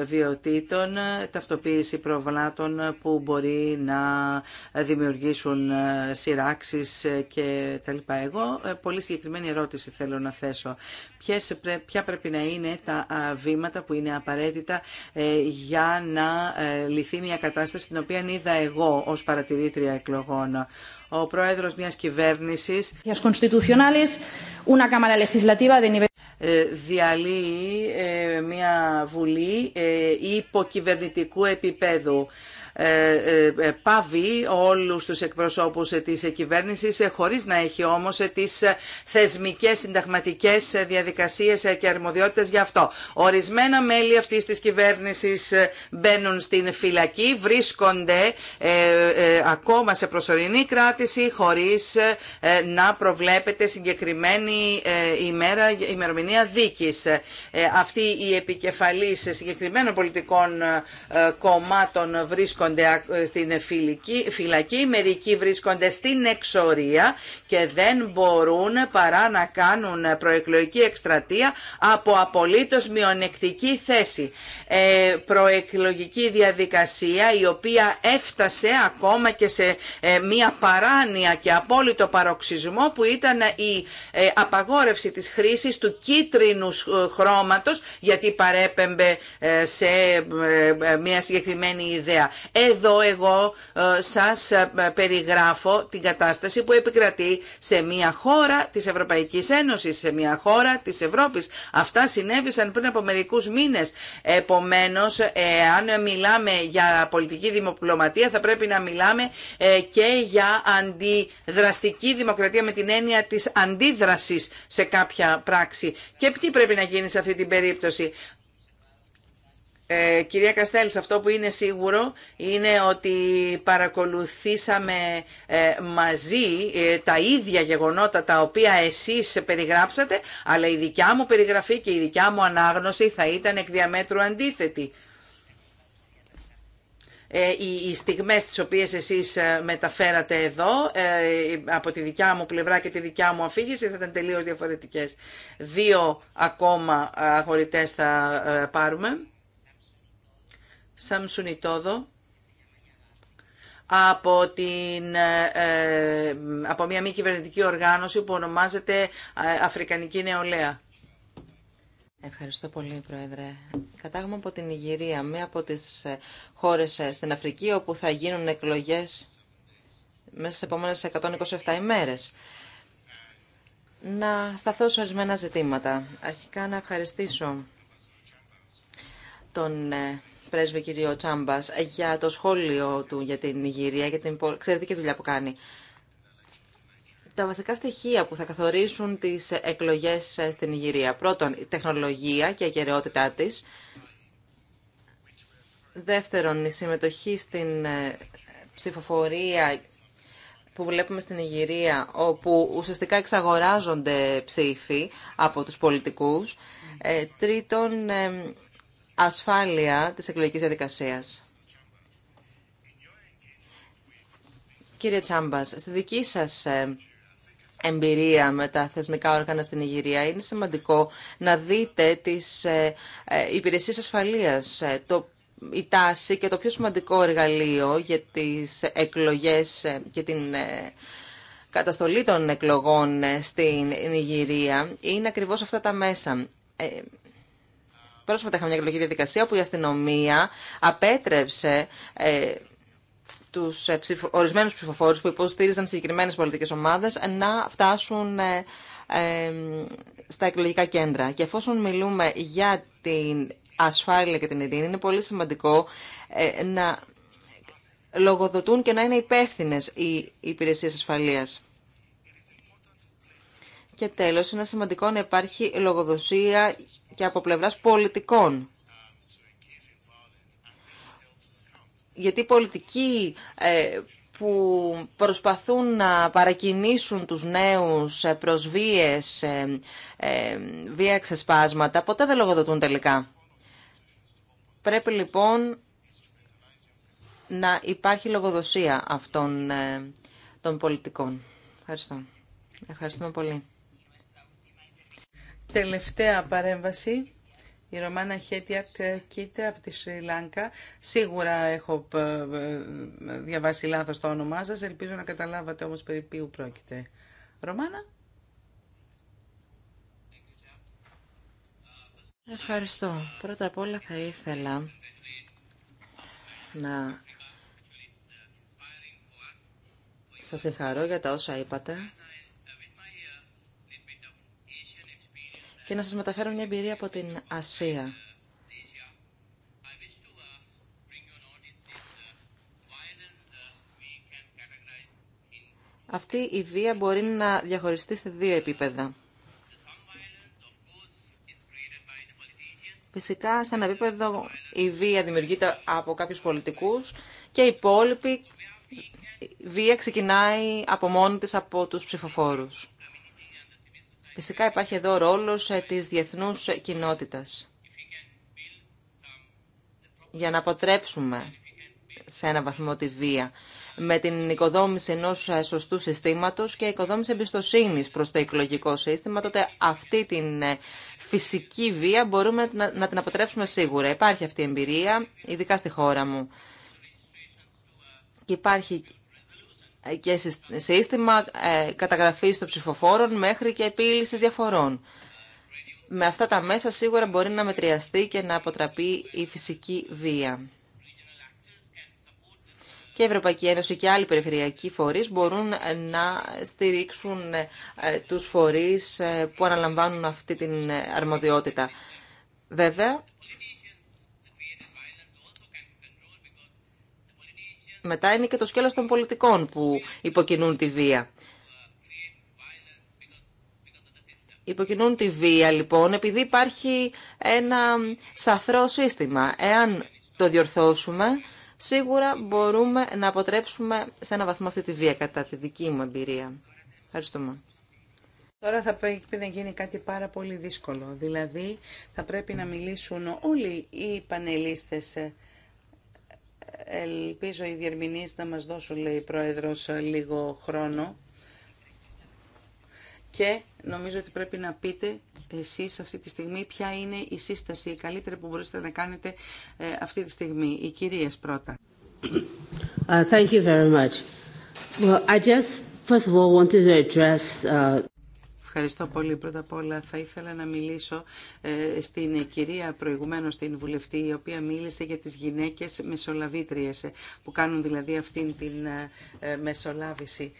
βιωτήτων, ταυτοποίηση προβλάτων που μπορεί να δημιουργήσουν σειράξεις και τα λοιπά. Εγώ πολύ συγκεκριμένη ερώτηση θέλω να θέσω. ποια πρέπει να είναι τα βήματα που είναι απαραίτητα για να λυθεί μια κατάσταση την οποία είδα εγώ ως παρατηρήτρια εκλογών ο πρόεδρο μια κυβέρνηση. διαλύει ε, μια βουλή ε, υποκυβερνητικού επίπεδου. Ε, ε, ε, πάβει όλους τους εκπροσώπους της κυβέρνησης χωρίς να έχει όμως τις θεσμικές συνταγματικές διαδικασίες και αρμοδιότητες γι' αυτό. Ορισμένα μέλη αυτής της κυβέρνησης μπαίνουν στην φυλακή, βρίσκονται ακόμα σε προσωρινή κράτηση χωρίς να προβλέπεται συγκεκριμένη ημέρα, ημερομηνία δίκης. Αυτή οι επικεφαλείς συγκεκριμένων πολιτικών κομμάτων βρίσκονται βρίσκονται στην φυλακή, μερικοί βρίσκονται στην εξορία και δεν μπορούν παρά να κάνουν προεκλογική εκστρατεία από απολύτως μειονεκτική θέση. Ε, προεκλογική διαδικασία η οποία έφτασε ακόμα και σε ε, μια παράνοια και απόλυτο παροξισμό που ήταν η ε, απαγόρευση της χρήσης του κίτρινου ε, χρώματος γιατί παρέπεμπε σε μια συγκεκριμένη ιδέα. Εδώ εγώ ε, σας ε, περιγράφω την κατάσταση που επικρατεί σε μια χώρα της Ευρωπαϊκής Ένωσης, σε μια χώρα της Ευρώπης. Αυτά συνέβησαν πριν από μερικούς μήνες. Επομένως, αν μιλάμε για πολιτική δημοπλωματία, θα πρέπει να μιλάμε ε, και για αντιδραστική δημοκρατία με την έννοια της αντίδρασης σε κάποια πράξη. Και τι πρέπει να γίνει σε αυτή την περίπτωση. Ε, κυρία Καστέλς, αυτό που είναι σίγουρο είναι ότι παρακολουθήσαμε ε, μαζί ε, τα ίδια γεγονότα τα οποία εσείς περιγράψατε, αλλά η δικιά μου περιγραφή και η δικιά μου ανάγνωση θα ήταν εκ διαμέτρου αντίθετη. Ε, οι, οι στιγμές τις οποίες εσείς μεταφέρατε εδώ, από τη δικιά μου πλευρά και τη δικιά μου αφήγηση, θα ήταν τελείως διαφορετικές. Δύο ακόμα αγορητές θα πάρουμε. Σαμσουνιτόδο από, την, ε, ε, από μια μη κυβερνητική οργάνωση που ονομάζεται ε, Αφρικανική Νεολαία. Ευχαριστώ πολύ, Πρόεδρε. Κατάγομαι από την Ιγυρία, μία από τις χώρες στην Αφρική, όπου θα γίνουν εκλογές μέσα στις επόμενες 127 ημέρες. Να σταθώ σε ορισμένα ζητήματα. Αρχικά να ευχαριστήσω τον πρέσβη κύριο Τσάμπας για το σχόλιο του για την Ιγυρία, για την εξαιρετική δουλειά που κάνει. Τα βασικά στοιχεία που θα καθορίσουν τις εκλογές ε, στην Ιγυρία. Πρώτον, η τεχνολογία και η αγκαιρεότητά της. Δεύτερον, η συμμετοχή στην ε, ψηφοφορία που βλέπουμε στην Ιγυρία, όπου ουσιαστικά εξαγοράζονται ψήφοι από τους πολιτικούς. Ε, τρίτον, ασφάλεια της εκλογικής διαδικασίας. Κύριε Τσάμπας, στη δική σας ε, εμπειρία με τα θεσμικά όργανα στην Ιγυρία, είναι σημαντικό να δείτε τις ε, ε, υπηρεσίες ασφαλείας, το η τάση και το πιο σημαντικό εργαλείο για τις εκλογές και την καταστολή των εκλογών στην Ιγυρία είναι ακριβώς αυτά τα μέσα. Πρόσφατα είχαμε μια εκλογική διαδικασία που η αστυνομία απέτρεψε ε, τους ε, ψηφο, ορισμένους ψηφοφόρους που υποστήριζαν συγκεκριμένες πολιτικές ομάδες να φτάσουν ε, στα εκλογικά κέντρα. Και εφόσον μιλούμε για την ασφάλεια και την ειρήνη, είναι πολύ σημαντικό ε, να λογοδοτούν και να είναι υπεύθυνε οι υπηρεσίε ασφαλεία. Και τέλος, είναι σημαντικό να υπάρχει λογοδοσία και από πλευράς πολιτικών. Γιατί οι πολιτικοί ε, που προσπαθούν να παρακινήσουν τους νέους ε, προς βίες, ε, βία ξεσπάσματα, ποτέ δεν λογοδοτούν τελικά. Πρέπει λοιπόν να υπάρχει λογοδοσία αυτών των πολιτικών. Ευχαριστώ. Ευχαριστούμε πολύ τελευταία παρέμβαση. Η Ρωμάνα Χέτια ε, Κίτε από τη Σρι Λάνκα. Σίγουρα έχω ε, ε, διαβάσει λάθο το όνομά σα. Ελπίζω να καταλάβατε όμως περί ποιου πρόκειται. Ρωμάνα. Ευχαριστώ. Πρώτα απ' όλα θα ήθελα να σας συγχαρώ για τα όσα είπατε και να σας μεταφέρω μια εμπειρία από την Ασία. Αυτή η βία μπορεί να διαχωριστεί σε δύο επίπεδα. Φυσικά, σε ένα επίπεδο η βία δημιουργείται από κάποιους πολιτικούς και η υπόλοιπη βία ξεκινάει από μόνη της από τους ψηφοφόρους. Φυσικά υπάρχει εδώ ο ρόλος ε, της διεθνούς κοινότητας για να αποτρέψουμε σε ένα βαθμό τη βία με την οικοδόμηση ενός ε, σωστού συστήματος και οικοδόμηση εμπιστοσύνης προς το εκλογικό σύστημα, τότε αυτή την ε, φυσική βία μπορούμε να την αποτρέψουμε σίγουρα. Υπάρχει αυτή η εμπειρία, ειδικά στη χώρα μου. Και υπάρχει και σύστημα ε, καταγραφής των ψηφοφόρων μέχρι και επίλυσης διαφορών. Με αυτά τα μέσα σίγουρα μπορεί να μετριαστεί και να αποτραπεί η φυσική βία. Και η Ευρωπαϊκή Ένωση και άλλοι περιφερειακοί φορείς μπορούν ε, να στηρίξουν ε, τους φορείς που αναλαμβάνουν αυτή την αρμοδιότητα. Βέβαια, μετά είναι και το σκέλος των πολιτικών που υποκινούν τη βία. Υποκινούν τη βία λοιπόν επειδή υπάρχει ένα σαθρό σύστημα. Εάν το διορθώσουμε, σίγουρα μπορούμε να αποτρέψουμε σε ένα βαθμό αυτή τη βία κατά τη δική μου εμπειρία. Ευχαριστούμε. Τώρα θα πρέπει να γίνει κάτι πάρα πολύ δύσκολο. Δηλαδή θα πρέπει να μιλήσουν όλοι οι πανελίστες ε, Ελπίζω οι διερμηνείς να μας δώσουν, λέει η Πρόεδρος, λίγο χρόνο. Και νομίζω ότι πρέπει να πείτε εσείς αυτή τη στιγμή ποια είναι η σύσταση, η καλύτερη που μπορείτε να κάνετε ε, αυτή τη στιγμή. Οι κυρίες πρώτα. Ευχαριστώ πολύ. Πρώτα απ' όλα θα ήθελα να μιλήσω ε, στην κυρία προηγουμένω στην βουλευτή η οποία μίλησε για τις γυναίκες μεσολαβήτριες που κάνουν δηλαδή αυτήν την ε, ε, μεσολάβηση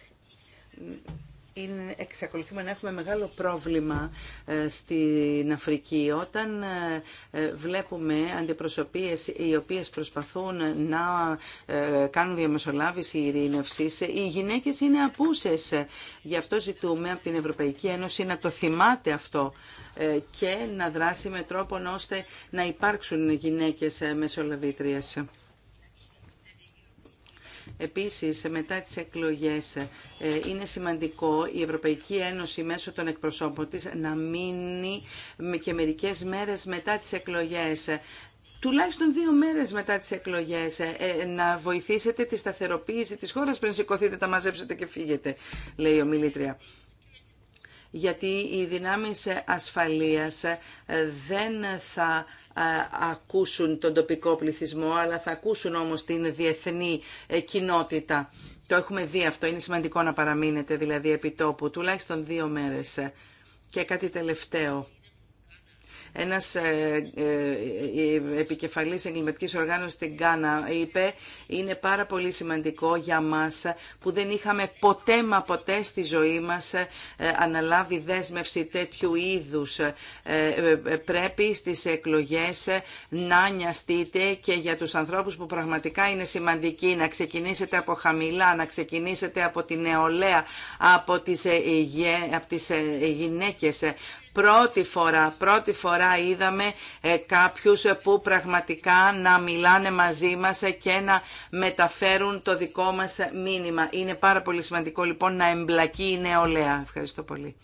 είναι, εξακολουθούμε να έχουμε μεγάλο πρόβλημα ε, στην Αφρική. Όταν ε, ε, βλέπουμε αντιπροσωπείες οι οποίες προσπαθούν να κάνουν διαμεσολάβηση ειρήνευση, οι γυναίκες είναι απούσες. Γι' αυτό ζητούμε από την Ευρωπαϊκή Ένωση να το θυμάται αυτό και να δράσει με τρόπο ώστε να υπάρξουν γυναίκες μεσολαβήτριες. Επίσης, μετά τις εκλογές, ε, είναι σημαντικό η Ευρωπαϊκή Ένωση μέσω των εκπροσώπων της να μείνει και μερικές μέρες μετά τις εκλογές τουλάχιστον δύο μέρες μετά τις εκλογές ε, ε, να βοηθήσετε τη σταθεροποίηση της χώρας πριν σηκωθείτε, τα μαζέψετε και φύγετε, λέει ο Μιλήτρια γιατί οι δυνάμεις ασφαλείας δεν θα ακούσουν τον τοπικό πληθυσμό, αλλά θα ακούσουν όμως την διεθνή ε, κοινότητα. Το έχουμε δει αυτό, είναι σημαντικό να παραμείνετε δηλαδή επί τόπου, τουλάχιστον δύο μέρες. Και κάτι τελευταίο ένας ε, ε, ε, επικεφαλής εγκληματικής οργάνωσης στην Κάνα είπε είναι πάρα πολύ σημαντικό για μας που δεν είχαμε ποτέ μα ποτέ στη ζωή μας αναλάβει δέσμευση τέτοιου είδους. Πρέπει στις εκλογές να νοιαστείτε και για τους ανθρώπους που πραγματικά είναι σημαντικοί να ξεκινήσετε από χαμηλά, να ξεκινήσετε από τη νεολαία, από τις, από τις γυναίκες Πρώτη φορά, πρώτη φορά είδαμε ε, κάποιους ε, που πραγματικά να μιλάνε μαζί μας ε, και να μεταφέρουν το δικό μας μήνυμα. Είναι πάρα πολύ σημαντικό λοιπόν να εμπλακεί η νεολαία. Ευχαριστώ πολύ.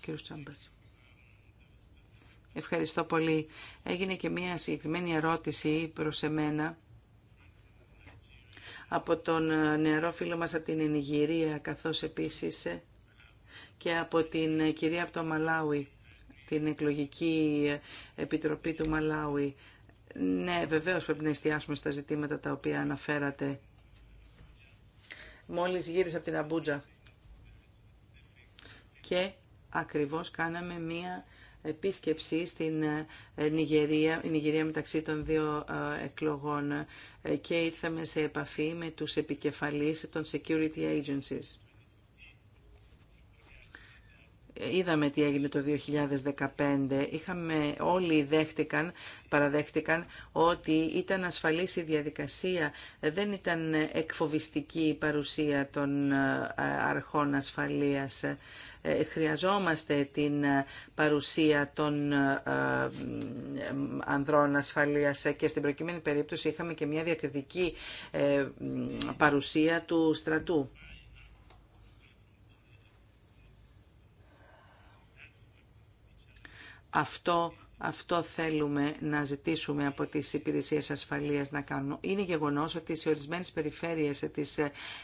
Κύριος Τσάμπας. Ευχαριστώ πολύ. Έγινε και μία συγκεκριμένη ερώτηση προς εμένα από τον νεαρό φίλο μας από την Ενιγυρία, καθώς επίσης και από την κυρία από το Μαλάουι, την εκλογική επιτροπή του Μαλάουι. Ναι, βεβαίως πρέπει να εστιάσουμε στα ζητήματα τα οποία αναφέρατε. Μόλις γύρισα από την Αμπούτζα και ακριβώς κάναμε μία επίσκεψη στην ε, Νιγηρία. η Νιγερία μεταξύ των δύο ε, εκλογών ε, και ήρθαμε σε επαφή με τους επικεφαλείς των security agencies. Είδαμε τι έγινε το 2015. Είχαμε, όλοι δέχτηκαν, παραδέχτηκαν ότι ήταν ασφαλής η διαδικασία. Δεν ήταν εκφοβιστική η παρουσία των ε, αρχών ασφαλείας. Ε, χρειαζόμαστε την ε, παρουσία των ανδρών ασφαλείας και στην προκειμένη περίπτωση είχαμε και μια διακριτική παρουσία του στρατού. αυτό αυτό θέλουμε να ζητήσουμε από τις υπηρεσίες ασφαλείας να κάνουν. Είναι γεγονός ότι σε ορισμένες περιφέρειες της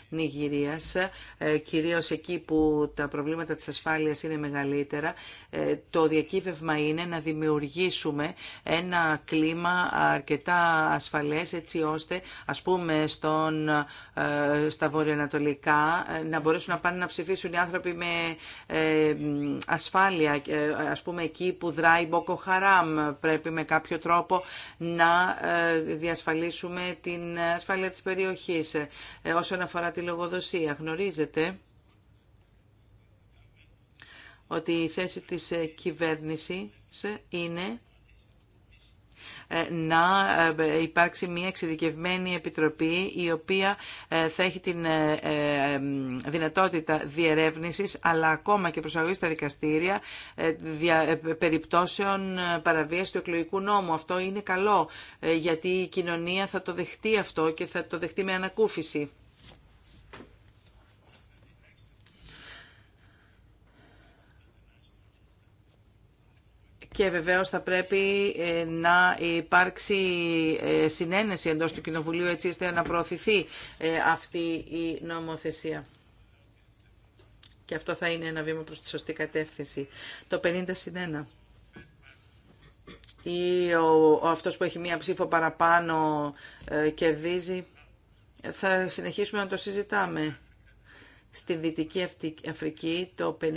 Νιγηρίας, ε, κυρίως εκεί που τα προβλήματα της ασφάλειας είναι μεγαλύτερα, ε, το διακύβευμα είναι να δημιουργήσουμε ένα κλίμα αρκετά ασφαλές έτσι ώστε ας πούμε στον, ε, στα βορειοανατολικά να μπορέσουν να πάνε να ψηφίσουν οι άνθρωποι με ασφάλεια ας πούμε εκεί που δράει Μποκοχαρά Πρέπει με κάποιο τρόπο να ε, διασφαλίσουμε την ασφάλεια της περιοχής. Ε, όσον αφορά τη λογοδοσία, γνωρίζετε ότι η θέση της κυβέρνησης είναι ε, να ε, υπάρξει μια εξειδικευμένη επιτροπή η οποία ε, θα έχει την δυνατότητα διερεύνησης αλλά ακόμα και προσαγωγή στα δικαστήρια περιπτώσεων παραβίαση του εκλογικού νόμου. Αυτό είναι καλό γιατί η κοινωνία θα το δεχτεί αυτό και θα το δεχτεί με ανακούφιση. και βεβαίως θα πρέπει ε, να υπάρξει ε, συνένεση εντός του Κοινοβουλίου έτσι ώστε να προωθηθεί ε, αυτή η νομοθεσία. Και αυτό θα είναι ένα βήμα προς τη σωστή κατεύθυνση. Το 50 1 ή ο, αυτός που έχει μία ψήφο παραπάνω κερδίζει. Θα συνεχίσουμε να το συζητάμε. Στην Δυτική Αφρική το 50 1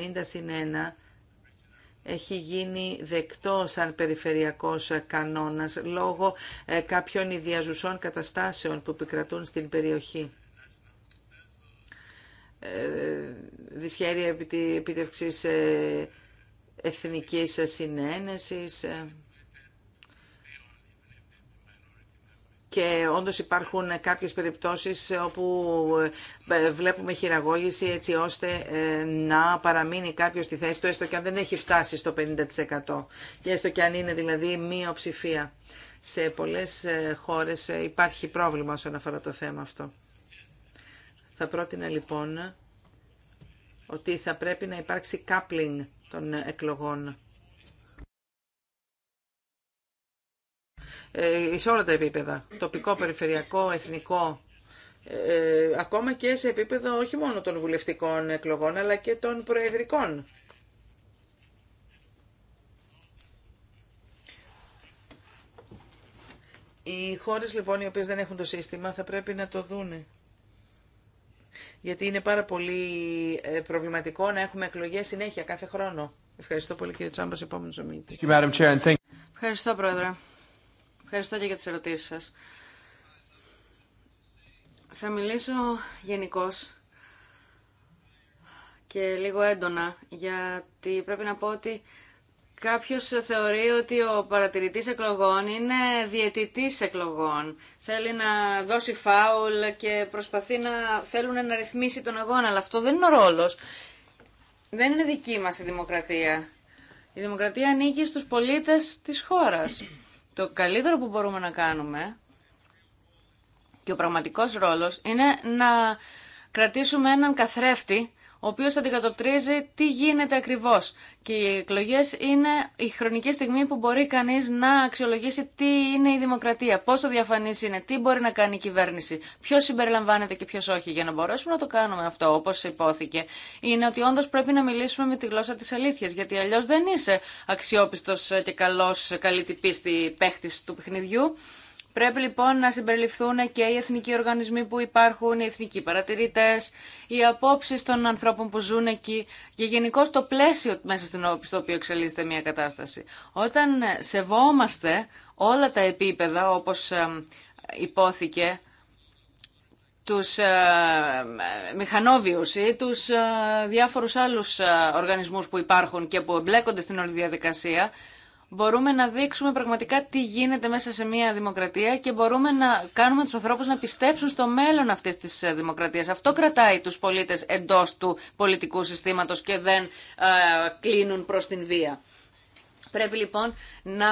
έχει γίνει δεκτό σαν περιφερειακός κανόνας λόγω ε, κάποιων ιδιαζουσών καταστάσεων που επικρατούν στην περιοχή. Ε, δυσχέρεια επιτεύξης ε, εθνικής συνένεσης. και όντως υπάρχουν κάποιες περιπτώσεις όπου ε, βλέπουμε χειραγώγηση έτσι ώστε ε, να παραμείνει κάποιος στη θέση του έστω και αν δεν έχει φτάσει στο 50% και έστω και αν είναι δηλαδή μειοψηφία. Σε πολλές ε, χώρες υπάρχει πρόβλημα όσον αφορά το θέμα αυτό. Θα πρότεινα λοιπόν ότι θα πρέπει να υπάρξει coupling των εκλογών Ε, σε όλα τα επίπεδα, τοπικό, περιφερειακό, εθνικό, ε, ακόμα και σε επίπεδο όχι μόνο των βουλευτικών εκλογών, αλλά και των προεδρικών. Οι χώρες λοιπόν οι οποίες δεν έχουν το σύστημα θα πρέπει να το δούνε. Γιατί είναι πάρα πολύ ε, προβληματικό να έχουμε εκλογές συνέχεια κάθε χρόνο. Ευχαριστώ πολύ κύριε Τσάμπας, επόμενος ομιλητή. Ευχαριστώ πρόεδρε. Ευχαριστώ και για τις ερωτήσεις σας. Θα μιλήσω γενικώ και λίγο έντονα, γιατί πρέπει να πω ότι κάποιος θεωρεί ότι ο παρατηρητής εκλογών είναι διαιτητής εκλογών. Θέλει να δώσει φάουλ και προσπαθεί να θέλουν να ρυθμίσει τον αγώνα, αλλά αυτό δεν είναι ο ρόλος. Δεν είναι δική μας η δημοκρατία. Η δημοκρατία ανήκει στους πολίτες της χώρας. Το καλύτερο που μπορούμε να κάνουμε και ο πραγματικός ρόλος είναι να κρατήσουμε έναν καθρέφτη ο οποίο αντικατοπτρίζει τι γίνεται ακριβώ. Και οι εκλογέ είναι η χρονική στιγμή που μπορεί κανεί να αξιολογήσει τι είναι η δημοκρατία, πόσο διαφανής είναι, τι μπορεί να κάνει η κυβέρνηση, ποιο συμπεριλαμβάνεται και ποιο όχι. Για να μπορέσουμε να το κάνουμε αυτό, όπω υπόθηκε, είναι ότι όντω πρέπει να μιλήσουμε με τη γλώσσα τη αλήθεια, γιατί αλλιώ δεν είσαι αξιόπιστο και καλό καλή τυπίστη παίχτη του παιχνιδιού. Πρέπει λοιπόν να συμπεριληφθούν και οι εθνικοί οργανισμοί που υπάρχουν, οι εθνικοί παρατηρητέ, οι απόψει των ανθρώπων που ζουν εκεί και γενικώ το πλαίσιο μέσα στο οποίο εξελίσσεται μια κατάσταση. Όταν ε, σεβόμαστε όλα τα επίπεδα, όπω ε, υπόθηκε, τους ε, μηχανόβιου ή τους διάφορους άλλους οργανισμούς που υπάρχουν και που εμπλέκονται στην όλη διαδικασία, μπορούμε να δείξουμε πραγματικά τι γίνεται μέσα σε μια δημοκρατία και μπορούμε να κάνουμε τους ανθρώπους να πιστέψουν στο μέλλον αυτής της ε, δημοκρατίας. Αυτό κρατάει τους πολίτες εντός του πολιτικού συστήματος και δεν ε, κλείνουν προς την βία. Πρέπει λοιπόν να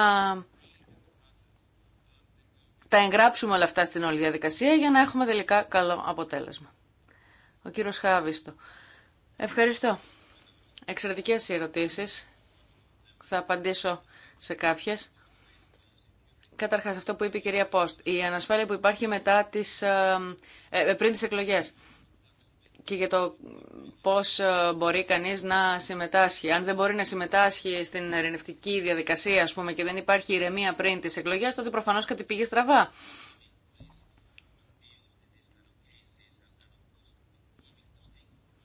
τα εγγράψουμε όλα αυτά στην όλη διαδικασία για να έχουμε τελικά καλό αποτέλεσμα. Ο κύριος Χάβιστο. Ευχαριστώ. Εξαιρετικές ερωτήσεις. Θα απαντήσω σε κάποιε. Καταρχάς, αυτό που είπε η κυρία Πόστ, η ανασφάλεια που υπάρχει μετά τις, ε, ε, ε, πριν τι εκλογέ. και για το πώς μπορεί κανείς να συμμετάσχει. Αν δεν μπορεί να συμμετάσχει στην ερευνητική διαδικασία, α πούμε, και δεν υπάρχει ηρεμία πριν τι εκλογέ, τότε προφανώς κάτι πήγε στραβά.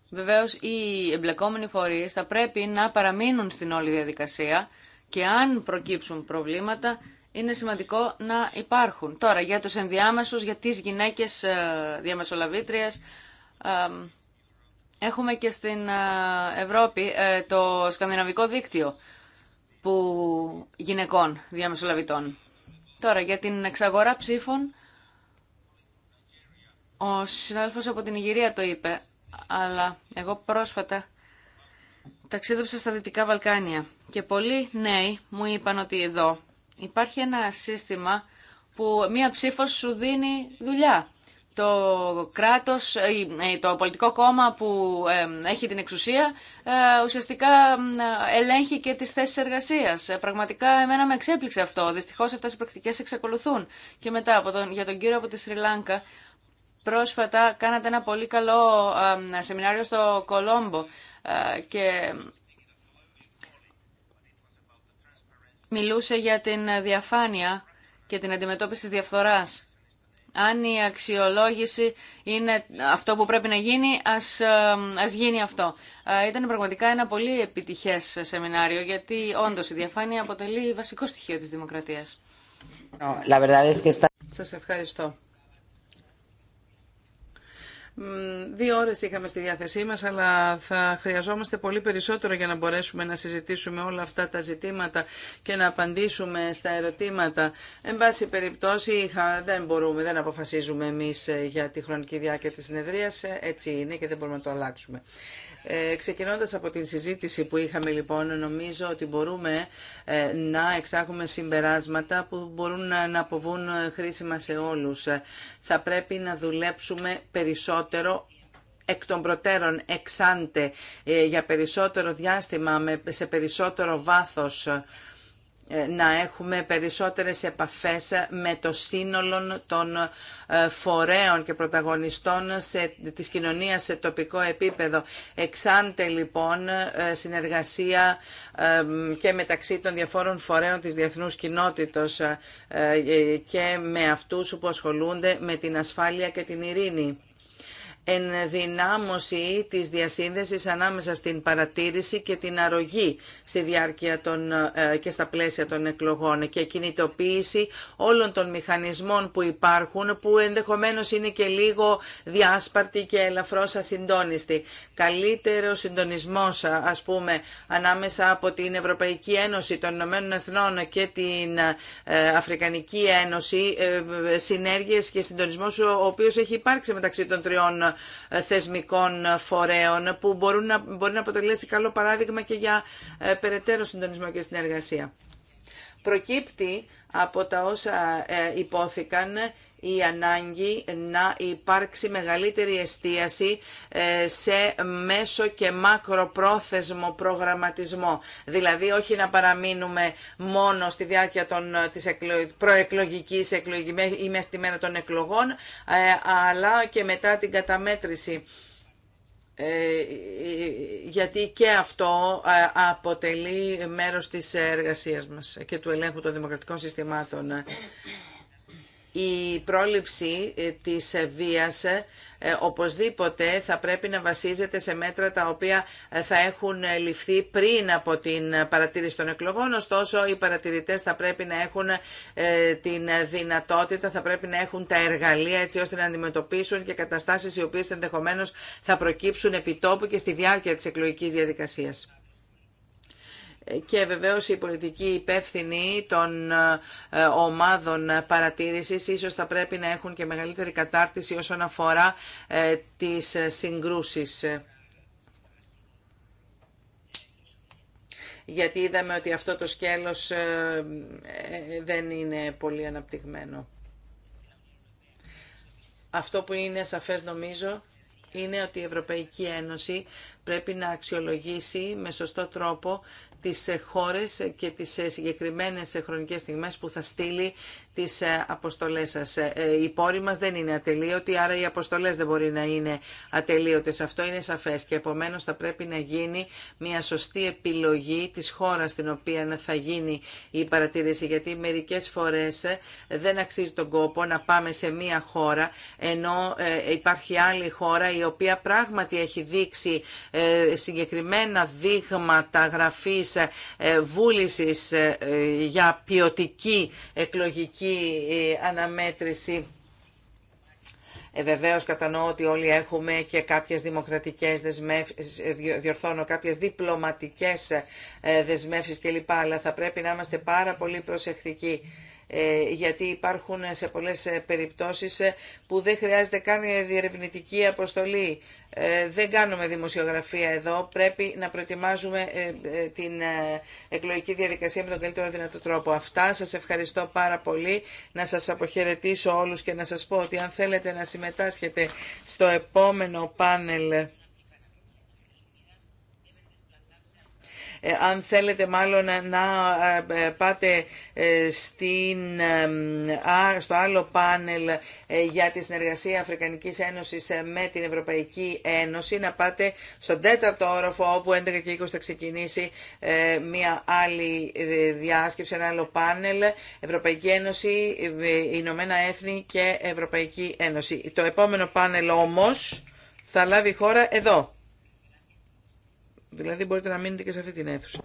Βεβαίως, οι εμπλεκόμενοι φορείς θα πρέπει να παραμείνουν στην όλη διαδικασία και αν προκύψουν προβλήματα είναι σημαντικό να υπάρχουν. Τώρα για τους ενδιάμεσους, για τις γυναίκες ε, διαμεσολαβήτριας, ε, έχουμε και στην ε, Ευρώπη το σκανδιναβικό δίκτυο που γυναικών διαμεσολαβητών. Τώρα για την εξαγορά ψήφων ο συνάδελφος από την Ιγυρία το είπε αλλά εγώ πρόσφατα ταξίδεψα στα Δυτικά Βαλκάνια και πολλοί νέοι μου είπαν ότι εδώ υπάρχει ένα σύστημα που μία ψήφος σου δίνει δουλειά. Το κράτος, ε, ε, το πολιτικό κόμμα που ε, έχει την εξουσία ουσιαστικά ελέγχει και τις θέσεις εργασίας. Πραγματικά εμένα με εξέπληξε αυτό. Δυστυχώς αυτές οι πρακτικές εξακολουθούν. Και μετά από τον, για τον κύριο από τη Σρι Λάνκα Πρόσφατα κάνατε ένα πολύ καλό σεμινάριο στο Κολόμπο και μιλούσε για την διαφάνεια και την αντιμετώπιση της διαφθοράς. Αν η αξιολόγηση είναι αυτό που πρέπει να γίνει, ας, γίνει αυτό. Ήταν πραγματικά ένα πολύ επιτυχές σεμινάριο, γιατί όντως η διαφάνεια αποτελεί βασικό στοιχείο της δημοκρατίας. Σας ευχαριστώ. Δύο ώρες είχαμε στη διάθεσή μας, αλλά θα χρειαζόμαστε πολύ περισσότερο για να μπορέσουμε να συζητήσουμε όλα αυτά τα ζητήματα και να απαντήσουμε στα ερωτήματα. Εν πάση περιπτώσει, δεν μπορούμε, δεν αποφασίζουμε εμείς ε, για τη χρονική διάρκεια της συνεδρίας. Ε, έτσι είναι και δεν μπορούμε να το αλλάξουμε. Ε, ξεκινώντας από την συζήτηση που είχαμε λοιπόν, νομίζω ότι μπορούμε ε, να εξάγουμε συμπεράσματα που μπορούν να αποβούν ε, χρήσιμα σε όλους. Θα πρέπει να δουλέψουμε περισσότερο εκ των προτέρων εξάντε για περισσότερο διάστημα, σε περισσότερο βάθος ε, να έχουμε περισσότερες επαφές με το σύνολο των ε, φορέων και πρωταγωνιστών σε, της κοινωνίας σε τοπικό επίπεδο. Εξάντε λοιπόν ε, συνεργασία και μεταξύ των διαφόρων φορέων της διεθνούς κοινότητος και με αυτούς που ασχολούνται με την ασφάλεια και την ειρήνη ενδυνάμωση της διασύνδεσης ανάμεσα στην παρατήρηση και την αρρωγή στη διάρκεια των, ε, και στα πλαίσια των εκλογών και κινητοποίηση όλων των μηχανισμών που υπάρχουν που ενδεχομένως είναι και λίγο διάσπαρτοι και ελαφρώς ασυντόνιστη. Καλύτερο συντονισμός ας πούμε ανάμεσα από την Ευρωπαϊκή Ένωση των Ηνωμένων Εθνών και την ε, Αφρικανική Ένωση ε, συνέργειες και συντονισμός ο οποίος έχει υπάρξει μεταξύ των τριών ε, θεσμικών φορέων που μπορούν να, μπορεί να αποτελέσει καλό παράδειγμα και για ε, περαιτέρω συντονισμό και συνεργασία. Προκύπτει από τα όσα ε, υπόθηκαν η ανάγκη να υπάρξει μεγαλύτερη εστίαση ε, σε μέσο και μακροπρόθεσμο προγραμματισμό. Δηλαδή όχι να παραμείνουμε μόνο στη διάρκεια των, ε, της προεκλογικής ή μέχρι τη μέρα των εκλογών, ε, αλλά και μετά την καταμέτρηση. γιατί και αυτό αποτελεί μέρος της εργασίας μας και του ελέγχου των δημοκρατικών συστημάτων η πρόληψη ε, της ε, βίας ε, οπωσδήποτε θα πρέπει να βασίζεται σε μέτρα τα οποία θα έχουν ληφθεί πριν από την παρατήρηση των εκλογών. Ωστόσο, οι παρατηρητές θα πρέπει να έχουν την δυνατότητα, θα πρέπει να έχουν τα εργαλεία έτσι ώστε να αντιμετωπίσουν και καταστάσεις οι οποίες ενδεχομένως θα προκύψουν επιτόπου και στη διάρκεια της εκλογικής διαδικασίας και βεβαίως οι πολιτικοί υπεύθυνοι των ε, ομάδων παρατήρησης ίσως θα πρέπει να έχουν και μεγαλύτερη κατάρτιση όσον αφορά ε, τις συγκρούσεις. Γιατί είδαμε ότι αυτό το σκέλος ε, δεν είναι πολύ αναπτυγμένο. Αυτό που είναι σαφές νομίζω είναι ότι η Ευρωπαϊκή Ένωση πρέπει να αξιολογήσει με σωστό τρόπο τις ε, χώρες και τις ε, συγκεκριμένες ε, χρονικές στιγμές που θα στείλει τις ε, αποστολές σας. Ε, ε, οι πόροι μας δεν είναι ατελείωτοι, άρα οι αποστολές δεν μπορεί να είναι ατελείωτες. Αυτό είναι σαφές και επομένως θα πρέπει να γίνει μια σωστή επιλογή της χώρας στην οποία θα γίνει η παρατήρηση, γιατί μερικές φορές δεν αξίζει τον κόπο να πάμε σε μια χώρα, ενώ υπάρχει άλλη χώρα η οποία πράγματι έχει δείξει συγκεκριμένα δείγματα γραφής βούλησης για ποιοτική εκλογική ε, αναμέτρηση. Ε, Βεβαίω κατανοώ ότι όλοι έχουμε και κάποιες δημοκρατικές δεσμεύσεις, διορθώνω κάποιες διπλωματικές ε, δεσμεύσεις κλπ. Αλλά θα πρέπει να είμαστε πάρα πολύ προσεκτικοί ε, γιατί υπάρχουν σε πολλές ε, περιπτώσεις ε, που δεν χρειάζεται καν διερευνητική αποστολή. Δεν κάνουμε δημοσιογραφία εδώ, πρέπει να προετοιμάζουμε την εκλογική διαδικασία με τον καλύτερο δυνατό τρόπο. Αυτά, σας ευχαριστώ πάρα πολύ, να σας αποχαιρετήσω όλους και να σας πω ότι αν θέλετε να συμμετάσχετε στο επόμενο πάνελ Ε, αν θέλετε μάλλον να ε, ε, πάτε στην, στο άλλο πάνελ για τη συνεργασία Αφρικανικής Ένωσης με την Ευρωπαϊκή Ένωση, να πάτε στον τέταρτο όροφο όπου 11 και 20 θα ξεκινήσει μια άλλη διάσκεψη, ένα άλλο πάνελ, Ευρωπαϊκή Ένωση, Ηνωμένα Έθνη και Ευρωπαϊκή Ένωση. Το επόμενο πάνελ όμως θα λάβει χώρα εδώ. Δηλαδή μπορείτε να μείνετε και σε αυτή την αίθουσα.